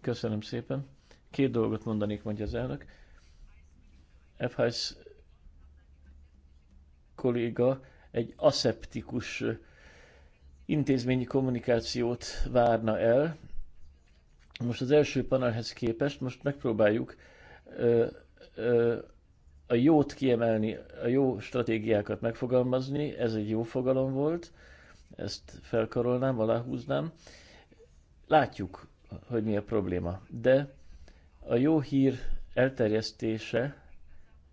[SPEAKER 3] Köszönöm szépen. Két dolgot mondanék, mondja az elnök Efhajsz kolléga egy aszeptikus intézményi kommunikációt várna el. Most az első panelhez képest most megpróbáljuk ö, ö, a jót kiemelni, a jó stratégiákat megfogalmazni, ez egy jó fogalom volt, ezt felkarolnám, aláhúznám. Látjuk, hogy mi a probléma, de a jó hír elterjesztése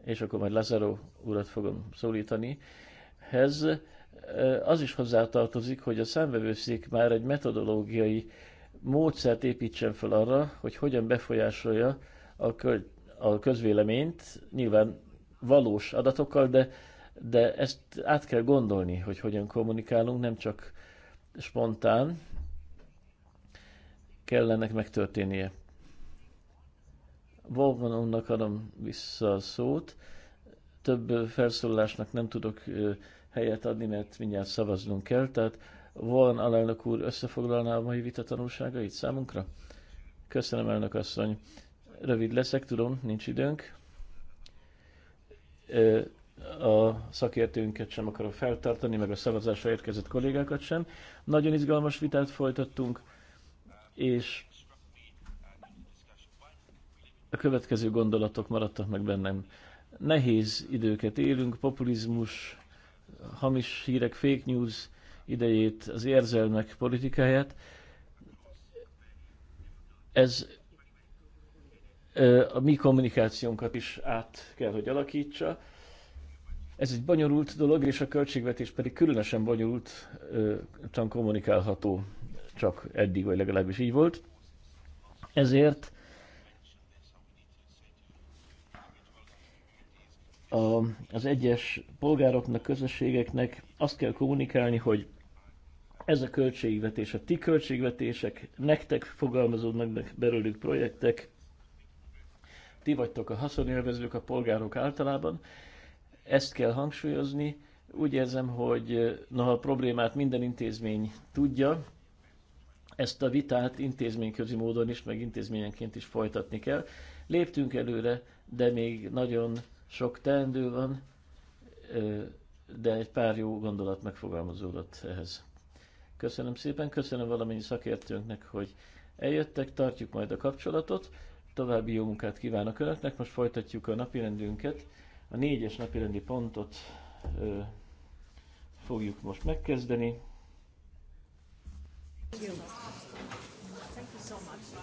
[SPEAKER 3] és akkor majd Lazaro urat fogom szólítani, ez az is hozzátartozik, hogy a számvevőszék már egy metodológiai módszert építsen fel arra, hogy hogyan befolyásolja a, a közvéleményt, nyilván valós adatokkal, de, de ezt át kell gondolni, hogy hogyan kommunikálunk, nem csak spontán kell ennek megtörténnie. Volvanónak adom vissza a szót. Több felszólásnak nem tudok helyet adni, mert mindjárt szavaznunk kell. Tehát Volvan alelnök úr összefoglalná a mai vita tanulságait számunkra? Köszönöm, elnök asszony. Rövid leszek, tudom, nincs időnk. A szakértőnket sem akarom feltartani, meg a szavazásra érkezett kollégákat sem. Nagyon izgalmas vitát folytattunk, és a következő gondolatok maradtak meg bennem. Nehéz időket élünk, populizmus, hamis hírek, fake news idejét, az érzelmek politikáját. Ez a mi kommunikációnkat is át kell, hogy alakítsa. Ez egy bonyolult dolog, és a költségvetés pedig különösen bonyolult, csak kommunikálható, csak eddig, vagy legalábbis így volt. Ezért a, az egyes polgároknak, közösségeknek azt kell kommunikálni, hogy ez a költségvetés, a ti költségvetések, nektek fogalmazódnak meg belőlük projektek, ti vagytok a haszonélvezők a polgárok általában, ezt kell hangsúlyozni. Úgy érzem, hogy eh, noha a problémát minden intézmény tudja, ezt a vitát intézményközi módon is, meg intézményenként is folytatni kell. Léptünk előre, de még nagyon sok teendő van, de egy pár jó gondolat megfogalmazódott ehhez. Köszönöm szépen, köszönöm valamennyi szakértőnknek, hogy eljöttek, tartjuk majd a kapcsolatot. További jó munkát kívánok Önöknek, most folytatjuk a napirendünket. A négyes napirendi pontot ö, fogjuk most megkezdeni.
[SPEAKER 1] Thank you so much.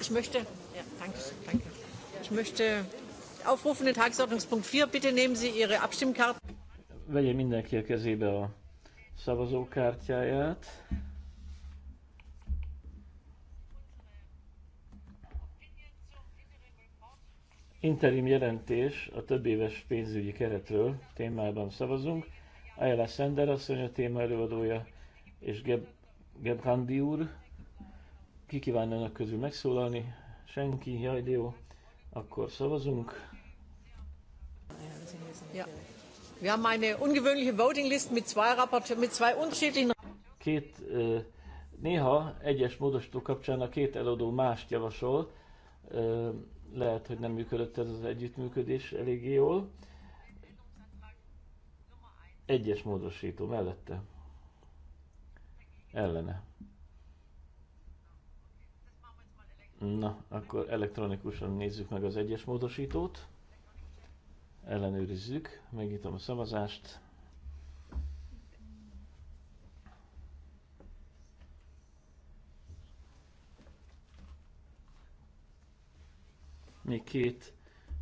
[SPEAKER 1] Ich möchte, ja, danke, danke. Ich möchte aufrufen den Tagesordnungspunkt 4. Bitte nehmen Sie Ihre Abstimmkarte.
[SPEAKER 3] Vegye mindenki a kezébe a szavazókártyáját. Interim jelentés a több éves pénzügyi keretről témában szavazunk. Ayala Sender asszony a téma előadója, és Geb, Gebhandi úr. Ki kíván önök közül megszólalni? Senki? Jaj, de jó. Akkor szavazunk.
[SPEAKER 1] Ja. Wir haben eine ungewöhnliche Voting List mit zwei, Rapport mit zwei unterschiedlichen...
[SPEAKER 3] Két, néha egyes módosító kapcsán a két eladó mást javasol. Lehet, hogy nem működött ez az együttműködés eléggé jól. Egyes módosító mellette ellene. Na, akkor elektronikusan nézzük meg az egyes módosítót. Ellenőrizzük, megnyitom a szavazást. Még két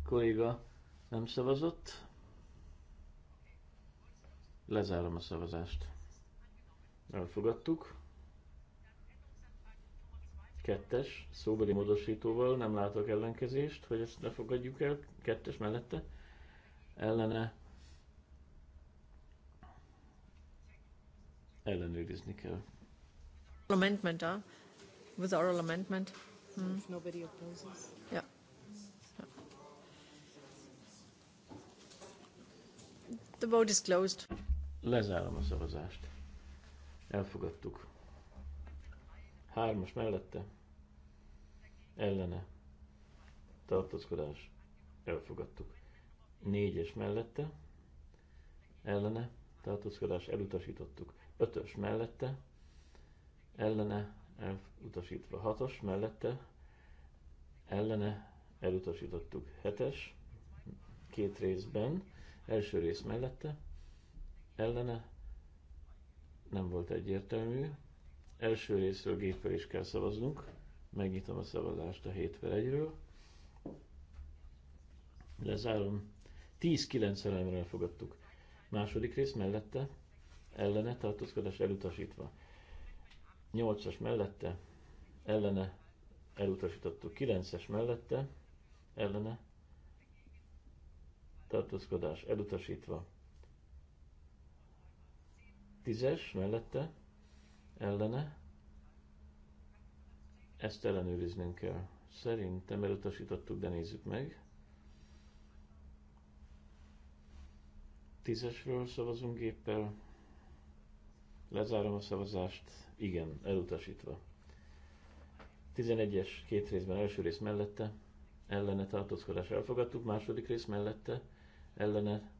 [SPEAKER 3] kolléga nem szavazott. Lezárom a szavazást. Elfogadtuk. Kettes, szóbeli módosítóval nem látok ellenkezést, hogy ezt ne fogadjuk el. Kettes mellette. Ellene ellenőrizni kell.
[SPEAKER 1] Amendment, ah? With oral amendment. Hmm. If nobody opposes. Yeah. The vote is closed.
[SPEAKER 3] Lezárom a szavazást. Elfogadtuk. Hármas mellette. Ellene. Tartózkodás. Elfogadtuk. Négyes mellette. Ellene. Tartózkodás. Elutasítottuk. Ötös mellette. Ellene. Elutasítva. Hatos mellette. Ellene. Elutasítottuk. Hetes. Két részben. Első rész mellette. Ellene nem volt egyértelmű. Első részről géppel is kell szavaznunk. Megnyitom a szavazást a 7 per 1-ről. Lezárom. 10-9 szerelemre elfogadtuk. Második rész mellette, ellene tartózkodás elutasítva. 8-as mellette, ellene elutasítottuk. 9-es mellette, ellene tartózkodás elutasítva. Tízes mellette, ellene. Ezt ellenőriznünk kell. Szerintem elutasítottuk, de nézzük meg. Tízesről szavazunk géppel. Lezárom a szavazást. Igen, elutasítva. 11-es két részben első rész mellette, ellene tartózkodás elfogadtuk, második rész mellette, ellene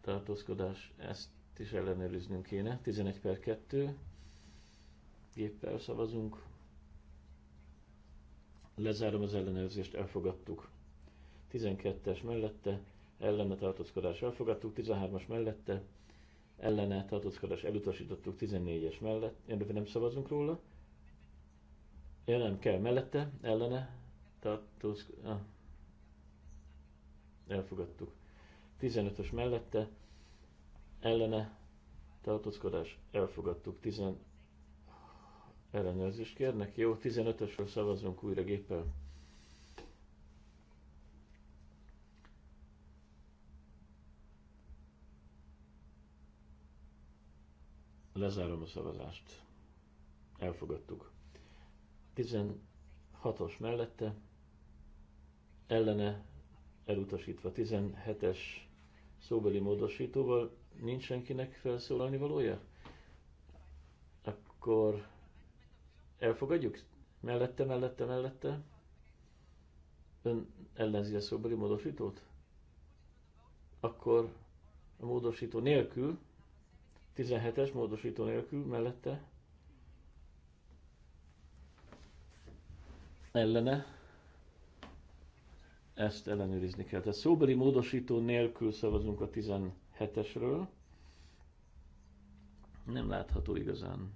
[SPEAKER 3] tartózkodás, ezt ezt is ellenőriznünk kéne. 11 per 2. Géppel szavazunk. Lezárom az ellenőrzést, elfogadtuk. 12-es mellette, ellene tartózkodás elfogadtuk, 13-as mellette, ellene tartózkodás elutasítottuk, 14-es mellett, ebben nem szavazunk róla. Ja, nem kell, mellette, ellene tartózkodás, ah. elfogadtuk. 15-ös mellette, ellene tartózkodás elfogadtuk. 10 ellenőrzést kérnek. Jó, 15-ösről szavazunk újra géppel. Lezárom a szavazást. Elfogadtuk. 16-os mellette, ellene elutasítva 17-es szóbeli módosítóval, Nincs senkinek felszólalni valója? Akkor elfogadjuk? Mellette, mellette, mellette? Ön ellenzi a szóbeli módosítót? Akkor a módosító nélkül, 17-es módosító nélkül, mellette, ellene, ezt ellenőrizni kell. Tehát szóbeli módosító nélkül szavazunk a 17 hetesről. Nem látható igazán,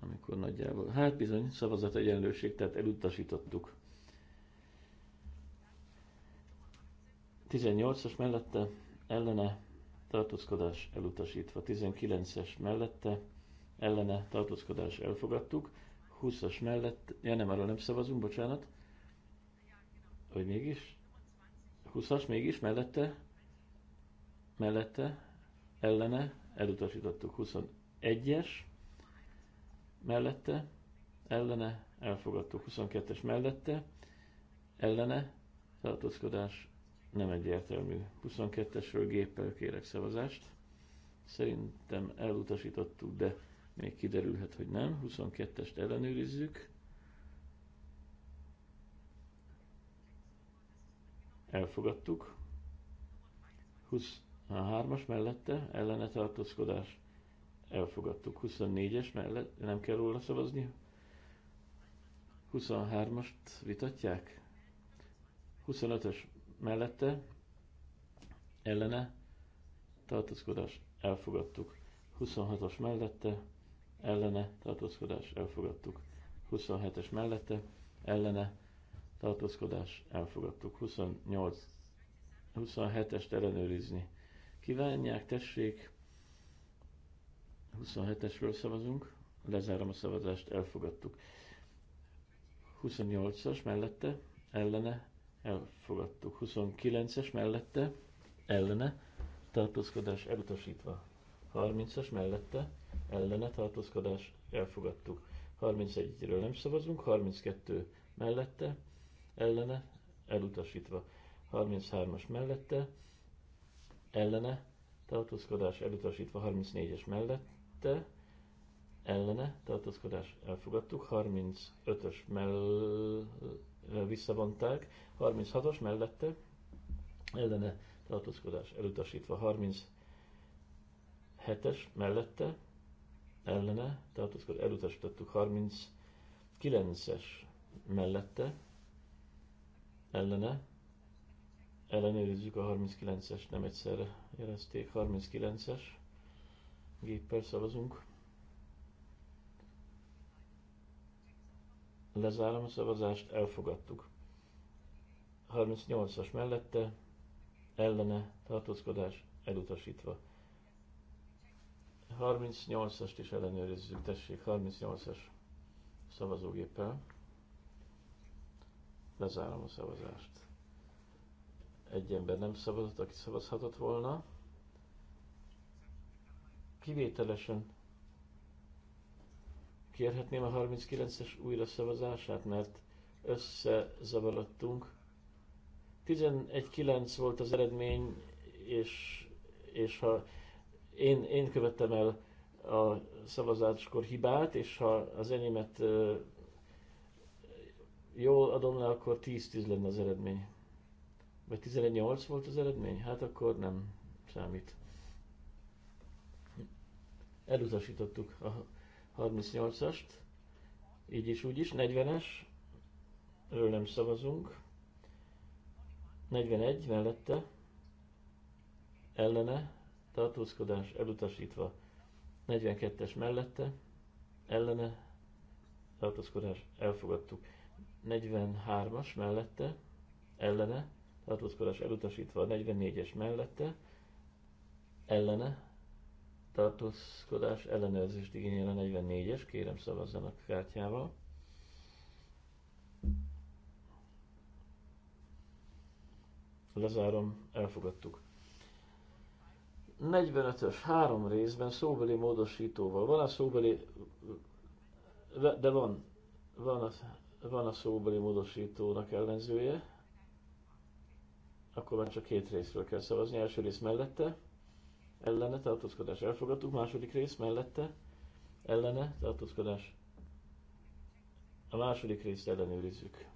[SPEAKER 3] amikor nagyjából. Hát bizony, szavazat egyenlőség, tehát elutasítottuk. 18-as mellette ellene tartózkodás elutasítva, 19-es mellette ellene tartózkodás elfogadtuk, 20-as mellett, ja nem, arra nem szavazunk, bocsánat, hogy mégis, 20-as mégis mellette mellette, ellene, elutasítottuk 21-es, mellette, ellene, elfogadtuk 22-es mellette, ellene, tartózkodás nem egyértelmű. 22-esről géppel kérek szavazást. Szerintem elutasítottuk, de még kiderülhet, hogy nem. 22-est ellenőrizzük. Elfogadtuk. 20, a hármas mellette ellene tartózkodás elfogadtuk. 24-es mellett nem kell róla szavazni. 23-ast vitatják. 25-ös mellette ellene tartózkodás elfogadtuk. 26-os mellette ellene tartózkodás elfogadtuk. 27-es mellette ellene tartózkodás elfogadtuk. 28 27-est ellenőrizni kívánják, tessék. 27-esről szavazunk, lezárom a szavazást, elfogadtuk. 28-as mellette, ellene, elfogadtuk. 29-es mellette, ellene, tartózkodás elutasítva. 30-as mellette, ellene, tartózkodás elfogadtuk. 31-ről nem szavazunk, 32 mellette, ellene, elutasítva. 33-as mellette, ellene, tartózkodás elutasítva 34-es mellette, ellene, tartózkodás elfogadtuk, 35-ös mell visszavonták, 36-os mellette, ellene, tartózkodás elutasítva 37-es mellette, ellene, tartózkodás elutasítottuk 39-es mellette, ellene, ellenőrizzük a 39-es, nem egyszerre jelezték, 39-es géppel szavazunk. Lezárom a szavazást, elfogadtuk. 38-as mellette, ellene, tartózkodás, elutasítva. 38-ast is ellenőrizzük, tessék, 38-as szavazógéppel. Lezárom a szavazást egy ember nem szavazott, aki szavazhatott volna. Kivételesen kérhetném a 39-es újra szavazását, mert összezavarodtunk. 11-9 volt az eredmény, és, és ha én, én követtem el a szavazáskor hibát, és ha az enyémet jól adom le, akkor 10-10 lenne az eredmény. Vagy 11 volt az eredmény? Hát akkor nem számít. Elutasítottuk a 38-ast, így is úgy is, 40-es, ről nem szavazunk. 41 mellette, ellene, tartózkodás elutasítva. 42-es mellette, ellene, tartózkodás elfogadtuk. 43-as mellette, ellene, tartózkodás elutasítva a 44-es mellette, ellene, tartózkodás ellenőrzést igényel a 44-es, kérem szavazzanak kártyával. Lezárom, elfogadtuk. 45-ös három részben szóbeli módosítóval. Van a szóbeli, de van, van a, van a szóbeli módosítónak ellenzője, akkor már csak két részről kell szavazni. Első rész mellette, ellene, tartózkodás elfogadtuk. Második rész mellette, ellene, tartózkodás. A második részt ellenőrizzük.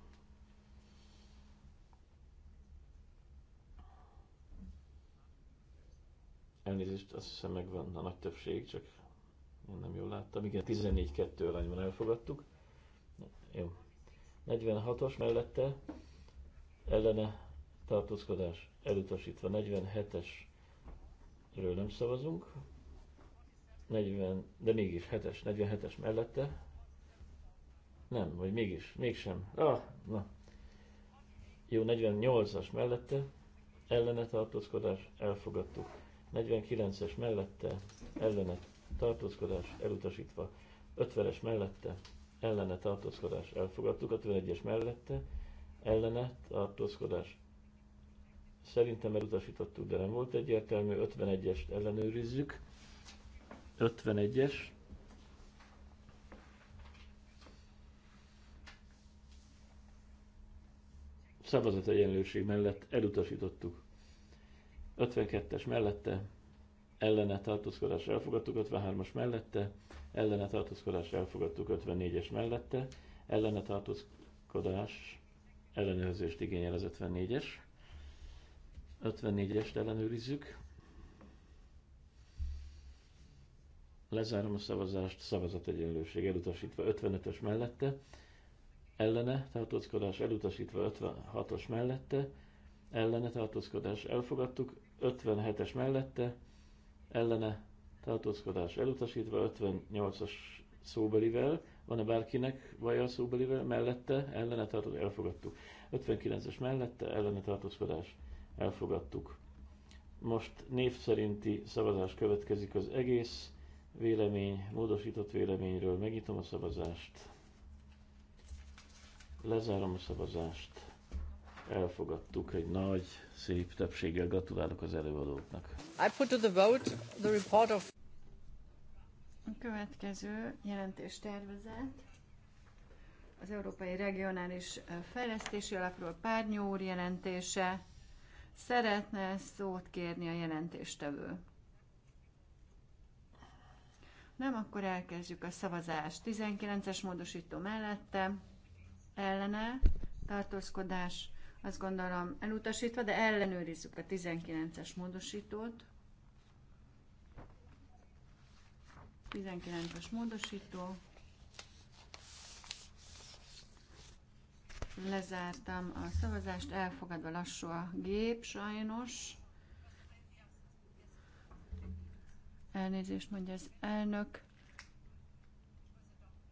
[SPEAKER 3] Elnézést, azt hiszem megvan a nagy többség, csak én nem jól láttam. Igen, 14-2 arányban elfogadtuk. Jó. 46-os mellette ellene tartózkodás elutasítva. 47-esről nem szavazunk, 40, de mégis 7-es, 47-es mellette. Nem, vagy mégis, mégsem. Ah, na. Jó, 48-as mellette, ellene tartózkodás, elfogadtuk. 49-es mellette, ellene tartózkodás, elutasítva. 50-es mellette, ellene tartózkodás, elfogadtuk. 51-es mellette, ellene tartózkodás, Szerintem elutasítottuk, de nem volt egyértelmű. 51-est ellenőrizzük. 51-es. Szavazat egyenlőség mellett elutasítottuk. 52-es mellette ellene tartózkodás elfogadtuk, 53-as mellette, ellene tartózkodás elfogadtuk, 54-es mellette, ellene tartózkodás ellenőrzést igényel az 54-es. 54-est ellenőrizzük. Lezárom a szavazást, szavazat egyenlőség elutasítva 55-ös mellette, ellene tartózkodás elutasítva 56-os mellette, ellene tartózkodás elfogadtuk, 57-es mellette, ellene tartózkodás elutasítva 58-as szóbelivel, van-e bárkinek vaj a szóbelivel, mellette, ellene tartózkodás, elfogadtuk. 59-es mellette, ellene tartózkodás Elfogadtuk. Most név szerinti szavazás következik az egész vélemény, módosított véleményről. Megnyitom a szavazást. Lezárom a szavazást. Elfogadtuk egy nagy, szép többséggel. Gratulálok az előadóknak.
[SPEAKER 1] I put to the vote the report of...
[SPEAKER 2] A következő jelentés tervezet az Európai Regionális Fejlesztési Alapról úr jelentése. Szeretne szót kérni a jelentéstevő? Nem, akkor elkezdjük a szavazást. 19-es módosító mellette, ellene, tartózkodás, azt gondolom elutasítva, de ellenőrizzük a 19-es módosítót. 19-es módosító. Lezártam a szavazást, elfogadva lassú a gép, sajnos. Elnézést mondja az elnök.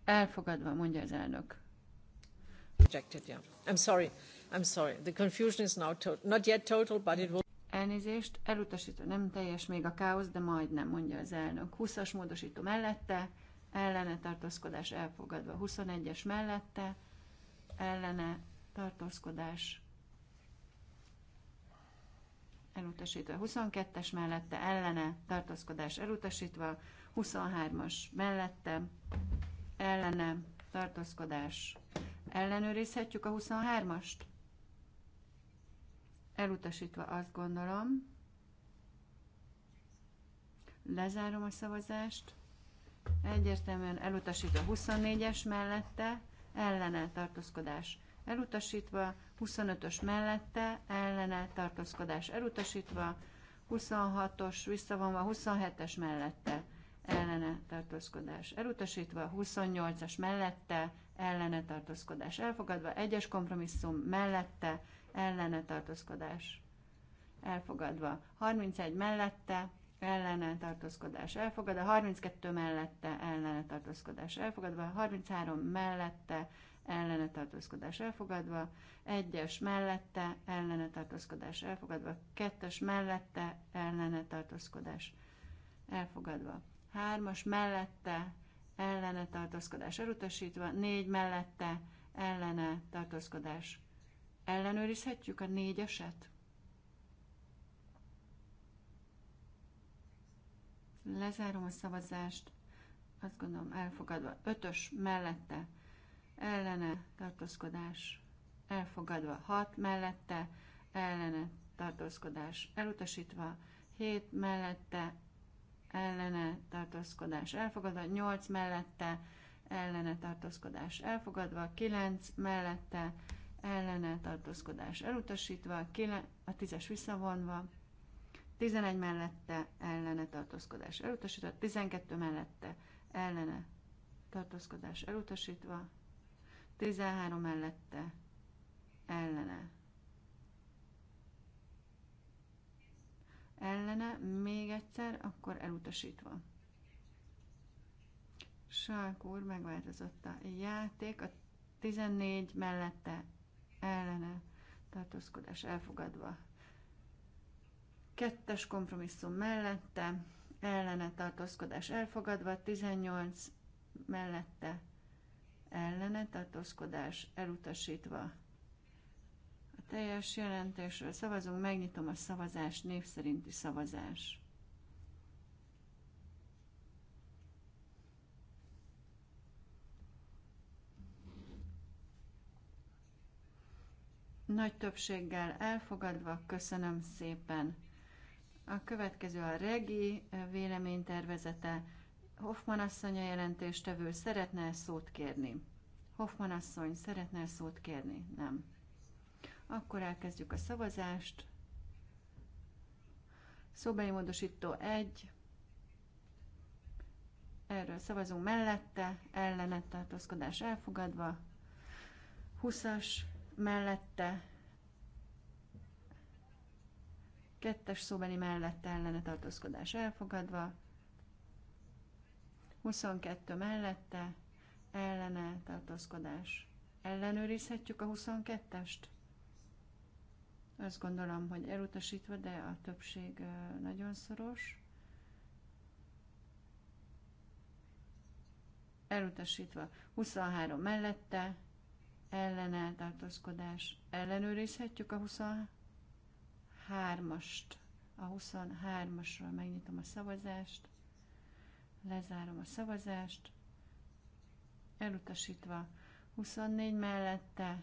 [SPEAKER 2] Elfogadva, mondja az elnök.
[SPEAKER 1] Rejected, yeah. I'm sorry. I'm sorry. The confusion is now to- not yet
[SPEAKER 2] total, but it will... Elnézést, elutasító nem teljes még a káosz, de majdnem, mondja az elnök. 20-as módosító mellette, ellene tartózkodás elfogadva. 21-es mellette, ellene tartózkodás elutasítva, 22-es mellette ellene tartózkodás elutasítva, 23-as mellette ellene tartózkodás ellenőrizhetjük a 23-ast? Elutasítva azt gondolom. Lezárom a szavazást. Egyértelműen elutasítva 24-es mellette ellene tartózkodás elutasítva, 25-ös mellette ellene tartózkodás elutasítva, 26-os visszavonva, 27-es mellette ellene tartózkodás elutasítva, 28-as mellette ellene tartózkodás elfogadva, 1-es kompromisszum mellette ellene tartózkodás elfogadva, 31 mellette ellene tartózkodás elfogadva, 32 mellette ellene tartózkodás elfogadva, 33 mellette ellene tartózkodás elfogadva, 1-es mellette ellene tartózkodás elfogadva, 2-es mellette ellene tartózkodás elfogadva, 3-as mellette ellene tartózkodás elutasítva, 4 mellette ellene tartózkodás ellenőrizhetjük a négyeset? Lezárom a szavazást. Azt gondolom elfogadva. Ötös mellette ellene tartózkodás elfogadva. Hat mellette ellene tartózkodás elutasítva. Hét mellette ellene tartózkodás elfogadva. Nyolc mellette ellene tartózkodás elfogadva. Kilenc mellette ellene tartózkodás elutasítva. Kilen- a tízes visszavonva. 11 mellette ellene tartózkodás elutasítva, 12 mellette ellene tartózkodás elutasítva, 13 mellette ellene. Ellene még egyszer, akkor elutasítva. Sark úr, megváltozott a játék, a 14 mellette ellene tartózkodás elfogadva, Kettes kompromisszum mellette, ellene tartózkodás elfogadva, 18 mellette, ellene tartózkodás elutasítva. A teljes jelentésről szavazunk, megnyitom a szavazás, név szerinti szavazás. Nagy többséggel elfogadva, köszönöm szépen! A következő a regi eh, véleménytervezete. Hoffman asszony a jelentéstevő szeretne -e szót kérni? Hoffman asszony szeretne -e szót kérni? Nem. Akkor elkezdjük a szavazást. Szóbeli módosító 1. Erről szavazunk mellette, ellenet tartózkodás elfogadva. 20-as mellette, Kettes szóbeli mellett ellene tartózkodás elfogadva. 22 mellette ellene tartózkodás. Ellenőrizhetjük a 22-est? Azt gondolom, hogy elutasítva, de a többség nagyon szoros. Elutasítva. 23 mellette ellene tartózkodás. Ellenőrizhetjük a 23 23-ast, a 23-asról megnyitom a szavazást, lezárom a szavazást, elutasítva 24 mellette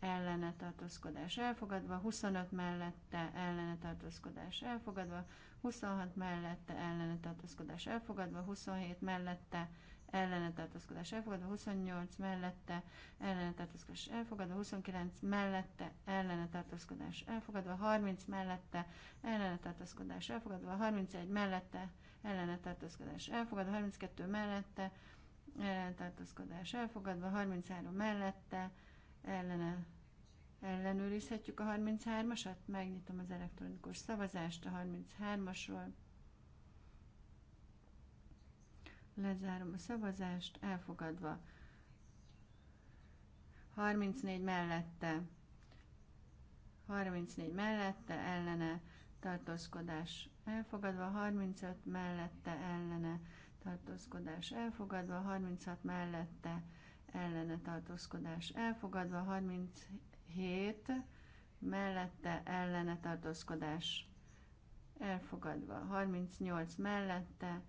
[SPEAKER 2] ellene tartózkodás elfogadva, 25 mellette ellene tartózkodás elfogadva, 26 mellette ellene tartózkodás elfogadva, 27 mellette ellene tartózkodás elfogadva, 28 mellette ellene tartózkodás elfogadva, 29 mellette ellene tartózkodás elfogadva, 30 mellette ellene tartózkodás elfogadva, 31 mellette ellene tartózkodás elfogadva, 32 mellette ellene tartózkodás elfogadva, 33 mellette ellene ellenőrizhetjük a 33-asat, megnyitom az elektronikus szavazást a 33-asról. Lezárom a szavazást, elfogadva. 34 mellette, 34 mellette, ellene, tartózkodás elfogadva, 35 mellette, ellene, tartózkodás elfogadva, 36 mellette, ellene, tartózkodás elfogadva, 37 mellette, ellene, tartózkodás elfogadva, 38 mellette,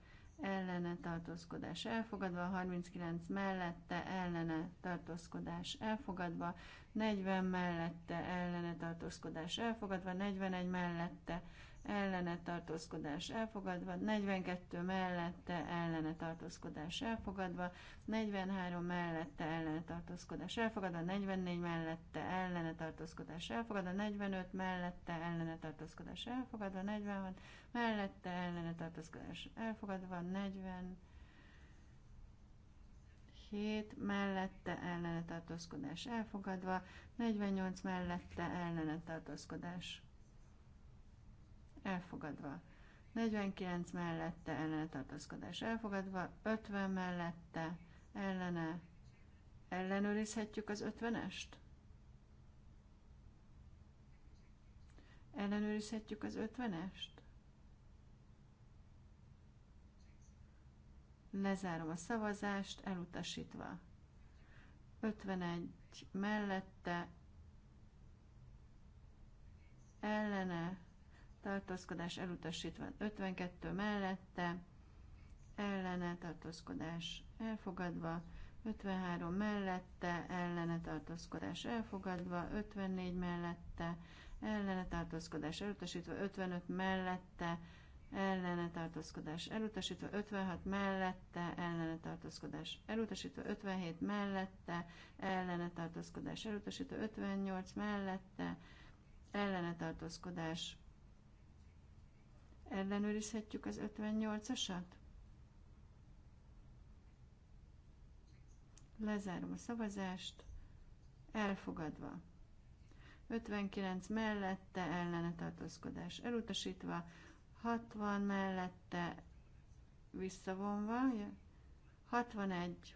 [SPEAKER 2] ellene tartózkodás elfogadva, 39 mellette ellene tartózkodás elfogadva, 40 mellette ellene tartózkodás elfogadva, 41 mellette ellene tartózkodás elfogadva, 42 mellette ellene tartózkodás elfogadva, 43 mellette ellene tartózkodás elfogadva, 44 mellette ellene tartózkodás elfogadva, 45 mellette ellene tartózkodás elfogadva, 46 mellette ellene tartózkodás elfogadva, 40 7 mellette ellene tartózkodás elfogadva, 48 mellette ellene tartózkodás elfogadva. 49 mellette ellene tartózkodás elfogadva, 50 mellette ellene ellenőrizhetjük az 50-est? Ellenőrizhetjük az 50-est? Lezárom a szavazást, elutasítva. 51 mellette ellene tartózkodás elutasítva 52 mellette, ellene tartózkodás elfogadva, 53 mellette, ellene tartózkodás elfogadva, 54 mellette, ellene tartózkodás elutasítva, 55 mellette, ellene tartózkodás elutasítva, 56 mellette, ellene tartózkodás elutasítva, 57 mellette, ellene tartózkodás elutasítva, 58 mellette, ellene tartózkodás Ellenőrizhetjük az 58-asat? Lezárom a szavazást. Elfogadva. 59 mellette ellene tartózkodás elutasítva, 60 mellette visszavonva, 61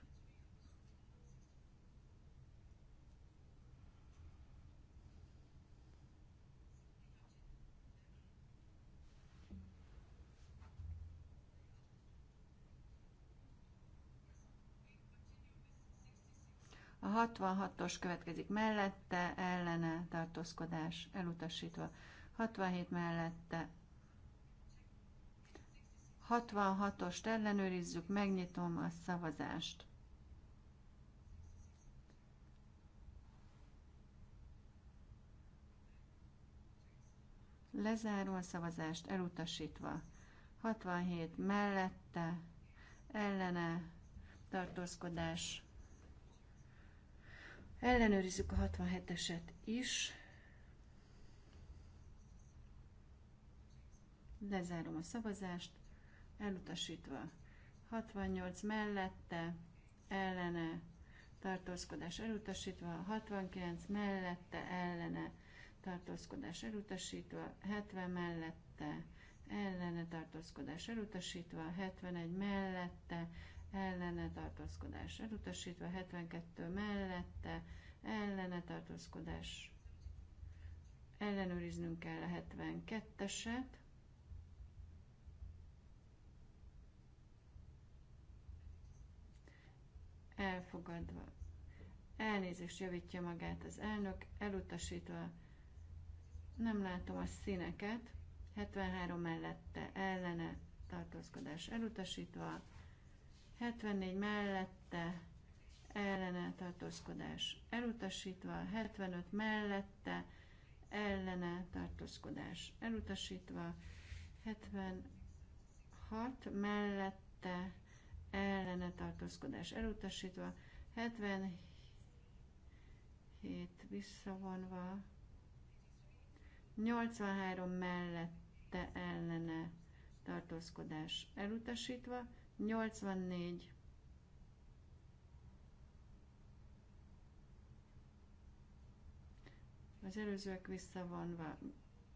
[SPEAKER 2] A 66-os következik mellette, ellene tartózkodás elutasítva. 67 mellette. 66-ost ellenőrizzük, megnyitom a szavazást. Lezárom a szavazást, elutasítva. 67 mellette, ellene, tartózkodás Ellenőrizzük a 67-eset is. Lezárom a szavazást, elutasítva. 68 mellette, ellene, tartózkodás elutasítva, 69 mellette, ellene, tartózkodás elutasítva, 70 mellette, ellene tartózkodás elutasítva, 71 mellette, ellene tartózkodás elutasítva, 72 mellette ellene tartózkodás ellenőriznünk kell a 72-eset, elfogadva. Elnézést javítja magát az elnök, elutasítva. Nem látom a színeket. 73 mellette ellene tartózkodás elutasítva. 74 mellette ellene tartózkodás elutasítva, 75 mellette ellene tartózkodás elutasítva, 76 mellette ellene tartózkodás elutasítva, 77 visszavonva, 83 mellette ellene tartózkodás elutasítva, 84. Az előzőek visszavonva.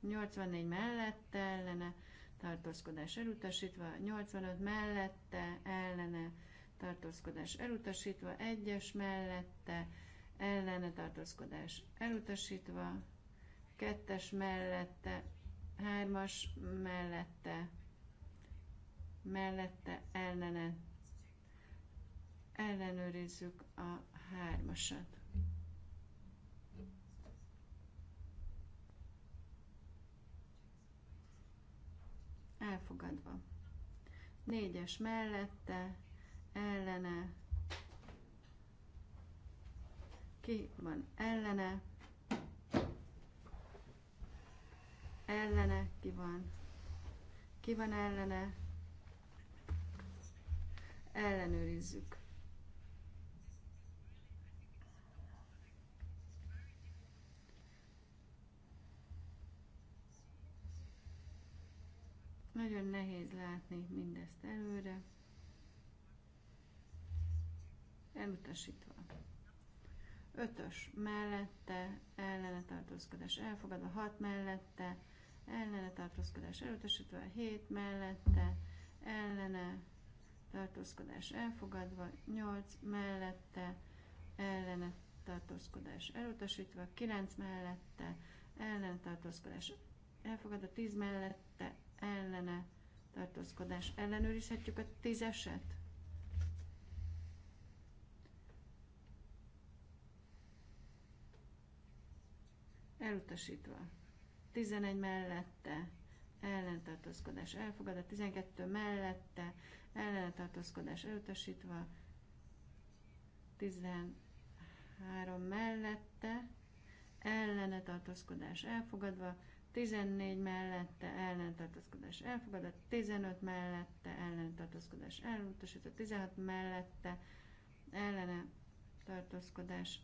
[SPEAKER 2] 84 mellette, ellene, tartózkodás elutasítva. 85 mellette, ellene, tartózkodás elutasítva. 1-es mellette, ellene, tartózkodás elutasítva. 2-es mellette, 3-as mellette, mellette ellene ellenőrizzük a hármasat. Elfogadva. Négyes mellette, ellene, ki van ellene, ellene, ki van, ki van ellene, ellenőrizzük. Nagyon nehéz látni mindezt előre. Elutasítva. Ötös mellette, ellene tartózkodás elfogadva, hat mellette, ellene tartózkodás elutasítva, hét mellette, ellene tartózkodás elfogadva, 8 mellette ellene tartózkodás elutasítva, 9 mellette ellene tartózkodás elfogadva, 10 mellette ellene tartózkodás. Ellenőrizhetjük a 10 eset? Elutasítva. 11 mellette ellentartózkodás elfogadva, 12 mellette ellentartózkodás elutasítva, 13 mellette ellentartózkodás elfogadva, 14 mellette ellentartózkodás elfogadva, 15 mellette ellentartózkodás elutasítva, 16 mellette ellene tartózkodás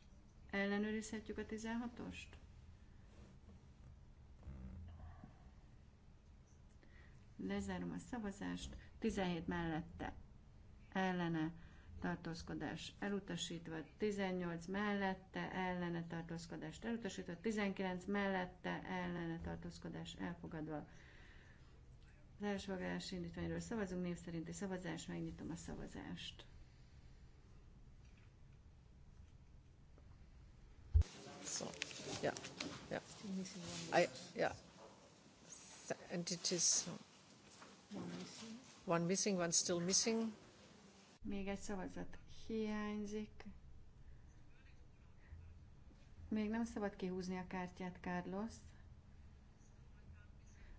[SPEAKER 2] ellenőrizhetjük a 16-ost? Lezárom a szavazást. 17 mellette ellene tartózkodás elutasítva, 18 mellette ellene tartózkodást elutasítva, 19 mellette ellene tartózkodás elfogadva. Az elsőfogadási indítványról szavazunk, név szerinti szavazás, megnyitom a szavazást.
[SPEAKER 1] So, yeah, yeah. I, yeah. And it is, One missing, one still missing. Még egy szavazat
[SPEAKER 2] hiányzik. Még nem szabad kihúzni a kártyát, Carlos.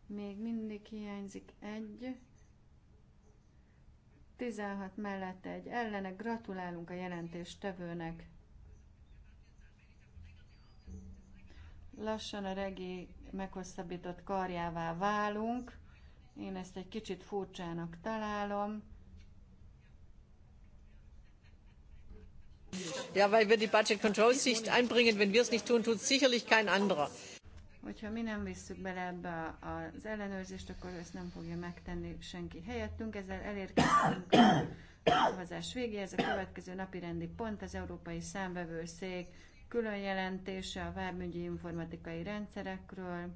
[SPEAKER 2] Még mindig hiányzik egy. 16 mellette egy ellene. Gratulálunk a jelentéstevőnek. Lassan a regi meghosszabbított karjává válunk. Én ezt egy kicsit furcsának találom.
[SPEAKER 1] Ja, weil wir die Budget Control Sicht einbringen, wenn wir es nicht tun, tut sicherlich kein anderer.
[SPEAKER 2] Hogyha mi nem visszük bele ebbe az ellenőrzést, akkor ezt nem fogja megtenni senki helyettünk. Ezzel elérkeztünk a szavazás végéhez. A következő napi rendi pont az Európai Számvevőszék külön jelentése a vámügyi informatikai rendszerekről.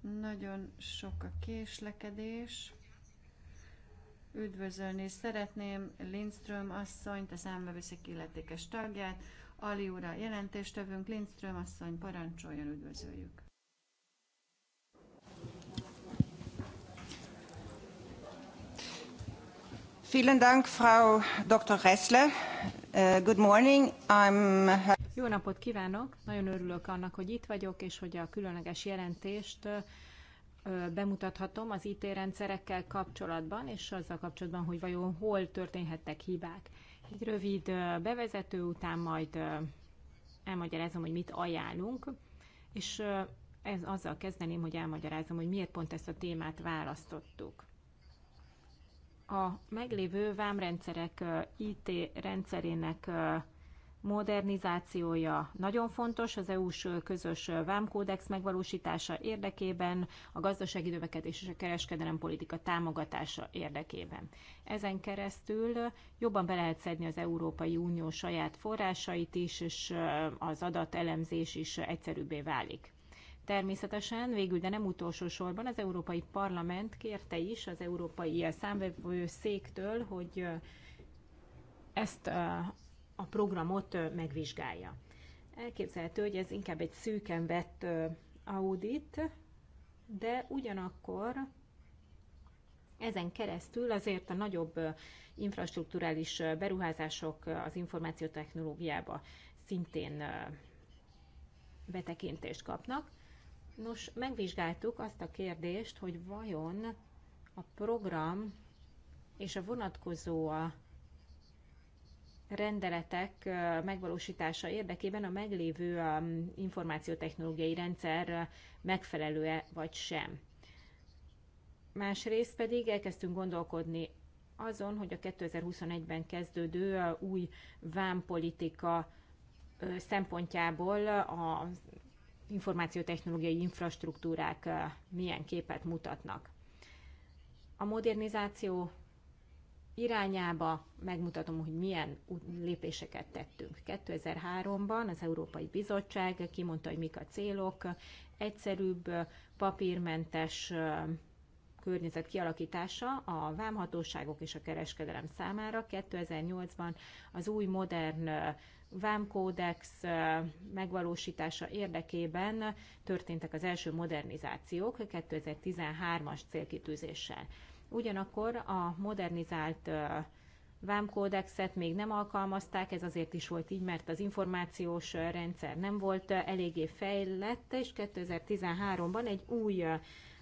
[SPEAKER 2] Nagyon sok a késlekedés. Üdvözölni szeretném Lindström asszonyt, a számbevőszék illetékes tagját, Ali úr jelentést jelentéstevőnk, Lindström asszony, parancsoljon, üdvözöljük.
[SPEAKER 5] Vielen Dank, Frau Dr. Ressler. Uh, good morning. I'm jó napot kívánok! Nagyon örülök annak, hogy itt vagyok, és hogy a különleges jelentést bemutathatom az IT rendszerekkel kapcsolatban, és azzal kapcsolatban, hogy vajon hol történhettek hibák. Egy rövid bevezető után majd elmagyarázom, hogy mit ajánlunk, és ez, azzal kezdeném, hogy elmagyarázom, hogy miért pont ezt a témát választottuk. A meglévő vámrendszerek IT rendszerének modernizációja nagyon fontos az EU-s közös vámkódex megvalósítása érdekében, a gazdasági növekedés és a kereskedelem politika támogatása érdekében. Ezen keresztül jobban be lehet szedni az Európai Unió saját forrásait is, és az adatelemzés is egyszerűbbé válik. Természetesen végül, de nem utolsó sorban az Európai Parlament kérte is az Európai Számvevőszéktől, hogy ezt a programot megvizsgálja. Elképzelhető, hogy ez inkább egy szűken vett audit, de ugyanakkor ezen keresztül azért a nagyobb infrastruktúrális beruházások az információtechnológiába szintén betekintést kapnak. Nos, megvizsgáltuk azt a kérdést, hogy vajon a program és a vonatkozó a rendeletek megvalósítása érdekében a meglévő um, információtechnológiai rendszer megfelelő-e vagy sem. Másrészt pedig elkezdtünk gondolkodni azon, hogy a 2021-ben kezdődő új vámpolitika szempontjából a információtechnológiai infrastruktúrák milyen képet mutatnak. A modernizáció irányába, megmutatom, hogy milyen lépéseket tettünk. 2003-ban az Európai Bizottság kimondta, hogy mik a célok, egyszerűbb, papírmentes környezet kialakítása a vámhatóságok és a kereskedelem számára. 2008-ban az új modern vámkódex megvalósítása érdekében történtek az első modernizációk 2013-as célkitűzéssel. Ugyanakkor a modernizált vámkódexet még nem alkalmazták, ez azért is volt így, mert az információs rendszer nem volt eléggé fejlett, és 2013-ban egy új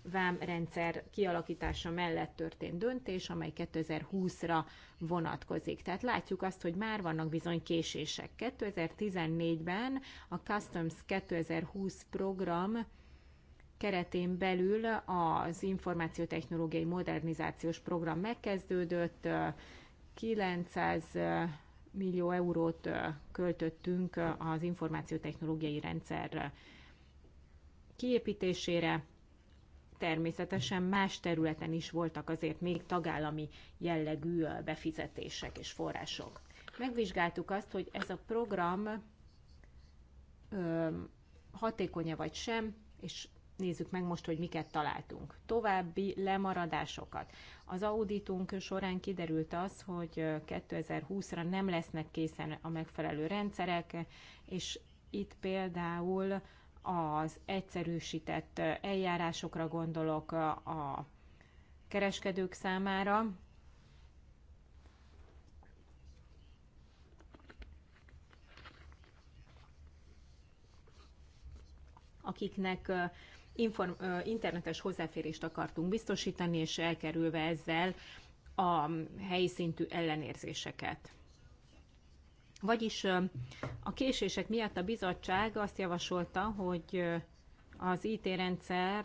[SPEAKER 5] vámrendszer kialakítása mellett történt döntés, amely 2020-ra vonatkozik. Tehát látjuk azt, hogy már vannak bizony késések. 2014-ben a Customs 2020 program keretén belül az információtechnológiai modernizációs program megkezdődött, 900 millió eurót költöttünk az információtechnológiai rendszer kiépítésére. Természetesen más területen is voltak azért még tagállami jellegű befizetések és források. Megvizsgáltuk azt, hogy ez a program hatékonya vagy sem, és nézzük meg most, hogy miket találtunk. További lemaradásokat. Az auditunk során kiderült az, hogy 2020-ra nem lesznek készen a megfelelő rendszerek, és itt például az egyszerűsített eljárásokra gondolok a kereskedők számára, akiknek inform, internetes hozzáférést akartunk biztosítani, és elkerülve ezzel a helyi szintű ellenérzéseket. Vagyis a késések miatt a bizottság azt javasolta, hogy az IT-rendszer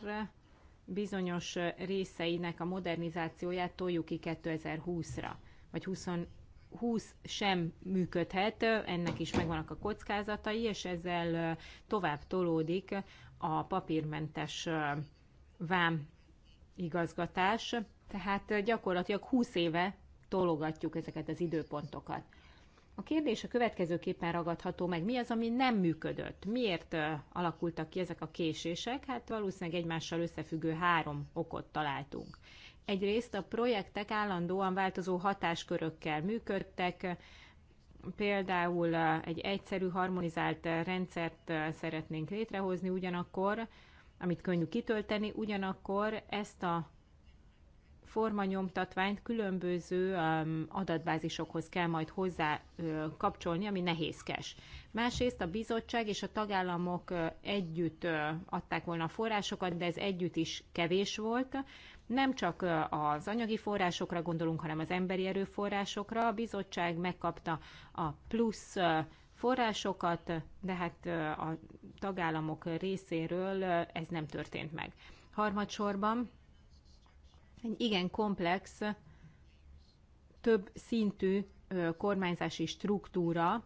[SPEAKER 5] bizonyos részeinek a modernizációját toljuk ki 2020-ra, vagy 20, 20 sem működhet, ennek is megvannak a kockázatai, és ezzel tovább tolódik a papírmentes vám igazgatás, tehát gyakorlatilag 20 éve tologatjuk ezeket az időpontokat. A kérdés a következőképpen ragadható meg. Mi az, ami nem működött? Miért alakultak ki ezek a késések? Hát valószínűleg egymással összefüggő három okot találtunk. Egyrészt a projektek állandóan változó hatáskörökkel működtek, például eh, egy egyszerű, harmonizált eh, rendszert eh, szeretnénk létrehozni, ugyanakkor, amit könnyű kitölteni, ugyanakkor ezt a formanyomtatványt különböző adatbázisokhoz kell majd hozzá kapcsolni, ami nehézkes. Másrészt a bizottság és a tagállamok együtt adták volna a forrásokat, de ez együtt is kevés volt, nem csak az anyagi forrásokra gondolunk, hanem az emberi erőforrásokra. A bizottság megkapta a plusz forrásokat, de hát a tagállamok részéről ez nem történt meg. Harmadsorban egy igen komplex, több szintű kormányzási struktúra,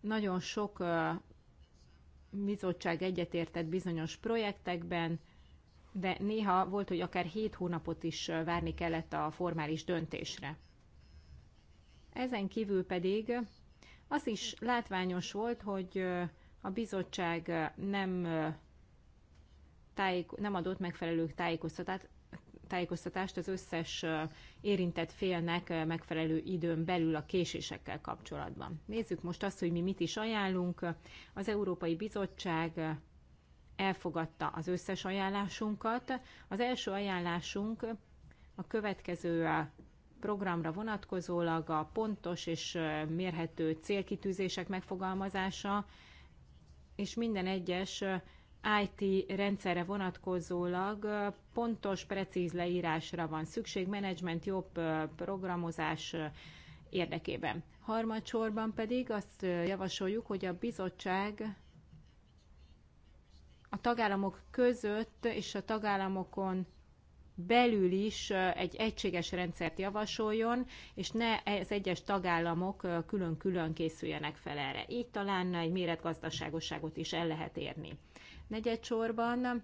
[SPEAKER 5] nagyon sok bizottság egyetértett bizonyos projektekben, de néha volt, hogy akár 7 hónapot is várni kellett a formális döntésre. Ezen kívül pedig az is látványos volt, hogy a bizottság nem, tájéko- nem adott megfelelő tájékoztatást, tájékoztatást az összes érintett félnek megfelelő időn belül a késésekkel kapcsolatban. Nézzük most azt, hogy mi mit is ajánlunk. Az Európai Bizottság elfogadta az összes ajánlásunkat. Az első ajánlásunk a következő programra vonatkozólag a pontos és mérhető célkitűzések megfogalmazása, és minden egyes IT rendszerre vonatkozólag pontos, precíz leírásra van szükség, menedzsment jobb programozás érdekében. Harmadsorban pedig azt javasoljuk, hogy a bizottság a tagállamok között és a tagállamokon belül is egy egységes rendszert javasoljon, és ne az egyes tagállamok külön-külön készüljenek fel erre. Így talán egy méretgazdaságosságot is el lehet érni. Negyedsorban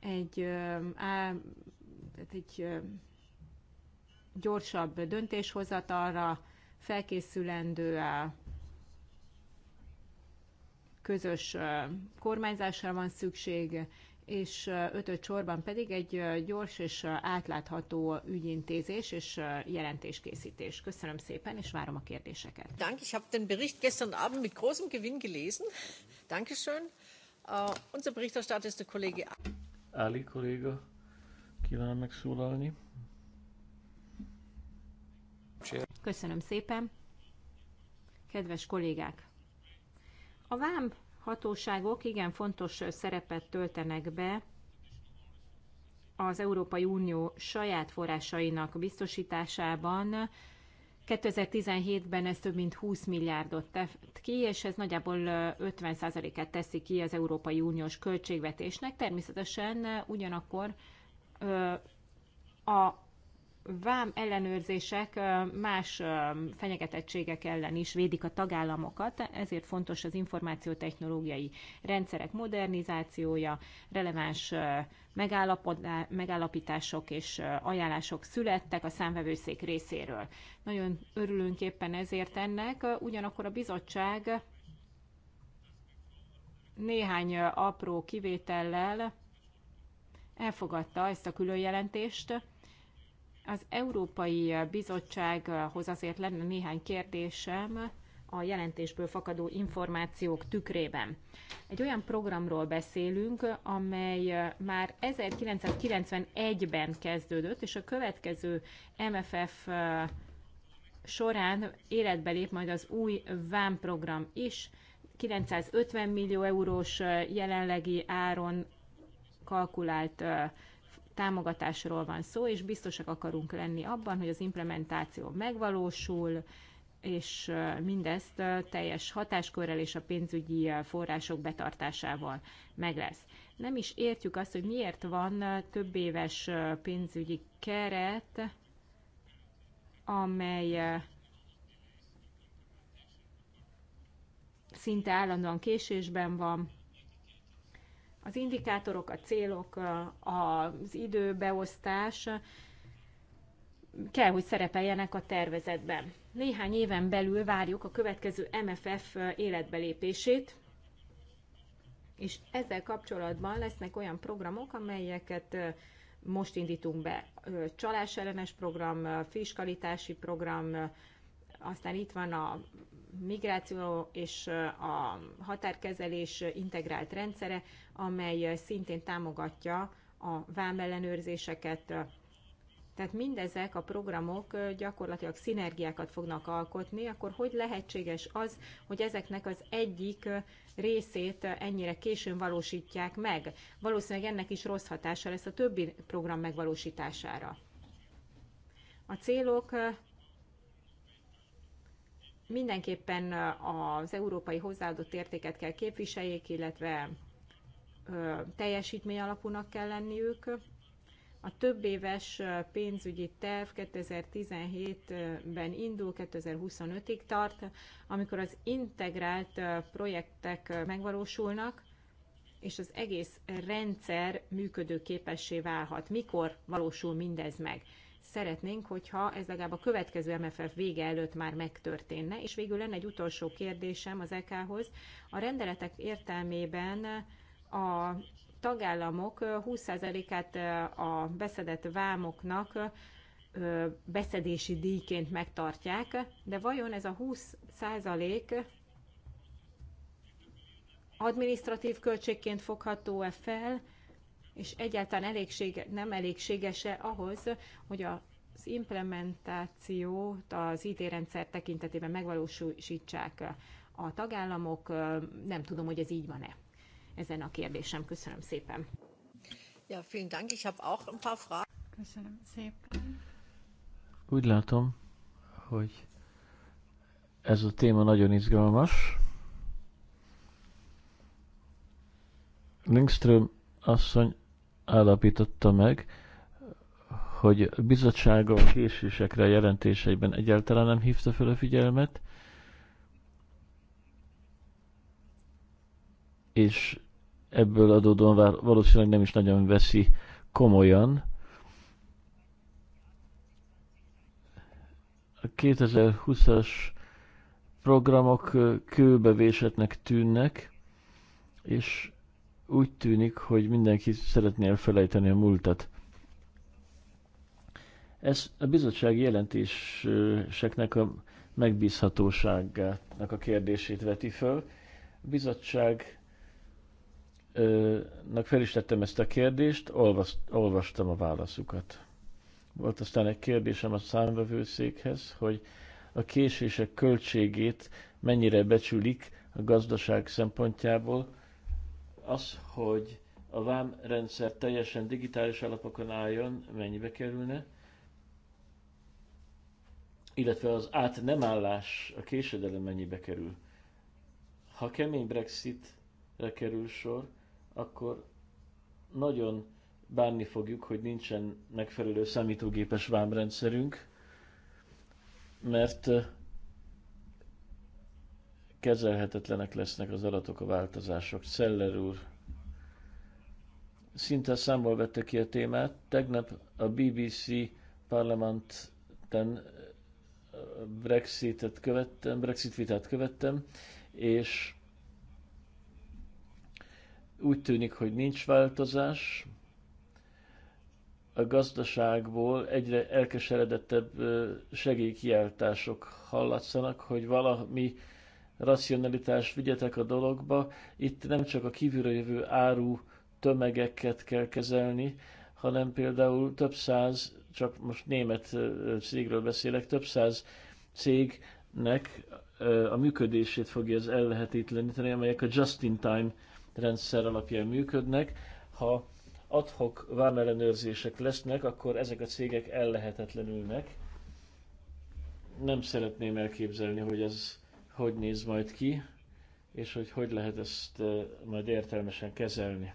[SPEAKER 5] egy, á, egy gyorsabb döntéshozatalra felkészülendő közös kormányzásra van szükség, és ötöt sorban pedig egy gyors és átlátható ügyintézés és jelentéskészítés. Köszönöm
[SPEAKER 1] szépen, és várom a kérdéseket. Dank, ich habe den Bericht gestern Abend mit großem Gewinn gelesen. Dankeschön. Uh, unser Berichterstatter ist der Kollege
[SPEAKER 3] Ali Kollege, kíván megszólalni.
[SPEAKER 5] Köszönöm szépen. Kedves kollégák, a vám hatóságok igen fontos szerepet töltenek be az Európai Unió saját forrásainak biztosításában. 2017-ben ez több mint 20 milliárdot tett ki, és ez nagyjából 50%-át teszi ki az Európai Uniós költségvetésnek. Természetesen ugyanakkor a vám ellenőrzések más fenyegetettségek ellen is védik a tagállamokat, ezért fontos az információtechnológiai rendszerek modernizációja, releváns megállapítások és ajánlások születtek a számvevőszék részéről. Nagyon örülünk éppen ezért ennek, ugyanakkor a bizottság néhány apró kivétellel elfogadta ezt a különjelentést, az Európai Bizottsághoz azért lenne néhány kérdésem a jelentésből fakadó információk tükrében. Egy olyan programról beszélünk, amely már 1991-ben kezdődött, és a következő MFF során életbe lép majd az új VAM program is, 950 millió eurós jelenlegi áron kalkulált támogatásról van szó, és biztosak akarunk lenni abban, hogy az implementáció megvalósul, és mindezt teljes hatáskörrel és a pénzügyi források betartásával meg lesz. Nem is értjük azt, hogy miért van több éves pénzügyi keret, amely szinte állandóan késésben van, az indikátorok, a célok, az időbeosztás kell, hogy szerepeljenek a tervezetben. Néhány éven belül várjuk a következő MFF életbelépését, és ezzel kapcsolatban lesznek olyan programok, amelyeket most indítunk be. Csalás ellenes program, fiskalitási program, aztán itt van a migráció és a határkezelés integrált rendszere, amely szintén támogatja a vámellenőrzéseket. Tehát mindezek a programok gyakorlatilag szinergiákat fognak alkotni, akkor hogy lehetséges az, hogy ezeknek az egyik részét ennyire későn valósítják meg? Valószínűleg ennek is rossz hatása lesz a többi program megvalósítására. A célok mindenképpen az európai hozzáadott értéket kell képviseljék, illetve teljesítmény alapúnak kell lenniük. A több éves pénzügyi terv 2017-ben indul, 2025-ig tart, amikor az integrált projektek megvalósulnak, és az egész rendszer működőképessé válhat. Mikor valósul mindez meg? szeretnénk, hogyha ez legalább a következő MFF vége előtt már megtörténne. És végül lenne egy utolsó kérdésem az EK-hoz. A rendeletek értelmében a tagállamok 20%-át a beszedett vámoknak beszedési díjként megtartják, de vajon ez a 20 százalék adminisztratív költségként fogható-e fel, és egyáltalán elégség, nem elégséges-e ahhoz, hogy az implementációt az IT-rendszer tekintetében megvalósítsák a tagállamok. Nem tudom, hogy ez így van-e. Ezen a kérdésem. Köszönöm szépen.
[SPEAKER 1] Ja, vielen Dank. Ich habe auch ein paar Fragen. Köszönöm szépen.
[SPEAKER 3] Úgy látom, hogy ez a téma nagyon izgalmas. Lindström asszony állapította meg, hogy a bizottsága a késésekre a jelentéseiben egyáltalán nem hívta fel a figyelmet, és ebből adódóan valószínűleg nem is nagyon veszi komolyan. A 2020-as programok kőbevésetnek tűnnek, és úgy tűnik, hogy mindenki szeretné elfelejteni a múltat. Ez a bizottsági jelentéseknek a megbízhatóságának a kérdését veti föl. A bizottságnak fel is tettem ezt a kérdést, olvastam a válaszukat. Volt aztán egy kérdésem a számvevőszékhez, hogy a késések költségét mennyire becsülik a gazdaság szempontjából, az, hogy a vámrendszer teljesen digitális alapokon álljon, mennyibe kerülne, illetve az át nem állás, a késedelem mennyibe kerül. Ha kemény Brexitre kerül sor, akkor nagyon bánni fogjuk, hogy nincsen megfelelő számítógépes vámrendszerünk, mert kezelhetetlenek lesznek az adatok, a változások. Szeller úr szinte számból vette ki a témát. Tegnap a BBC parlamenten eh, Brexitet követtem, Brexit vitát követtem, és úgy tűnik, hogy nincs változás. A gazdaságból egyre elkeseredettebb eh, segélykiáltások hallatszanak, hogy valami racionalitást vigyetek a dologba. Itt nem csak a kívülről jövő áru tömegeket kell kezelni, hanem például több száz, csak most német cégről beszélek, több száz cégnek a működését fogja ez ellehetetleníteni, amelyek a just-in-time rendszer alapján működnek. Ha adhok vámellenőrzések lesznek, akkor ezek a cégek ellehetetlenülnek. Nem szeretném elképzelni, hogy ez hogy néz majd ki, és hogy hogy lehet ezt eh, majd értelmesen kezelni.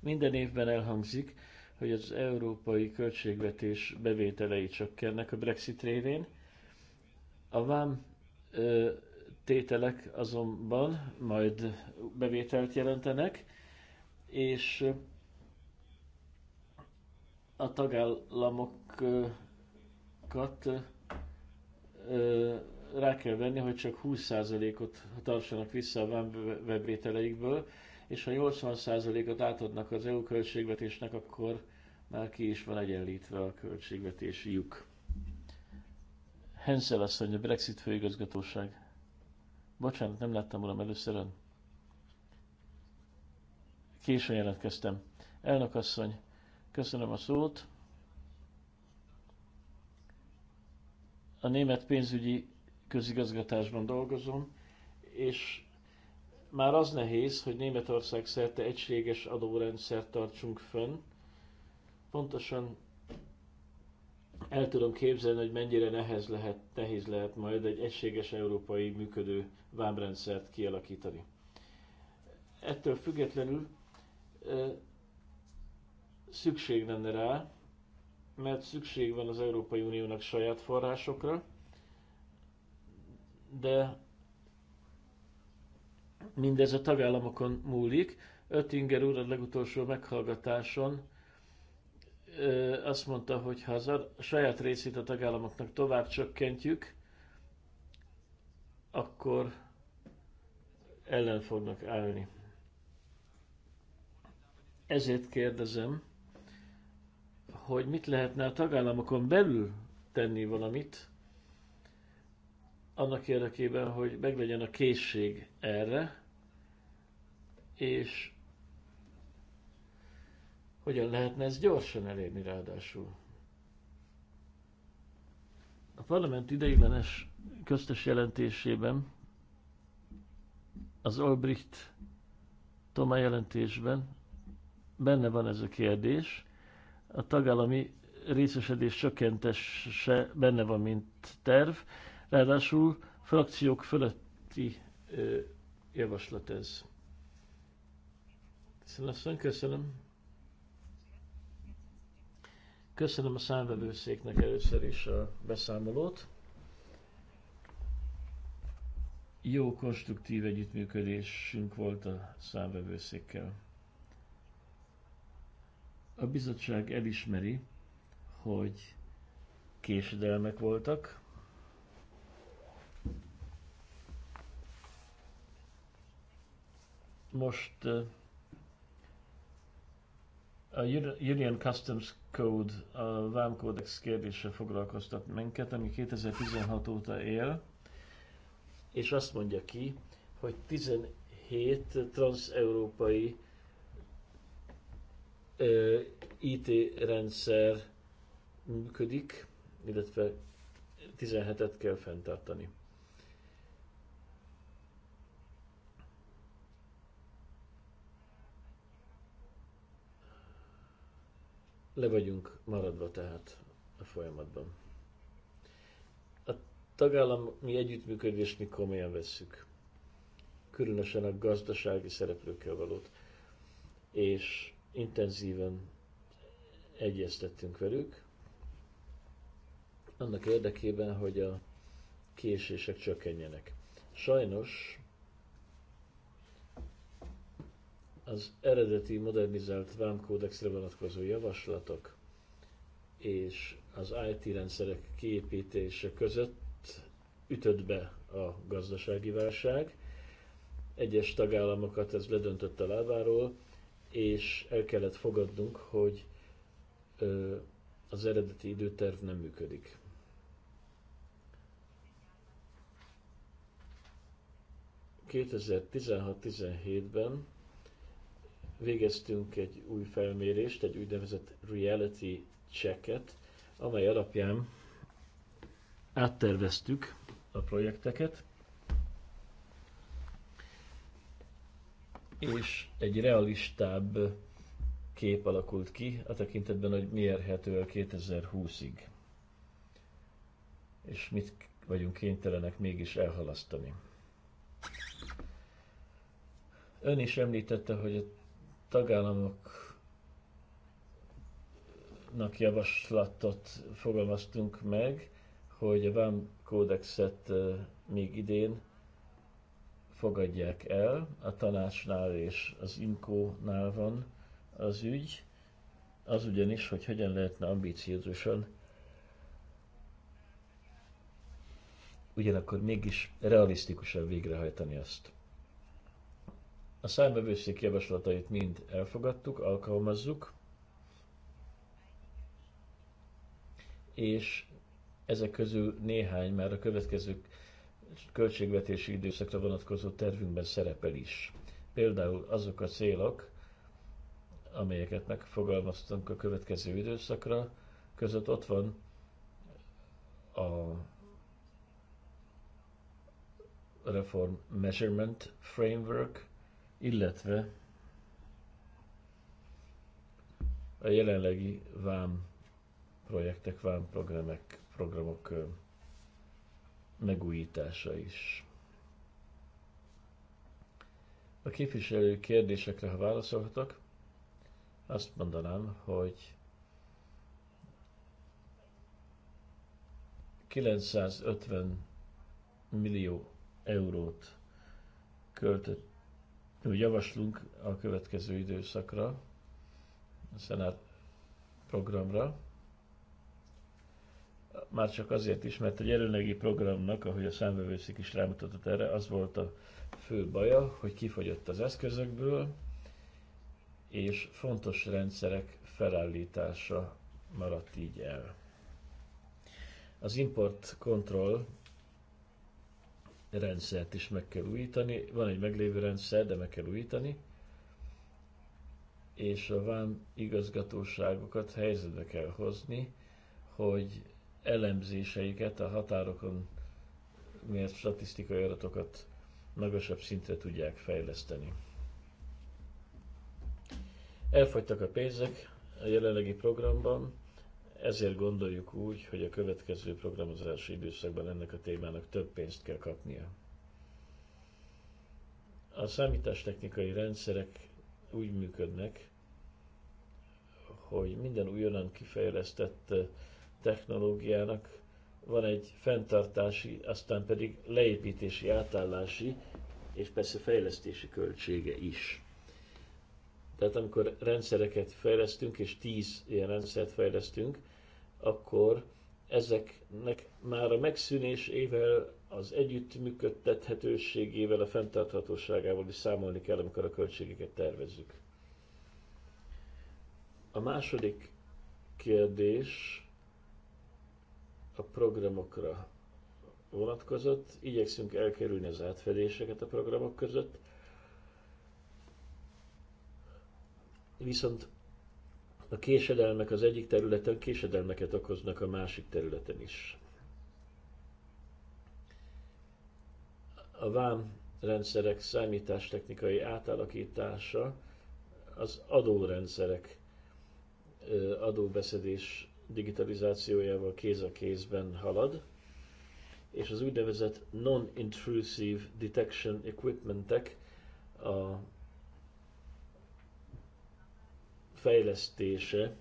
[SPEAKER 3] Minden évben elhangzik, hogy az európai költségvetés bevételei csökkennek a Brexit révén. A vám eh, tételek azonban majd bevételt jelentenek, és a tagállamok eh, ö, rá kell venni, hogy csak 20%-ot tartsanak vissza a vámbevételeikből, és ha 80%-ot átadnak az EU költségvetésnek, akkor már ki is van egyenlítve a költségvetési lyuk. Hensel asszony, a Brexit főigazgatóság. Bocsánat, nem láttam uram először ön. Későn jelentkeztem. Elnök asszony, köszönöm a szót. a német pénzügyi közigazgatásban dolgozom, és már az nehéz, hogy Németország szerte egységes adórendszert tartsunk fönn. Pontosan el tudom képzelni, hogy mennyire nehéz lehet, nehéz lehet majd egy egységes európai működő vámrendszert kialakítani. Ettől függetlenül szükség lenne rá, mert szükség van az Európai Uniónak saját forrásokra, de mindez a tagállamokon múlik. Öttinger úr a legutolsó meghallgatáson azt mondta, hogy ha az a saját részét a tagállamoknak tovább csökkentjük, akkor ellen fognak állni. Ezért kérdezem, hogy mit lehetne a tagállamokon belül tenni valamit, annak érdekében, hogy meglegyen a készség erre, és hogyan lehetne ezt gyorsan elérni ráadásul. A parlament ideiglenes köztes jelentésében, az Olbricht Toma jelentésben benne van ez a kérdés, a tagállami részesedés csökkentése benne van, mint terv. Ráadásul frakciók fölötti ö, javaslat ez. Köszönöm, köszönöm. Köszönöm a számvevőszéknek először is a beszámolót. Jó konstruktív együttműködésünk volt a számvevőszékkel. A bizottság elismeri, hogy késedelmek voltak, most eh, a Union Customs Code, a vámkódex kérdése foglalkoztat minket, ami 2016 óta él, és azt mondja ki, hogy 17 transeurópai IT rendszer működik, illetve 17-et kell fenntartani. Le vagyunk maradva tehát a folyamatban. A tagállami együttműködést mi komolyan vesszük. Különösen a gazdasági szereplőkkel valót. És intenzíven egyeztettünk velük, annak érdekében, hogy a késések csökkenjenek. Sajnos az eredeti modernizált vámkódexre vonatkozó javaslatok és az IT rendszerek kiépítése között ütött be a gazdasági válság. Egyes tagállamokat ez ledöntött a lábáról, és el kellett fogadnunk, hogy ö, az eredeti időterv nem működik. ...2016-17-ben végeztünk egy új felmérést, egy úgynevezett reality checket, amely alapján átterveztük a projekteket, és egy realistább kép alakult ki a tekintetben, hogy mi érhető el 2020-ig, és mit vagyunk kénytelenek mégis elhalasztani. Ön is említette, hogy a tagállamoknak javaslatot fogalmaztunk meg, hogy a VAM kódexet eh, még idén fogadják el, a tanácsnál és az inkónál van az ügy, az ugyanis, hogy hogyan lehetne ambíciózusan ugyanakkor mégis realisztikusan végrehajtani azt. A számbevőszék javaslatait mind elfogadtuk, alkalmazzuk, és ezek közül néhány már a következő költségvetési időszakra vonatkozó tervünkben szerepel is. Például azok a célok, amelyeket megfogalmaztunk a következő időszakra, között ott van a Reform Measurement Framework, illetve a jelenlegi vám projektek, vám programok, programok megújítása is. A képviselő kérdésekre, ha válaszolhatok, azt mondanám, hogy 950 millió eurót költött, javaslunk a következő időszakra, a Szenát programra már csak azért is, mert a jelenlegi programnak, ahogy a számvevőszik is rámutatott erre, az volt a fő baja, hogy kifogyott az eszközökből, és fontos rendszerek felállítása maradt így el. Az import control rendszert is meg kell újítani. Van egy meglévő rendszer, de meg kell újítani. És a vám igazgatóságokat helyzetbe kell hozni, hogy elemzéseiket, a határokon miért statisztikai adatokat magasabb szintre tudják fejleszteni. Elfogytak a pénzek a jelenlegi programban, ezért gondoljuk úgy, hogy a következő programozási időszakban ennek a témának több pénzt kell kapnia. A számítástechnikai rendszerek úgy működnek, hogy minden újonnan kifejlesztett technológiának van egy fenntartási, aztán pedig leépítési, átállási és persze fejlesztési költsége is. Tehát amikor rendszereket fejlesztünk, és tíz ilyen rendszert fejlesztünk, akkor ezeknek már a megszűnésével, az együttműködtethetőségével, a fenntarthatóságával is számolni kell, amikor a költségeket tervezzük. A második kérdés a programokra vonatkozott. Igyekszünk elkerülni az átfedéseket a programok között. Viszont a késedelmek az egyik területen késedelmeket okoznak a másik területen is. A vám rendszerek számítástechnikai átalakítása az adórendszerek adóbeszedés digitalizációjával kéz a kézben halad, és az úgynevezett non-intrusive detection equipmentek a fejlesztése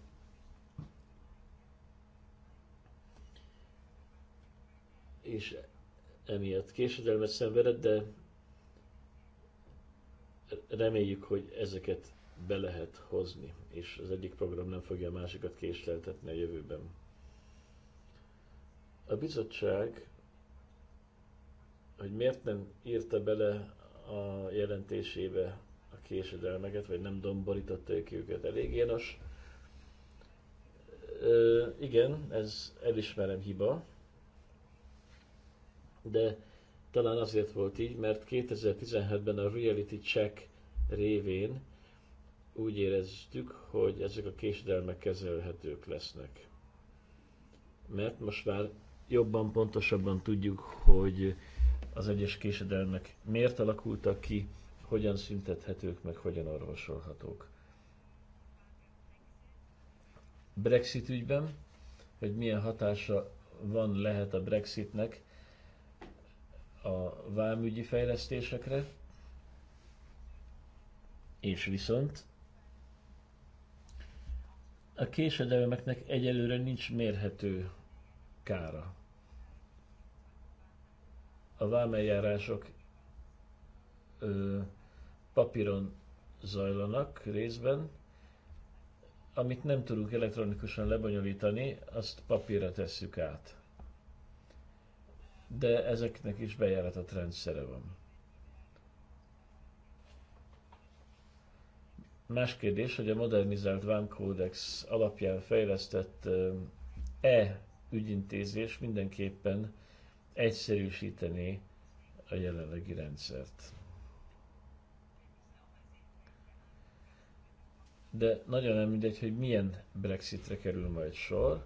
[SPEAKER 3] és emiatt késedelmet szenvedett, de reméljük, hogy ezeket be lehet hozni és az egyik program nem fogja a másikat késleltetni a jövőben. A bizottság, hogy miért nem írta bele a jelentésébe a késedelmeket, vagy nem domborította ki őket elég nos, ö, igen, ez elismerem hiba, de talán azért volt így, mert 2017-ben a Reality Check révén úgy éreztük, hogy ezek a késedelmek kezelhetők lesznek. Mert most már jobban, pontosabban tudjuk, hogy az egyes késedelmek miért alakultak ki, hogyan szüntethetők, meg hogyan orvosolhatók. Brexit ügyben, hogy milyen hatása van, lehet a Brexitnek a vámügyi fejlesztésekre, és viszont a késedelmeknek egyelőre nincs mérhető kára. A vámeljárások ö, papíron zajlanak részben, amit nem tudunk elektronikusan lebonyolítani, azt papírra tesszük át. De ezeknek is bejáratott rendszere van. Más kérdés, hogy a modernizált vámkódex alapján fejlesztett e-ügyintézés mindenképpen egyszerűsítené a jelenlegi rendszert. De nagyon nem mindegy, hogy milyen Brexitre kerül majd sor.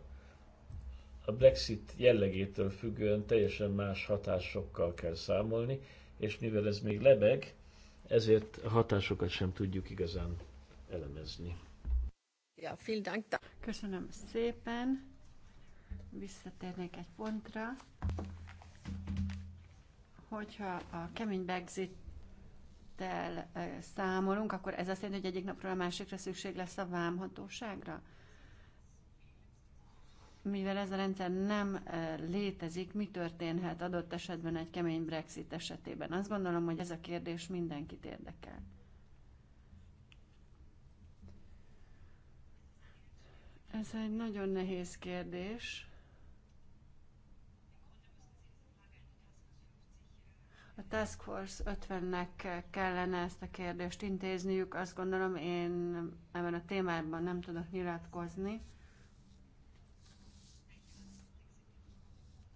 [SPEAKER 3] A Brexit jellegétől függően teljesen más hatásokkal kell számolni, és mivel ez még lebeg, ezért a hatásokat sem tudjuk igazán elemezni.
[SPEAKER 2] Ja, vielen Dank. Köszönöm szépen. Visszatérnék egy pontra. Hogyha a kemény el, e, számolunk, akkor ez azt jelenti, hogy egyik napról a másikra szükség lesz a vámhatóságra? Mivel ez a rendszer nem létezik, mi történhet adott esetben egy kemény Brexit esetében? Azt gondolom, hogy ez a kérdés mindenkit érdekel. Ez egy nagyon nehéz kérdés. A Task Force 50-nek kellene ezt a kérdést intézniük. Azt gondolom, én ebben a témában nem tudok nyilatkozni.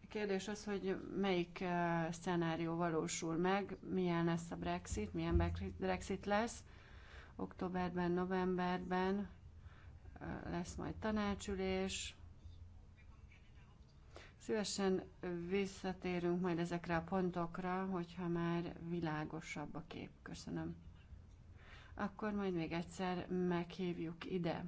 [SPEAKER 2] A kérdés az, hogy melyik szenárió valósul meg, milyen lesz a Brexit, milyen Brexit lesz októberben, novemberben, lesz majd tanácsülés. Szívesen visszatérünk majd ezekre a pontokra, hogyha már világosabb a kép. Köszönöm. Akkor majd még egyszer meghívjuk ide.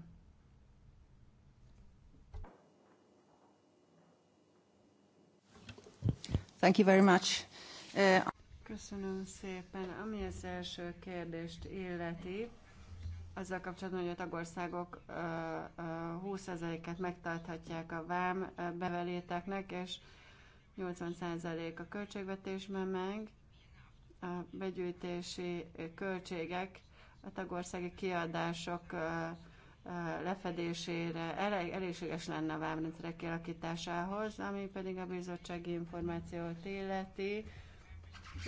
[SPEAKER 2] Thank you very much. Uh, Köszönöm szépen. Ami az első kérdést illeti, azzal kapcsolatban, hogy a tagországok 20%-át megtarthatják a vám beveléteknek, és 80% a költségvetésben meg, a begyűjtési költségek a tagországi kiadások lefedésére elég, elégséges lenne a vámrendszerek kialakításához, ami pedig a bizottsági információt illeti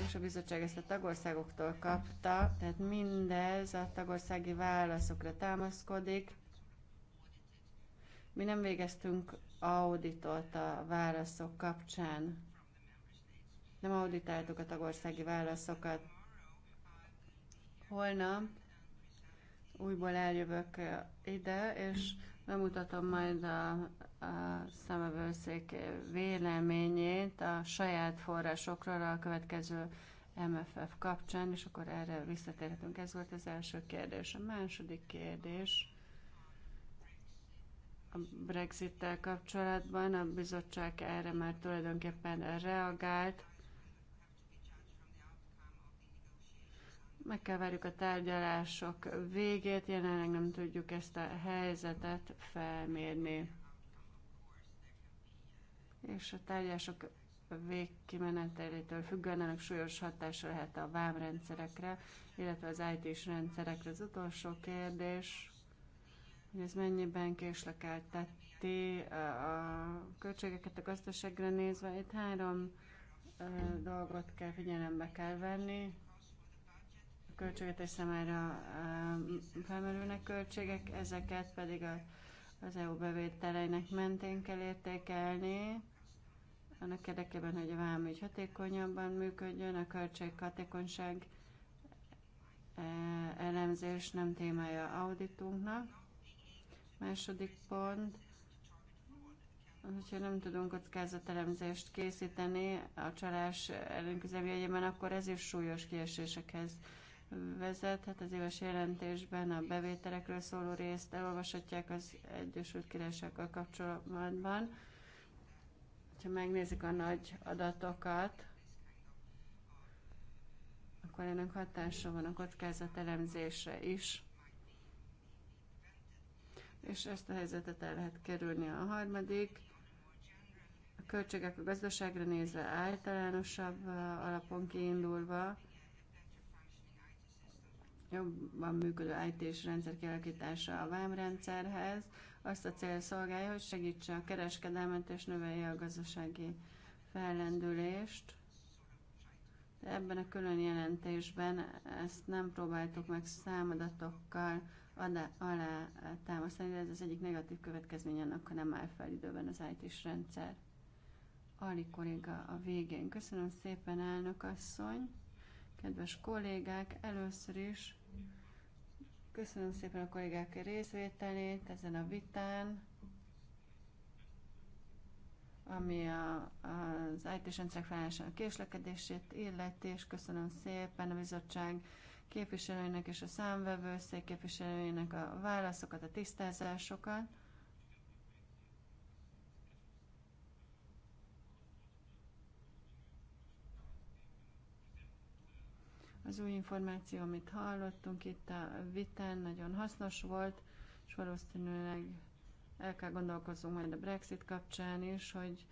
[SPEAKER 2] és a bizottság ezt a tagországoktól kapta, tehát mindez a tagországi válaszokra támaszkodik. Mi nem végeztünk auditot a válaszok kapcsán. Nem auditáltuk a tagországi válaszokat. Holnap újból eljövök ide, és mm Bemutatom majd a, a szemevőszék véleményét a saját forrásokról a következő MFF kapcsán, és akkor erre visszatérhetünk. Ez volt az első kérdés. A második kérdés a Brexit-tel kapcsolatban a bizottság erre már tulajdonképpen reagált. Meg kell várjuk a tárgyalások végét, jelenleg nem tudjuk ezt a helyzetet felmérni. És a tárgyalások végkimenetelétől függően ennek súlyos hatása lehet a vámrendszerekre, illetve az IT-s rendszerekre. Az utolsó kérdés, hogy ez mennyiben késlekelteti a költségeket a gazdaságra nézve. Itt három dolgot kell figyelembe kell venni költségvetés számára felmerülnek költségek, ezeket pedig a, az EU bevételeinek mentén kell értékelni, annak érdekében, hogy a vámügy hatékonyabban működjön, a hatékonyság elemzés nem témája auditunknak. Második pont, hogyha nem tudunk kockázatelemzést készíteni a csalás ellenkező jegyében, akkor ez is súlyos kiesésekhez vezethet. Az éves jelentésben a bevételekről szóló részt elolvashatják az Egyesült Királysággal kapcsolatban. Ha megnézik a nagy adatokat, akkor ennek hatása van a kockázat elemzésre is. És ezt a helyzetet el lehet kerülni a harmadik. A költségek a gazdaságra nézve általánosabb alapon kiindulva, jobban működő IT-s rendszer kialakítása a vámrendszerhez azt a cél szolgálja, hogy segítse a kereskedelmet és növelje a gazdasági fellendülést. De ebben a külön jelentésben ezt nem próbáltuk meg számadatokkal adá, alá támasztani, de ez az egyik negatív következmény annak, ha nem áll fel időben az IT-s rendszer. Ali kolléga a végén. Köszönöm szépen, elnök asszony! Kedves kollégák, először is Köszönöm szépen a kollégák részvételét ezen a vitán, ami a, az IT-s rendszerek felállásának késlekedését illeti, és köszönöm szépen a bizottság képviselőinek és a számvevőszék képviselőinek a válaszokat, a tisztázásokat. Az új információ, amit hallottunk itt a viten, nagyon hasznos volt, és valószínűleg el kell gondolkozzunk majd a Brexit kapcsán is, hogy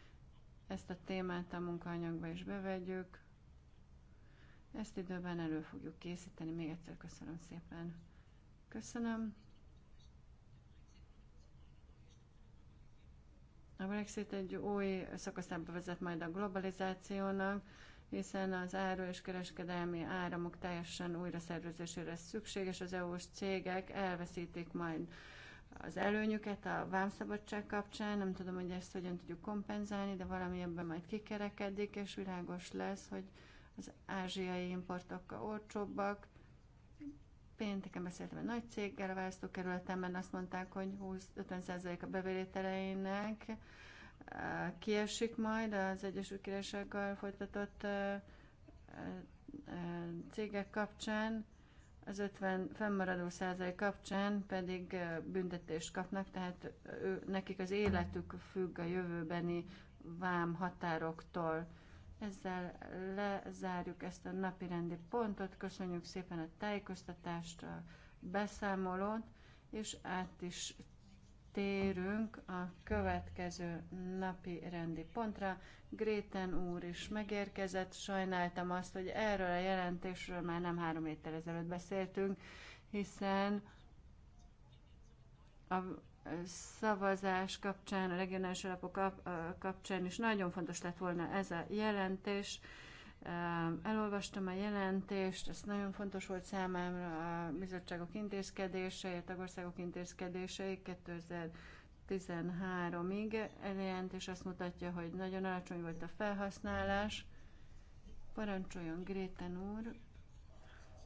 [SPEAKER 2] ezt a témát a munkaanyagba is bevegyük. Ezt időben elő fogjuk készíteni. Még egyszer köszönöm szépen. Köszönöm. A Brexit egy új szakaszába vezet majd a globalizációnak hiszen az áru és kereskedelmi áramok teljesen újra szükség, és az EU-s cégek elveszítik majd az előnyüket a vámszabadság kapcsán, nem tudom, hogy ezt hogyan tudjuk kompenzálni, de valami ebben majd kikerekedik, és világos lesz, hogy az ázsiai importok olcsóbbak. Pénteken beszéltem egy nagy céggel a választókerületemben, azt mondták, hogy 20-50% a bevételeinek kiesik majd az Egyesült Királysággal folytatott cégek kapcsán, az 50 fennmaradó százalék kapcsán pedig büntetést kapnak, tehát ő, nekik az életük függ a jövőbeni vám határoktól. Ezzel lezárjuk ezt a napi rendi pontot, köszönjük szépen a tájékoztatást, a beszámolót, és át is térünk a következő napi rendi pontra. Gréten úr is megérkezett, sajnáltam azt, hogy erről a jelentésről már nem három héttel ezelőtt beszéltünk, hiszen a szavazás kapcsán, a regionális alapok kapcsán is nagyon fontos lett volna ez a jelentés. Elolvastam a jelentést, ez nagyon fontos volt számára a bizottságok intézkedései, a tagországok intézkedései 2013-ig. és azt mutatja, hogy nagyon alacsony volt a felhasználás. Parancsoljon Gréten úr,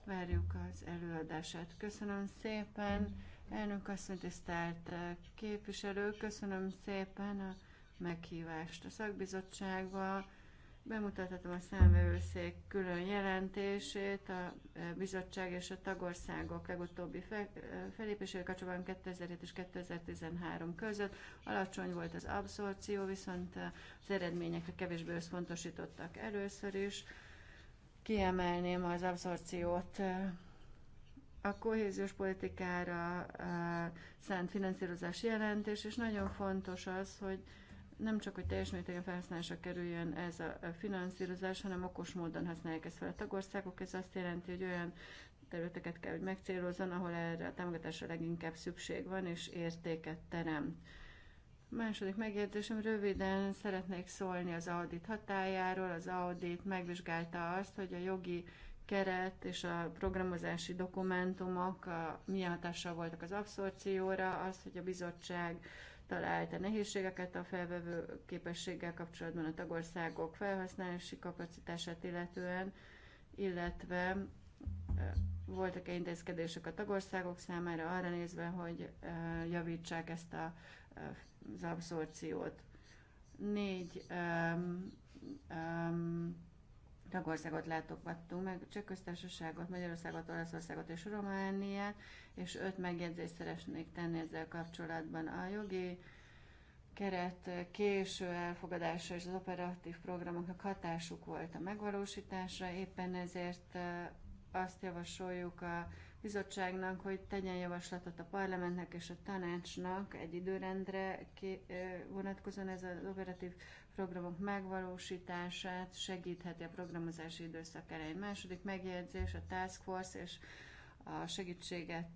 [SPEAKER 2] várjuk az előadását. Köszönöm szépen, elnök asszony, tisztelt eh, képviselő, köszönöm szépen a meghívást a szakbizottságba Bemutathatom a számvevőszék külön jelentését, a e, bizottság és a tagországok legutóbbi e, felépésére kapcsolatban 2007 és 2013 között. Alacsony volt az abszorció, viszont az eredményekre kevésbé összpontosítottak először is. Kiemelném az abszorciót a kohéziós politikára e, szánt finanszírozás jelentés, és nagyon fontos az, hogy nem csak, hogy teljes mértékben felhasználásra kerüljön ez a finanszírozás, hanem okos módon használják ezt fel a tagországok. Ez azt jelenti, hogy olyan területeket kell, hogy megcélozzon, ahol erre a támogatásra leginkább szükség van, és értéket teremt. Második megjegyzésem, röviden szeretnék szólni az audit hatájáról. Az audit megvizsgálta azt, hogy a jogi keret és a programozási dokumentumok a, milyen hatással voltak az abszorcióra, az, hogy a bizottság találta nehézségeket a felvevő képességgel kapcsolatban a tagországok felhasználási kapacitását illetően, illetve voltak-e intézkedések a tagországok számára arra nézve, hogy javítsák ezt a, az abszorciót. Négy um, um, tagországot látogattunk meg, csak köztársaságot, Magyarországot, Olaszországot és Romániát, és öt megjegyzést szeretnék tenni ezzel kapcsolatban. A jogi keret késő elfogadása és az operatív programoknak hatásuk volt a megvalósításra, éppen ezért azt javasoljuk a bizottságnak, hogy tegyen javaslatot a parlamentnek és a tanácsnak egy időrendre vonatkozóan ez az operatív programok megvalósítását segítheti a programozási időszak elején. Második megjegyzés a Task Force és a segítséget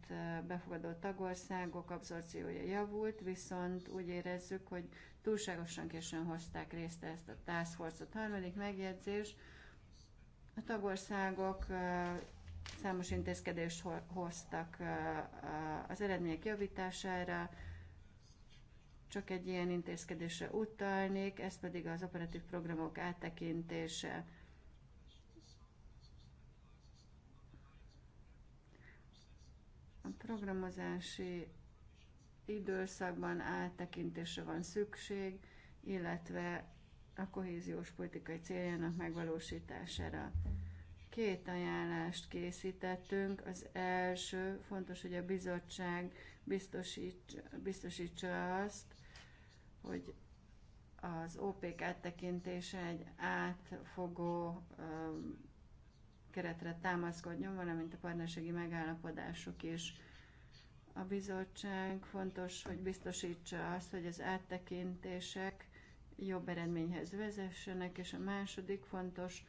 [SPEAKER 2] befogadó tagországok abszorciója javult, viszont úgy érezzük, hogy túlságosan későn hozták részt ezt a Task Force-ot. Harmadik megjegyzés, a tagországok számos intézkedést hoztak az eredmények javítására, csak egy ilyen intézkedésre utalnék, ez pedig az operatív programok áttekintése. A programozási időszakban áttekintésre van szükség, illetve a kohéziós politikai céljának megvalósítására. Két ajánlást készítettünk. Az első fontos, hogy a bizottság biztosít, biztosítsa azt, hogy az OPK áttekintése egy átfogó keretre támaszkodjon, valamint a partnerségi megállapodások is. A bizottság fontos, hogy biztosítsa azt, hogy az áttekintések jobb eredményhez vezessenek, és a második fontos,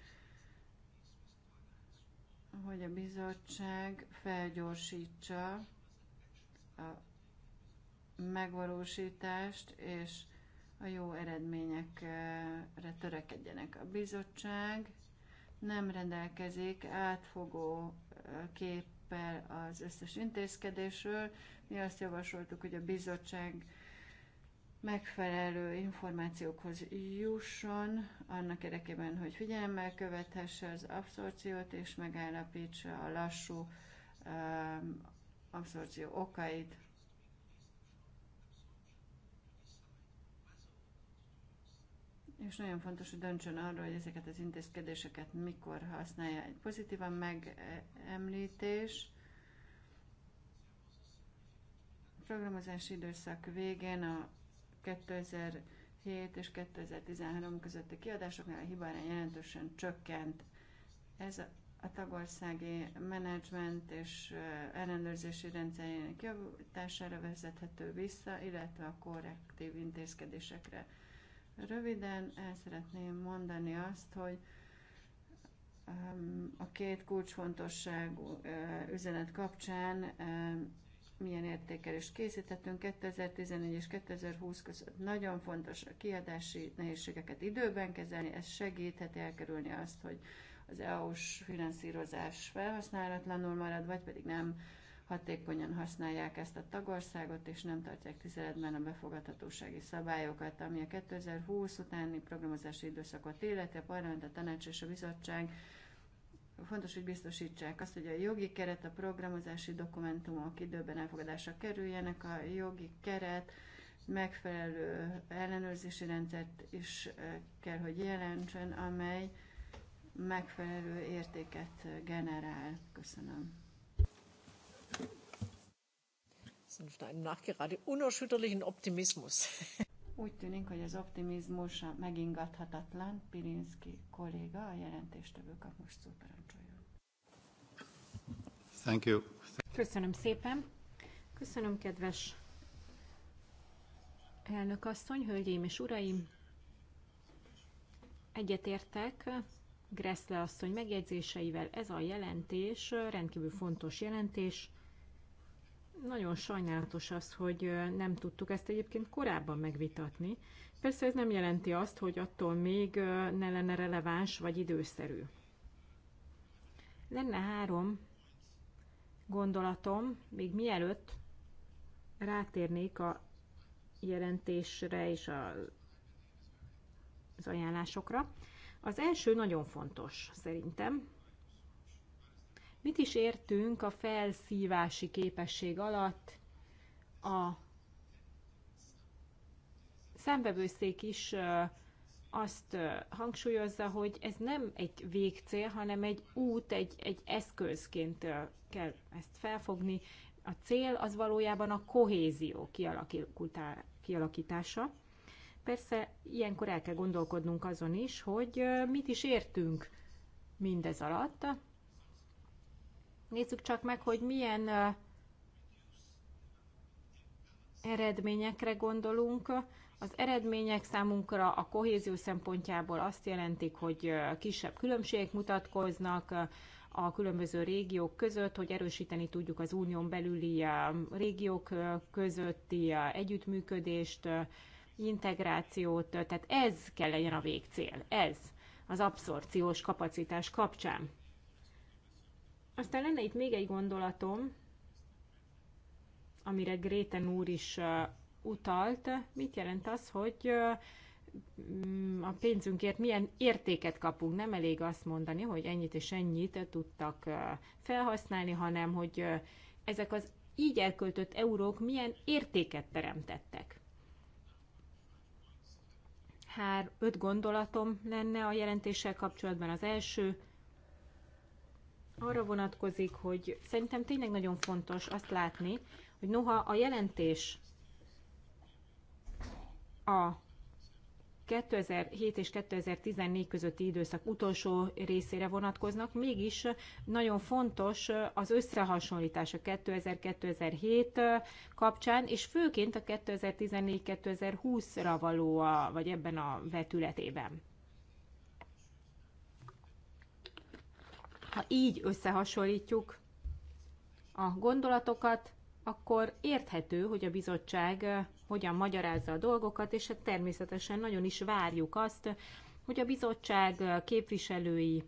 [SPEAKER 2] hogy a bizottság felgyorsítsa a megvalósítást és a jó eredményekre törekedjenek. A bizottság nem rendelkezik átfogó képpel az összes intézkedésről. Mi azt javasoltuk, hogy a bizottság megfelelő információkhoz jusson, annak érdekében, hogy figyelemmel követhesse az abszorciót és megállapítsa a lassú abszorció okait. és nagyon fontos, hogy döntsön arról, hogy ezeket az intézkedéseket mikor használja. Egy pozitívan megemlítés, a programozási időszak végén a 2007 és 2013 közötti kiadásoknál a hibára jelentősen csökkent. Ez a, a tagországi menedzsment és ellenőrzési rendszerének javítására vezethető vissza, illetve a korrektív intézkedésekre. Röviden el szeretném mondani azt, hogy a két kulcsfontosságú üzenet kapcsán milyen értékelést készítettünk 2014 és 2020 között. Nagyon fontos a kiadási nehézségeket időben kezelni, ez segítheti elkerülni azt, hogy az EU-s finanszírozás felhasználatlanul marad, vagy pedig nem hatékonyan használják ezt a tagországot, és nem tartják tiszteletben a befogadhatósági szabályokat, ami a 2020 utáni programozási időszakot illeti, a parlament, a tanács és a bizottság fontos, hogy biztosítsák azt, hogy a jogi keret, a programozási dokumentumok időben elfogadásra kerüljenek, a jogi keret megfelelő ellenőrzési rendszert is eh, kell, hogy jelentsen, amely megfelelő értéket generál. Köszönöm.
[SPEAKER 1] nachgerade unerschütterlichen Optimismus. (laughs)
[SPEAKER 2] Úgy tűnik, hogy az optimizmus megingathatatlan. Pirinski kolléga, a jelentéstevő kap most szó
[SPEAKER 4] Thank you.
[SPEAKER 5] Köszönöm szépen. Köszönöm, kedves elnök asszony, hölgyeim és uraim. Egyetértek Gressle asszony megjegyzéseivel. Ez a jelentés rendkívül fontos jelentés nagyon sajnálatos az, hogy nem tudtuk ezt egyébként korábban megvitatni. Persze ez nem jelenti azt, hogy attól még ne lenne releváns vagy időszerű. Lenne három gondolatom, még mielőtt rátérnék a jelentésre és a, az ajánlásokra. Az első nagyon fontos szerintem, Mit is értünk a felszívási képesség alatt? A szembevőszék is azt hangsúlyozza, hogy ez nem egy végcél, hanem egy út, egy, egy eszközként kell ezt felfogni. A cél az valójában a kohézió kialakítása. Persze ilyenkor el kell gondolkodnunk azon is, hogy mit is értünk mindez alatt, Nézzük csak meg, hogy milyen eredményekre gondolunk. Az eredmények számunkra a kohézió szempontjából azt jelentik, hogy kisebb különbségek mutatkoznak a különböző régiók között, hogy erősíteni tudjuk az unión belüli régiók közötti együttműködést, integrációt, tehát ez kell legyen a végcél, ez az abszorciós kapacitás kapcsán. Aztán lenne itt még egy gondolatom, amire Gréten úr is utalt. Mit jelent az, hogy mm, a pénzünkért milyen értéket kapunk. Nem elég azt mondani, hogy ennyit és ennyit tudtak felhasználni, hanem hogy ezek az így elköltött eurók milyen értéket teremtettek. Hár öt gondolatom lenne a jelentéssel kapcsolatban. Az első, arra vonatkozik, hogy szerintem tényleg nagyon fontos azt látni, hogy noha a jelentés a 2007 és 2014 közötti időszak utolsó részére vonatkoznak, mégis nagyon fontos az összehasonlítás a 2000-2007 kapcsán, és főként a 2014-2020-ra való, a, vagy ebben a vetületében. ha így összehasonlítjuk a gondolatokat, akkor érthető, hogy a bizottság eh, hogyan magyarázza a dolgokat, és hát természetesen nagyon is várjuk azt, hogy a bizottság eh, képviselői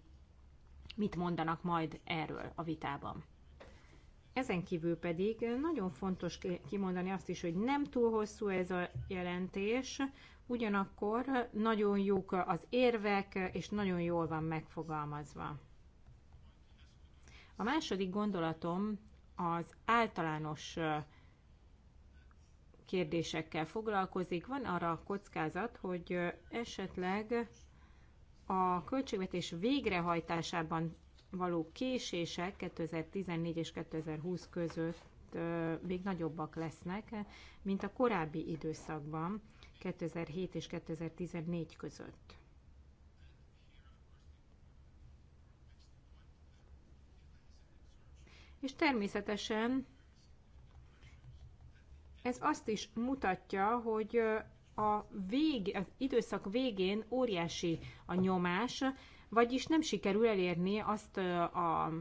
[SPEAKER 5] mit mondanak majd erről a vitában. Ezen kívül pedig eh, nagyon fontos kimondani azt is, hogy nem túl hosszú ez a jelentés, ugyanakkor nagyon jók az érvek, és nagyon jól van megfogalmazva. A második gondolatom az általános kérdésekkel foglalkozik. Van arra a kockázat, hogy esetleg a költségvetés végrehajtásában való késések 2014 és 2020 között még nagyobbak lesznek, mint a korábbi időszakban, 2007 és 2014 között. és természetesen ez azt is mutatja, hogy a vég, az időszak végén óriási a nyomás, vagyis nem sikerül elérni azt a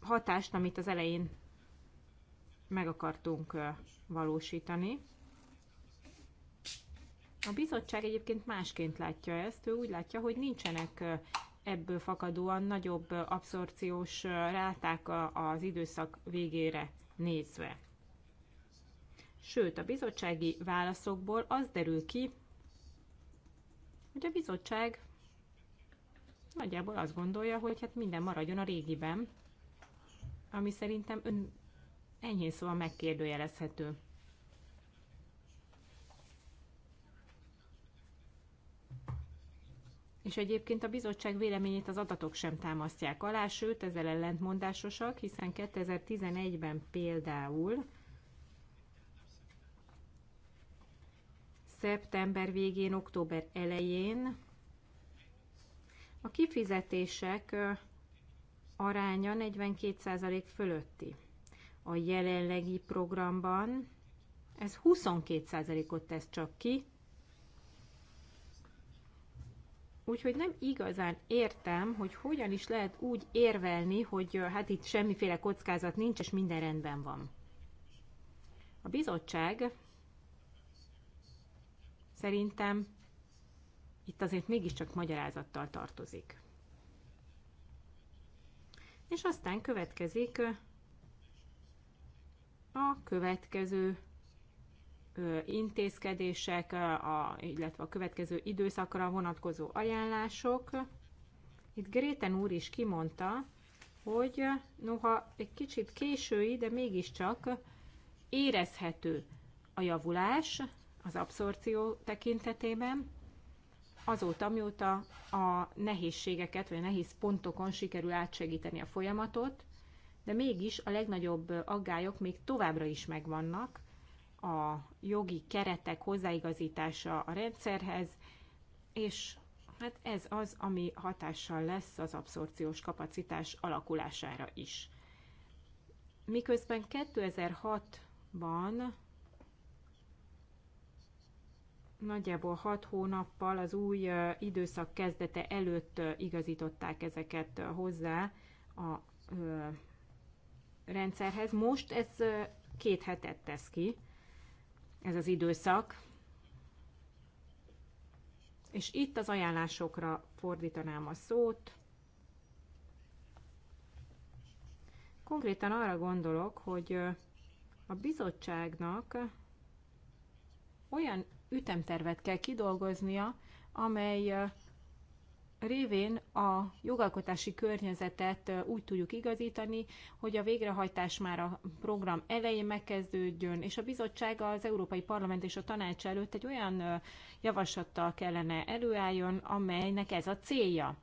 [SPEAKER 5] hatást, amit az elején meg akartunk valósítani. A bizottság egyébként másként látja ezt, ő úgy látja, hogy nincsenek ebből fakadóan nagyobb abszorciós ráták az időszak végére nézve. Sőt, a bizottsági válaszokból az derül ki, hogy a bizottság nagyjából azt gondolja, hogy hát minden maradjon a régiben, ami szerintem ön enyhén szóval megkérdőjelezhető. És egyébként a bizottság véleményét az adatok sem támasztják alá, sőt, ezzel ellentmondásosak, hiszen 2011-ben például szeptember végén, október elején a kifizetések aránya 42% fölötti. A jelenlegi programban ez 22%-ot tesz csak ki, Úgyhogy nem igazán értem, hogy hogyan is lehet úgy érvelni, hogy hát itt semmiféle kockázat nincs, és minden rendben van. A bizottság szerintem itt azért mégiscsak magyarázattal tartozik. És aztán következik a következő intézkedések, a, illetve a következő időszakra vonatkozó ajánlások. Itt Gréten úr is kimondta, hogy noha egy kicsit késői, de mégiscsak érezhető a javulás az abszorció tekintetében, azóta, mióta a nehézségeket vagy a nehéz pontokon sikerül átsegíteni a folyamatot, de mégis a legnagyobb aggályok még továbbra is megvannak, a jogi keretek hozzáigazítása a rendszerhez, és hát ez az, ami hatással lesz az abszorpciós kapacitás alakulására is. Miközben 2006-ban nagyjából 6 hónappal az új időszak kezdete előtt igazították ezeket hozzá a rendszerhez. Most ez két hetet tesz ki, ez az időszak. És itt az ajánlásokra fordítanám a szót. Konkrétan arra gondolok, hogy a bizottságnak olyan ütemtervet kell kidolgoznia, amely révén a jogalkotási környezetet úgy tudjuk igazítani, hogy a végrehajtás már a program elején megkezdődjön, és a bizottság az Európai Parlament és a tanács előtt egy olyan javaslattal kellene előálljon, amelynek ez a célja.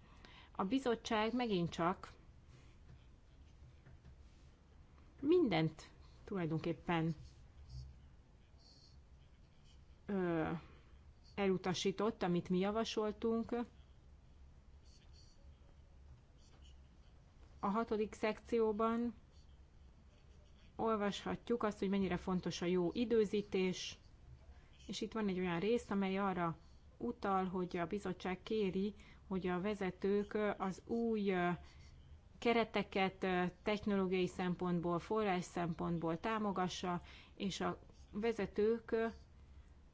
[SPEAKER 5] A bizottság megint csak mindent tulajdonképpen ö, elutasított, amit mi javasoltunk, a hatodik szekcióban olvashatjuk azt, hogy mennyire fontos a jó időzítés, és itt van egy olyan rész, amely arra utal, hogy a bizottság kéri, hogy a vezetők az új kereteket technológiai szempontból, forrás szempontból támogassa, és a vezetők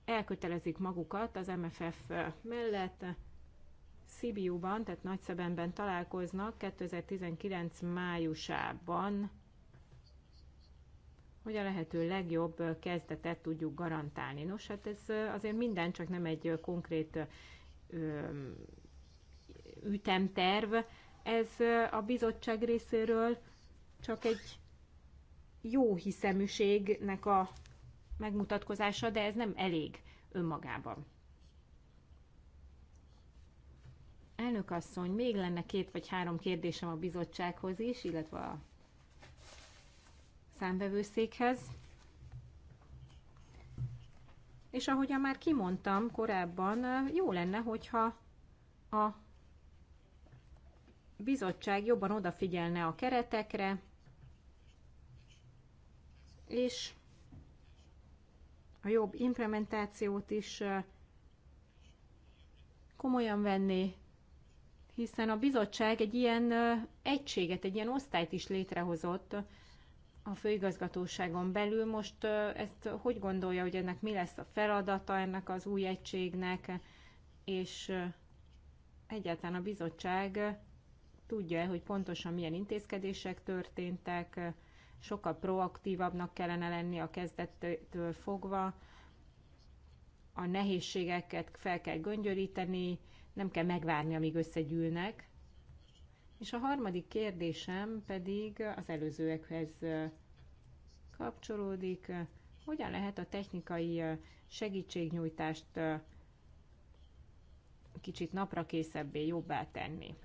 [SPEAKER 5] elkötelezik magukat az MFF mellett, Szibiuban, tehát Nagyszebenben találkoznak 2019 májusában, hogy a lehető legjobb kezdetet tudjuk garantálni. Nos, hát ez azért minden, csak nem egy konkrét ütemterv. Ez a bizottság részéről csak egy jó hiszeműségnek a megmutatkozása, de ez nem elég önmagában. Elnök asszony, még lenne két vagy három kérdésem a bizottsághoz is, illetve a számvevőszékhez. És ahogyan már kimondtam korábban, jó lenne, hogyha a bizottság jobban odafigyelne a keretekre, és a jobb implementációt is komolyan venné hiszen a bizottság egy ilyen egységet, egy ilyen osztályt is létrehozott a főigazgatóságon belül. Most ezt hogy gondolja, hogy ennek mi lesz a feladata ennek az új egységnek, és egyáltalán a bizottság tudja-e, hogy pontosan milyen intézkedések történtek, sokkal proaktívabbnak kellene lenni a kezdettől fogva, a nehézségeket fel kell göngyöríteni, nem kell megvárni, amíg összegyűlnek. És a harmadik kérdésem pedig az előzőekhez kapcsolódik. Hogyan lehet a technikai segítségnyújtást kicsit napra készebbé, jobbá tenni?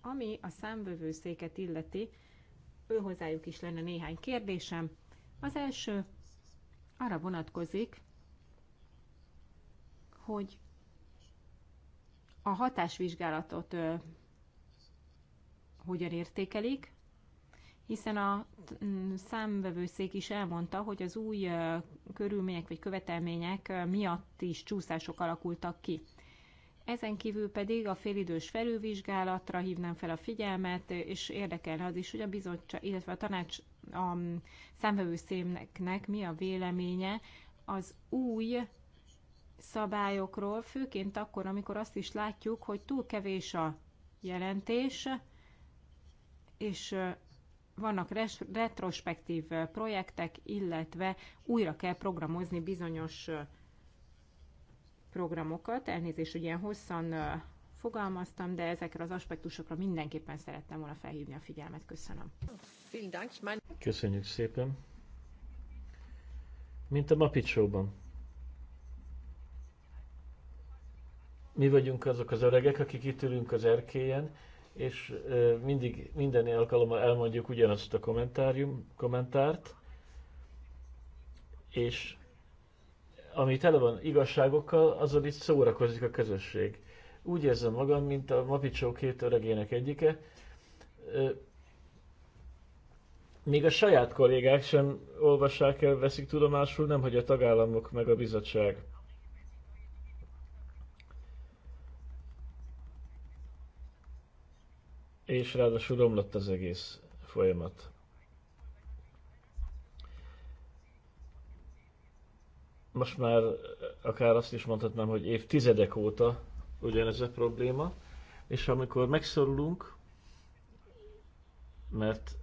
[SPEAKER 5] Ami a számvövőszéket illeti, őhozzájuk is lenne néhány kérdésem. Az első arra vonatkozik, hogy a hatásvizsgálatot hogyan értékelik, hiszen a mm, számvevőszék is elmondta, hogy az új körülmények vagy követelmények miatt is csúszások alakultak ki. Ezen kívül pedig a félidős felülvizsgálatra hívnám fel a figyelmet, és érdekelne az is, hogy a bizottság, illetve a tanács a mm, számvevőszémnek mi a véleménye az új szabályokról, főként akkor, amikor azt is látjuk, hogy túl kevés a jelentés, és vannak retrospektív projektek, illetve újra kell programozni bizonyos programokat. Elnézés, hogy ilyen hosszan fogalmaztam, de ezekre az aspektusokra mindenképpen szerettem volna felhívni a figyelmet.
[SPEAKER 1] Köszönöm.
[SPEAKER 3] Köszönjük szépen. Mint a Muppet Show-ban. mi vagyunk azok az öregek, akik itt ülünk az erkélyen, és mindig, minden alkalommal elmondjuk ugyanazt a kommentárium, kommentárt, és ami tele van igazságokkal, azon itt szórakozik a közösség. Úgy érzem magam, mint a Mapicsó két öregének egyike. Még a saját kollégák sem olvassák el, veszik tudomásul, nem hogy a tagállamok meg a bizottság. és ráadásul romlott az egész folyamat. Most már akár azt is mondhatnám, hogy évtizedek óta ugyanez a probléma, és amikor megszorulunk, mert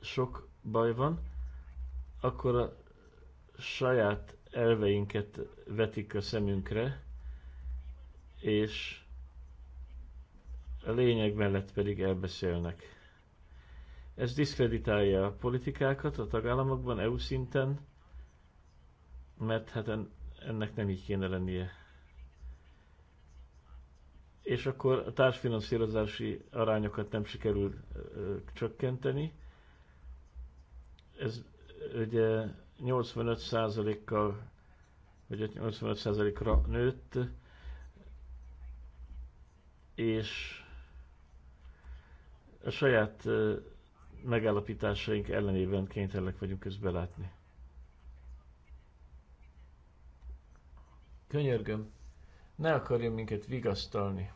[SPEAKER 3] sok baj van, akkor a saját elveinket vetik a szemünkre, és a lényeg mellett pedig elbeszélnek. Ez diszkreditálja a politikákat a tagállamokban, EU szinten, mert hát ennek nem így kéne lennie. És akkor a társfinanszírozási arányokat nem sikerül ö, csökkenteni. Ez ugye 85%-kal vagy 85%-ra nőtt, és a saját megállapításaink ellenében kénytelenek vagyunk belátni. Könyörgöm, ne akarjon minket vigasztalni.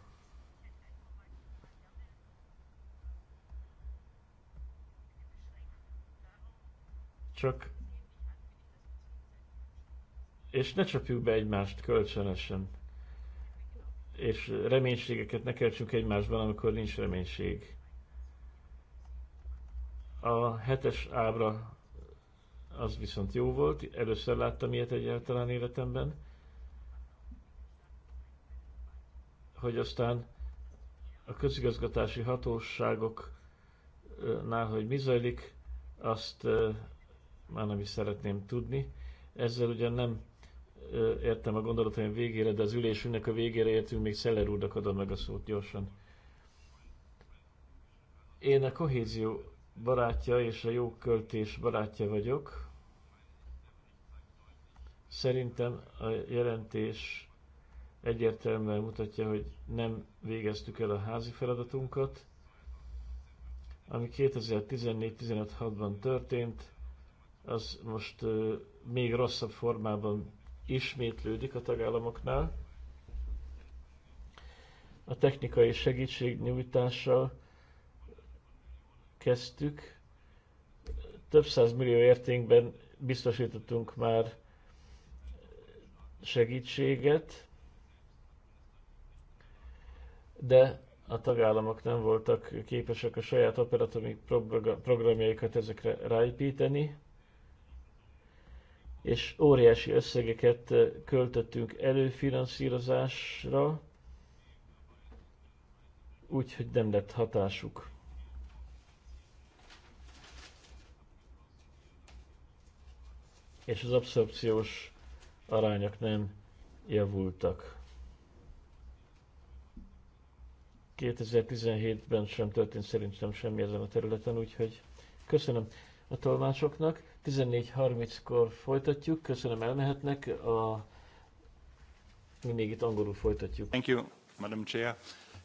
[SPEAKER 3] Csak... És ne csapjuk be egymást kölcsönösen. És reménységeket ne keltsünk egymásban, amikor nincs reménység. A hetes ábra az viszont jó volt, először láttam ilyet egyáltalán életemben, hogy aztán a közigazgatási hatóságoknál, hogy mi zajlik, azt már nem is szeretném tudni. Ezzel ugyan nem értem a gondolataim végére, de az ülésünknek a végére értünk, még Szeller úrnak adom meg a szót gyorsan. Én a kohézió barátja és a jó költés barátja vagyok. Szerintem a jelentés egyértelműen mutatja, hogy nem végeztük el a házi feladatunkat, ami 2014-15-ban történt, az most még rosszabb formában ismétlődik a tagállamoknál. A technikai segítségnyújtással kezdtük, több száz millió értékben biztosítottunk már segítséget, de a tagállamok nem voltak képesek a saját operatív programjaikat ezekre ráépíteni, és óriási összegeket költöttünk előfinanszírozásra, úgyhogy nem lett hatásuk. és az abszorpciós arányok nem javultak. 2017-ben sem történt szerintem semmi ezen a területen, úgyhogy köszönöm a tolmácsoknak. 14.30-kor folytatjuk, köszönöm elmehetnek, a...
[SPEAKER 7] mindig itt angolul folytatjuk. Thank you, Madam Chair.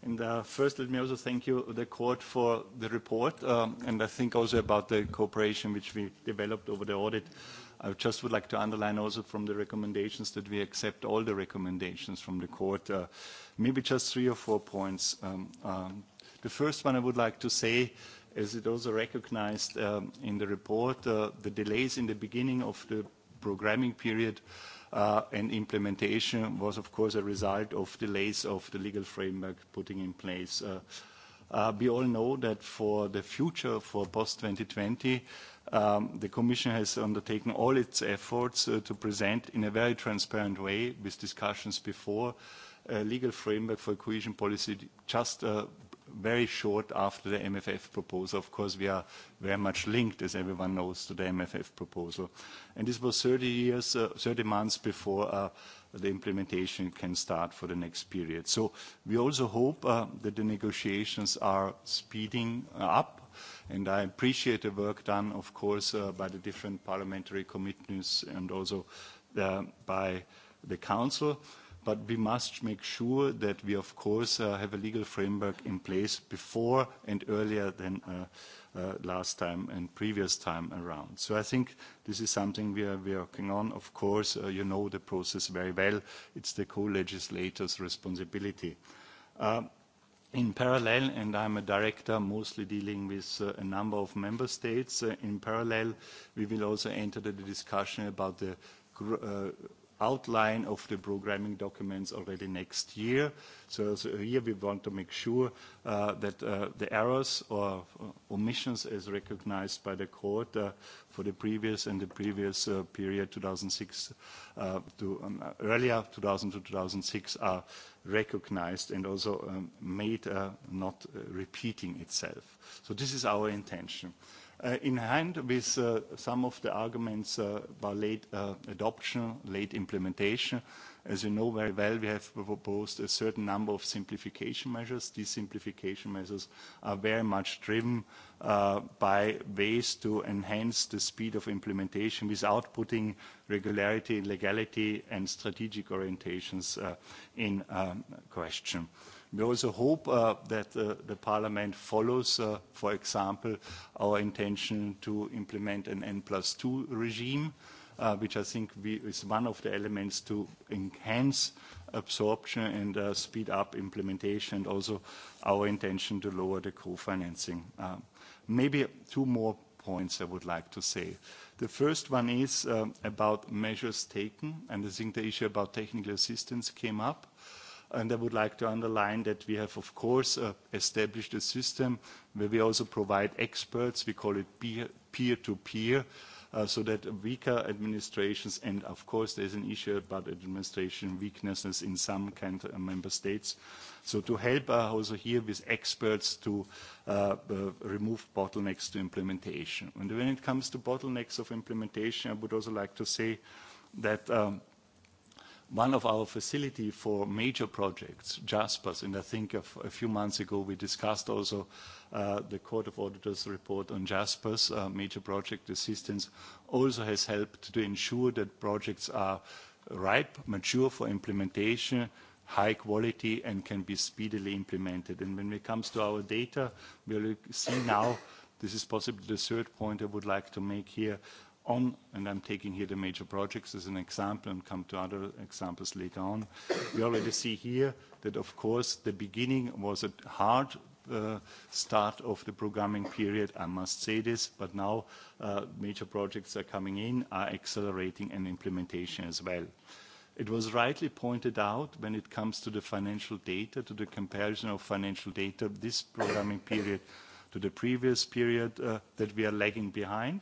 [SPEAKER 7] And uh, first, let me also thank you, the court, for the report, um, and I think also about the cooperation which we developed over the audit. I just would like to underline also from the recommendations that we accept all the recommendations from the court. Uh, maybe just three or four points. Um, um, the first one I would like to say, as it also recognized um, in the report, uh, the delays in the beginning of the programming period uh, and implementation was, of course, a result of delays of the legal framework putting in place. Uh, uh, we all know that for the future, for post-2020, Um, the Commission has undertaken all its efforts uh, to present in a very transparent way, with discussions before, a legal framework for cohesion policy just uh, very short after the MFF proposal. Of course, we are very much linked, as everyone knows, to the MFF proposal. And this was 30 years, uh, 30 months before uh, the implementation can start for the next period. So we also hope uh, that the negotiations are speeding up And I appreciate the work done, of course, uh, by the different parliamentary committees and also uh, by the Council. But we must make sure that we, of course, uh, have a legal framework in place before and earlier than uh, uh, last time and previous time around. So I think this is something we are working on. Of course, uh, you know the process very well. It's the co-legislator's responsibility. Uh, In parallel, and I'm a director mostly dealing with uh, a number of member states, uh, in parallel, we will also enter the discussion about the uh, outline of the programming documents already next year. So, so here we want to make sure uh, that uh, the errors or uh, omissions as recognized by the court uh, for the previous and the previous uh, period 2006 uh, to um, earlier 2000 to 2006 are recognized and also um, made uh, not uh, repeating itself. So this is our intention. Uh, in hand with uh, some of the arguments uh, about late uh, adoption, late implementation. As you know very well, we have proposed a certain number of simplification measures. These simplification measures are very much driven uh, by ways to enhance the speed of implementation without putting regularity, legality, and strategic orientations uh, in um, question. Uh, We also hope uh, that uh, the Parliament follows, uh, for example, our intention to implement an N+2 regime, which I think is one of the elements to enhance absorption and speed up implementation, and also our intention to lower the co-financing. maybe two more points I would like to say. The first one is about measures taken, and I think the issue about technical assistance came up. And I would like to underline that we have, of course, uh, established a system where we also provide experts. We call it peer-to-peer, uh, so that weaker administrations, and of course there's an issue about administration weaknesses in some kind of uh, member states. So to help uh, also here with experts to uh, uh, remove bottlenecks to implementation. And when it comes to bottlenecks of implementation, I would also like to say that um, one of our facility for major projects, JASPERS, and I think a, a few months ago we discussed also uh, the Court of Auditors report on JASPERS, uh, major project assistance, also has helped to ensure that projects are ripe, mature for implementation, high quality, and can be speedily implemented. And when it comes to our data, we will see now, this is possibly the third point I would like to make here, on, and I'm taking here the major projects as an example and come to other examples later on. We already see here that, of course, the beginning was a hard uh, start of the programming period, I must say this, but now uh, major projects are coming in, are accelerating and implementation as well. It was rightly pointed out when it comes to the financial data, to the comparison of financial data, this programming period to the previous period, uh, that we are lagging behind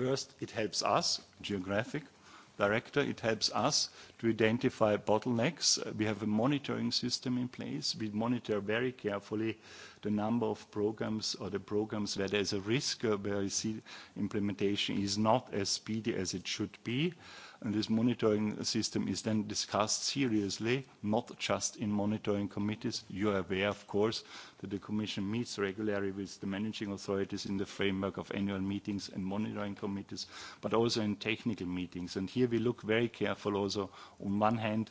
[SPEAKER 7] First, it helps us, geographic director, it helps us to identify bottlenecks. We have a monitoring system in place. We monitor very carefully the number of programs or the programs where there's a risk, where we see implementation is not as speedy as it should be. And this monitoring system is then discussed seriously, not just in monitoring committees. You are aware, of course, that the Commission meets regularly with the managing authorities in the framework of annual meetings and monitoring committees, but also in technical meetings. And here we look very careful also, on one hand,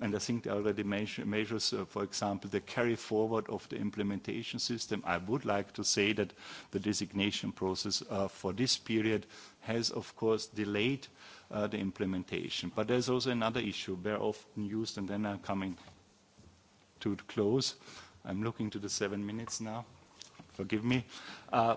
[SPEAKER 7] and I think they already measures, uh, for example, the carry forward of the implementation system. I would like to say that the designation process uh, for this period has, of course, delayed uh, the implementation. But there's also another issue, very often used, and then I'm coming to close. I'm looking to the seven minutes now. Forgive me. Uh,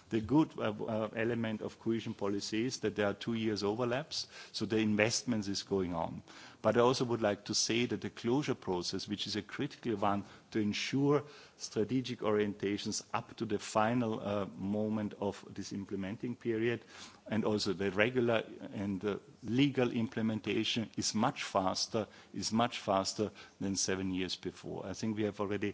[SPEAKER 7] The good uh, uh, element of cohesion policy is that there are two years overlaps, so the investments is going on. But I also would like to say that the closure process, which is a critical one to ensure strategic orientations up to the final uh, moment of this implementing period, and also the regular and legal implementation is much faster, is much faster than seven years before. I think we have already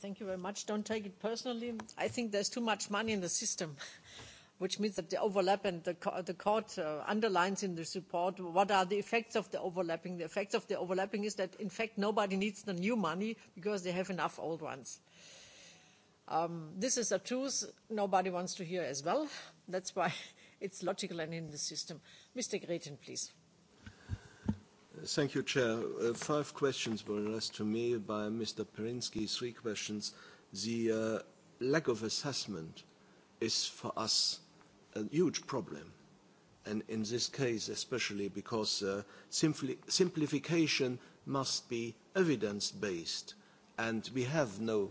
[SPEAKER 1] Thank you very much. Don't take it personally. I think there's too much money in the system, (laughs) which means that the overlap and the, the court uh, underlines in this report what are the effects of the overlapping. The effects of the overlapping is that, in fact, nobody needs the new money because they have enough old ones. Um, this is a truth nobody wants to hear as well. That's why (laughs) it's logical and in the system. Mr. Gretin, please.
[SPEAKER 6] Thank you, Chair. Uh, five questions were addressed to me by Mr. Perinsky, three questions. The uh, lack of assessment is for us a huge problem. And in this case, especially because uh, simpli simplification must be evidence-based. And we have no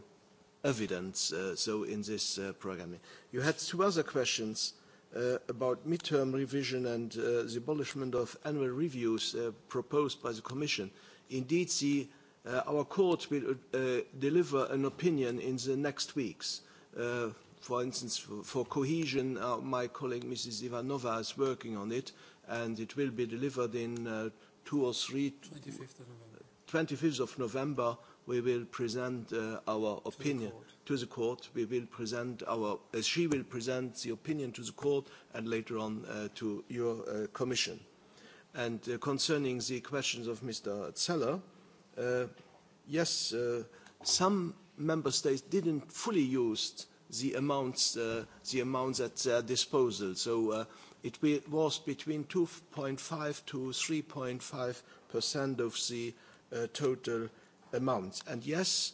[SPEAKER 6] evidence, uh, so in this uh, programming. You had two other questions uh, about midterm revision and uh, the abolishment of annual reviews uh, proposed by the Commission. Indeed, the, uh, our court will uh, deliver an opinion in the next weeks. Uh, for instance, for, for cohesion, uh, my colleague Mrs. Ivanova is working on it, and it will be delivered in uh, two or three... 25th of November. 25th of November, we will present uh, our opinion. To the court to the court. We will present our, as uh, she will present the opinion to the court and later on uh, to your uh, commission. And uh, concerning the questions of Mr. Zeller, uh, yes, uh, some member states didn't fully use the amounts, uh, the amounts at their disposal. So uh, it was between 2.5 to 3.5 percent of the uh, total amounts. And yes,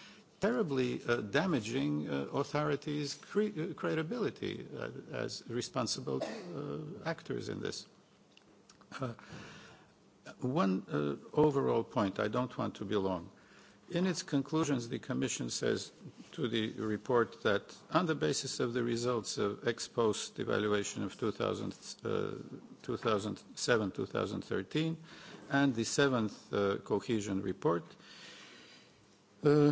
[SPEAKER 4] terribly uh, damaging uh, authorities' cre uh, credibility uh, as responsible uh, actors in this. Uh, uh, one uh, overall point, I don't want to be long. In its conclusions, the Commission says to the report that on the basis of the results of ex post evaluation of 2000, uh, 2007-2013 and the seventh uh, cohesion report, uh,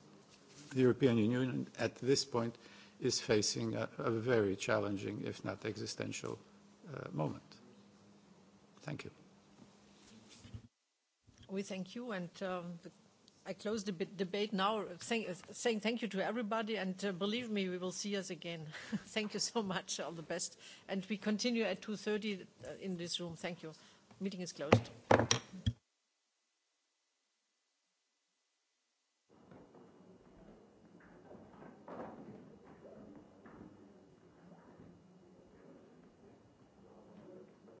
[SPEAKER 4] the European Union at this point is facing a, a very challenging, if not existential, uh, moment. Thank you.
[SPEAKER 1] We thank you, and um, I close the debate now, saying, saying thank you to everybody, and uh, believe me, we will see us again. (laughs) thank you so much. All the best, and we continue at 2:30 uh, in this room. Thank you. Meeting is closed.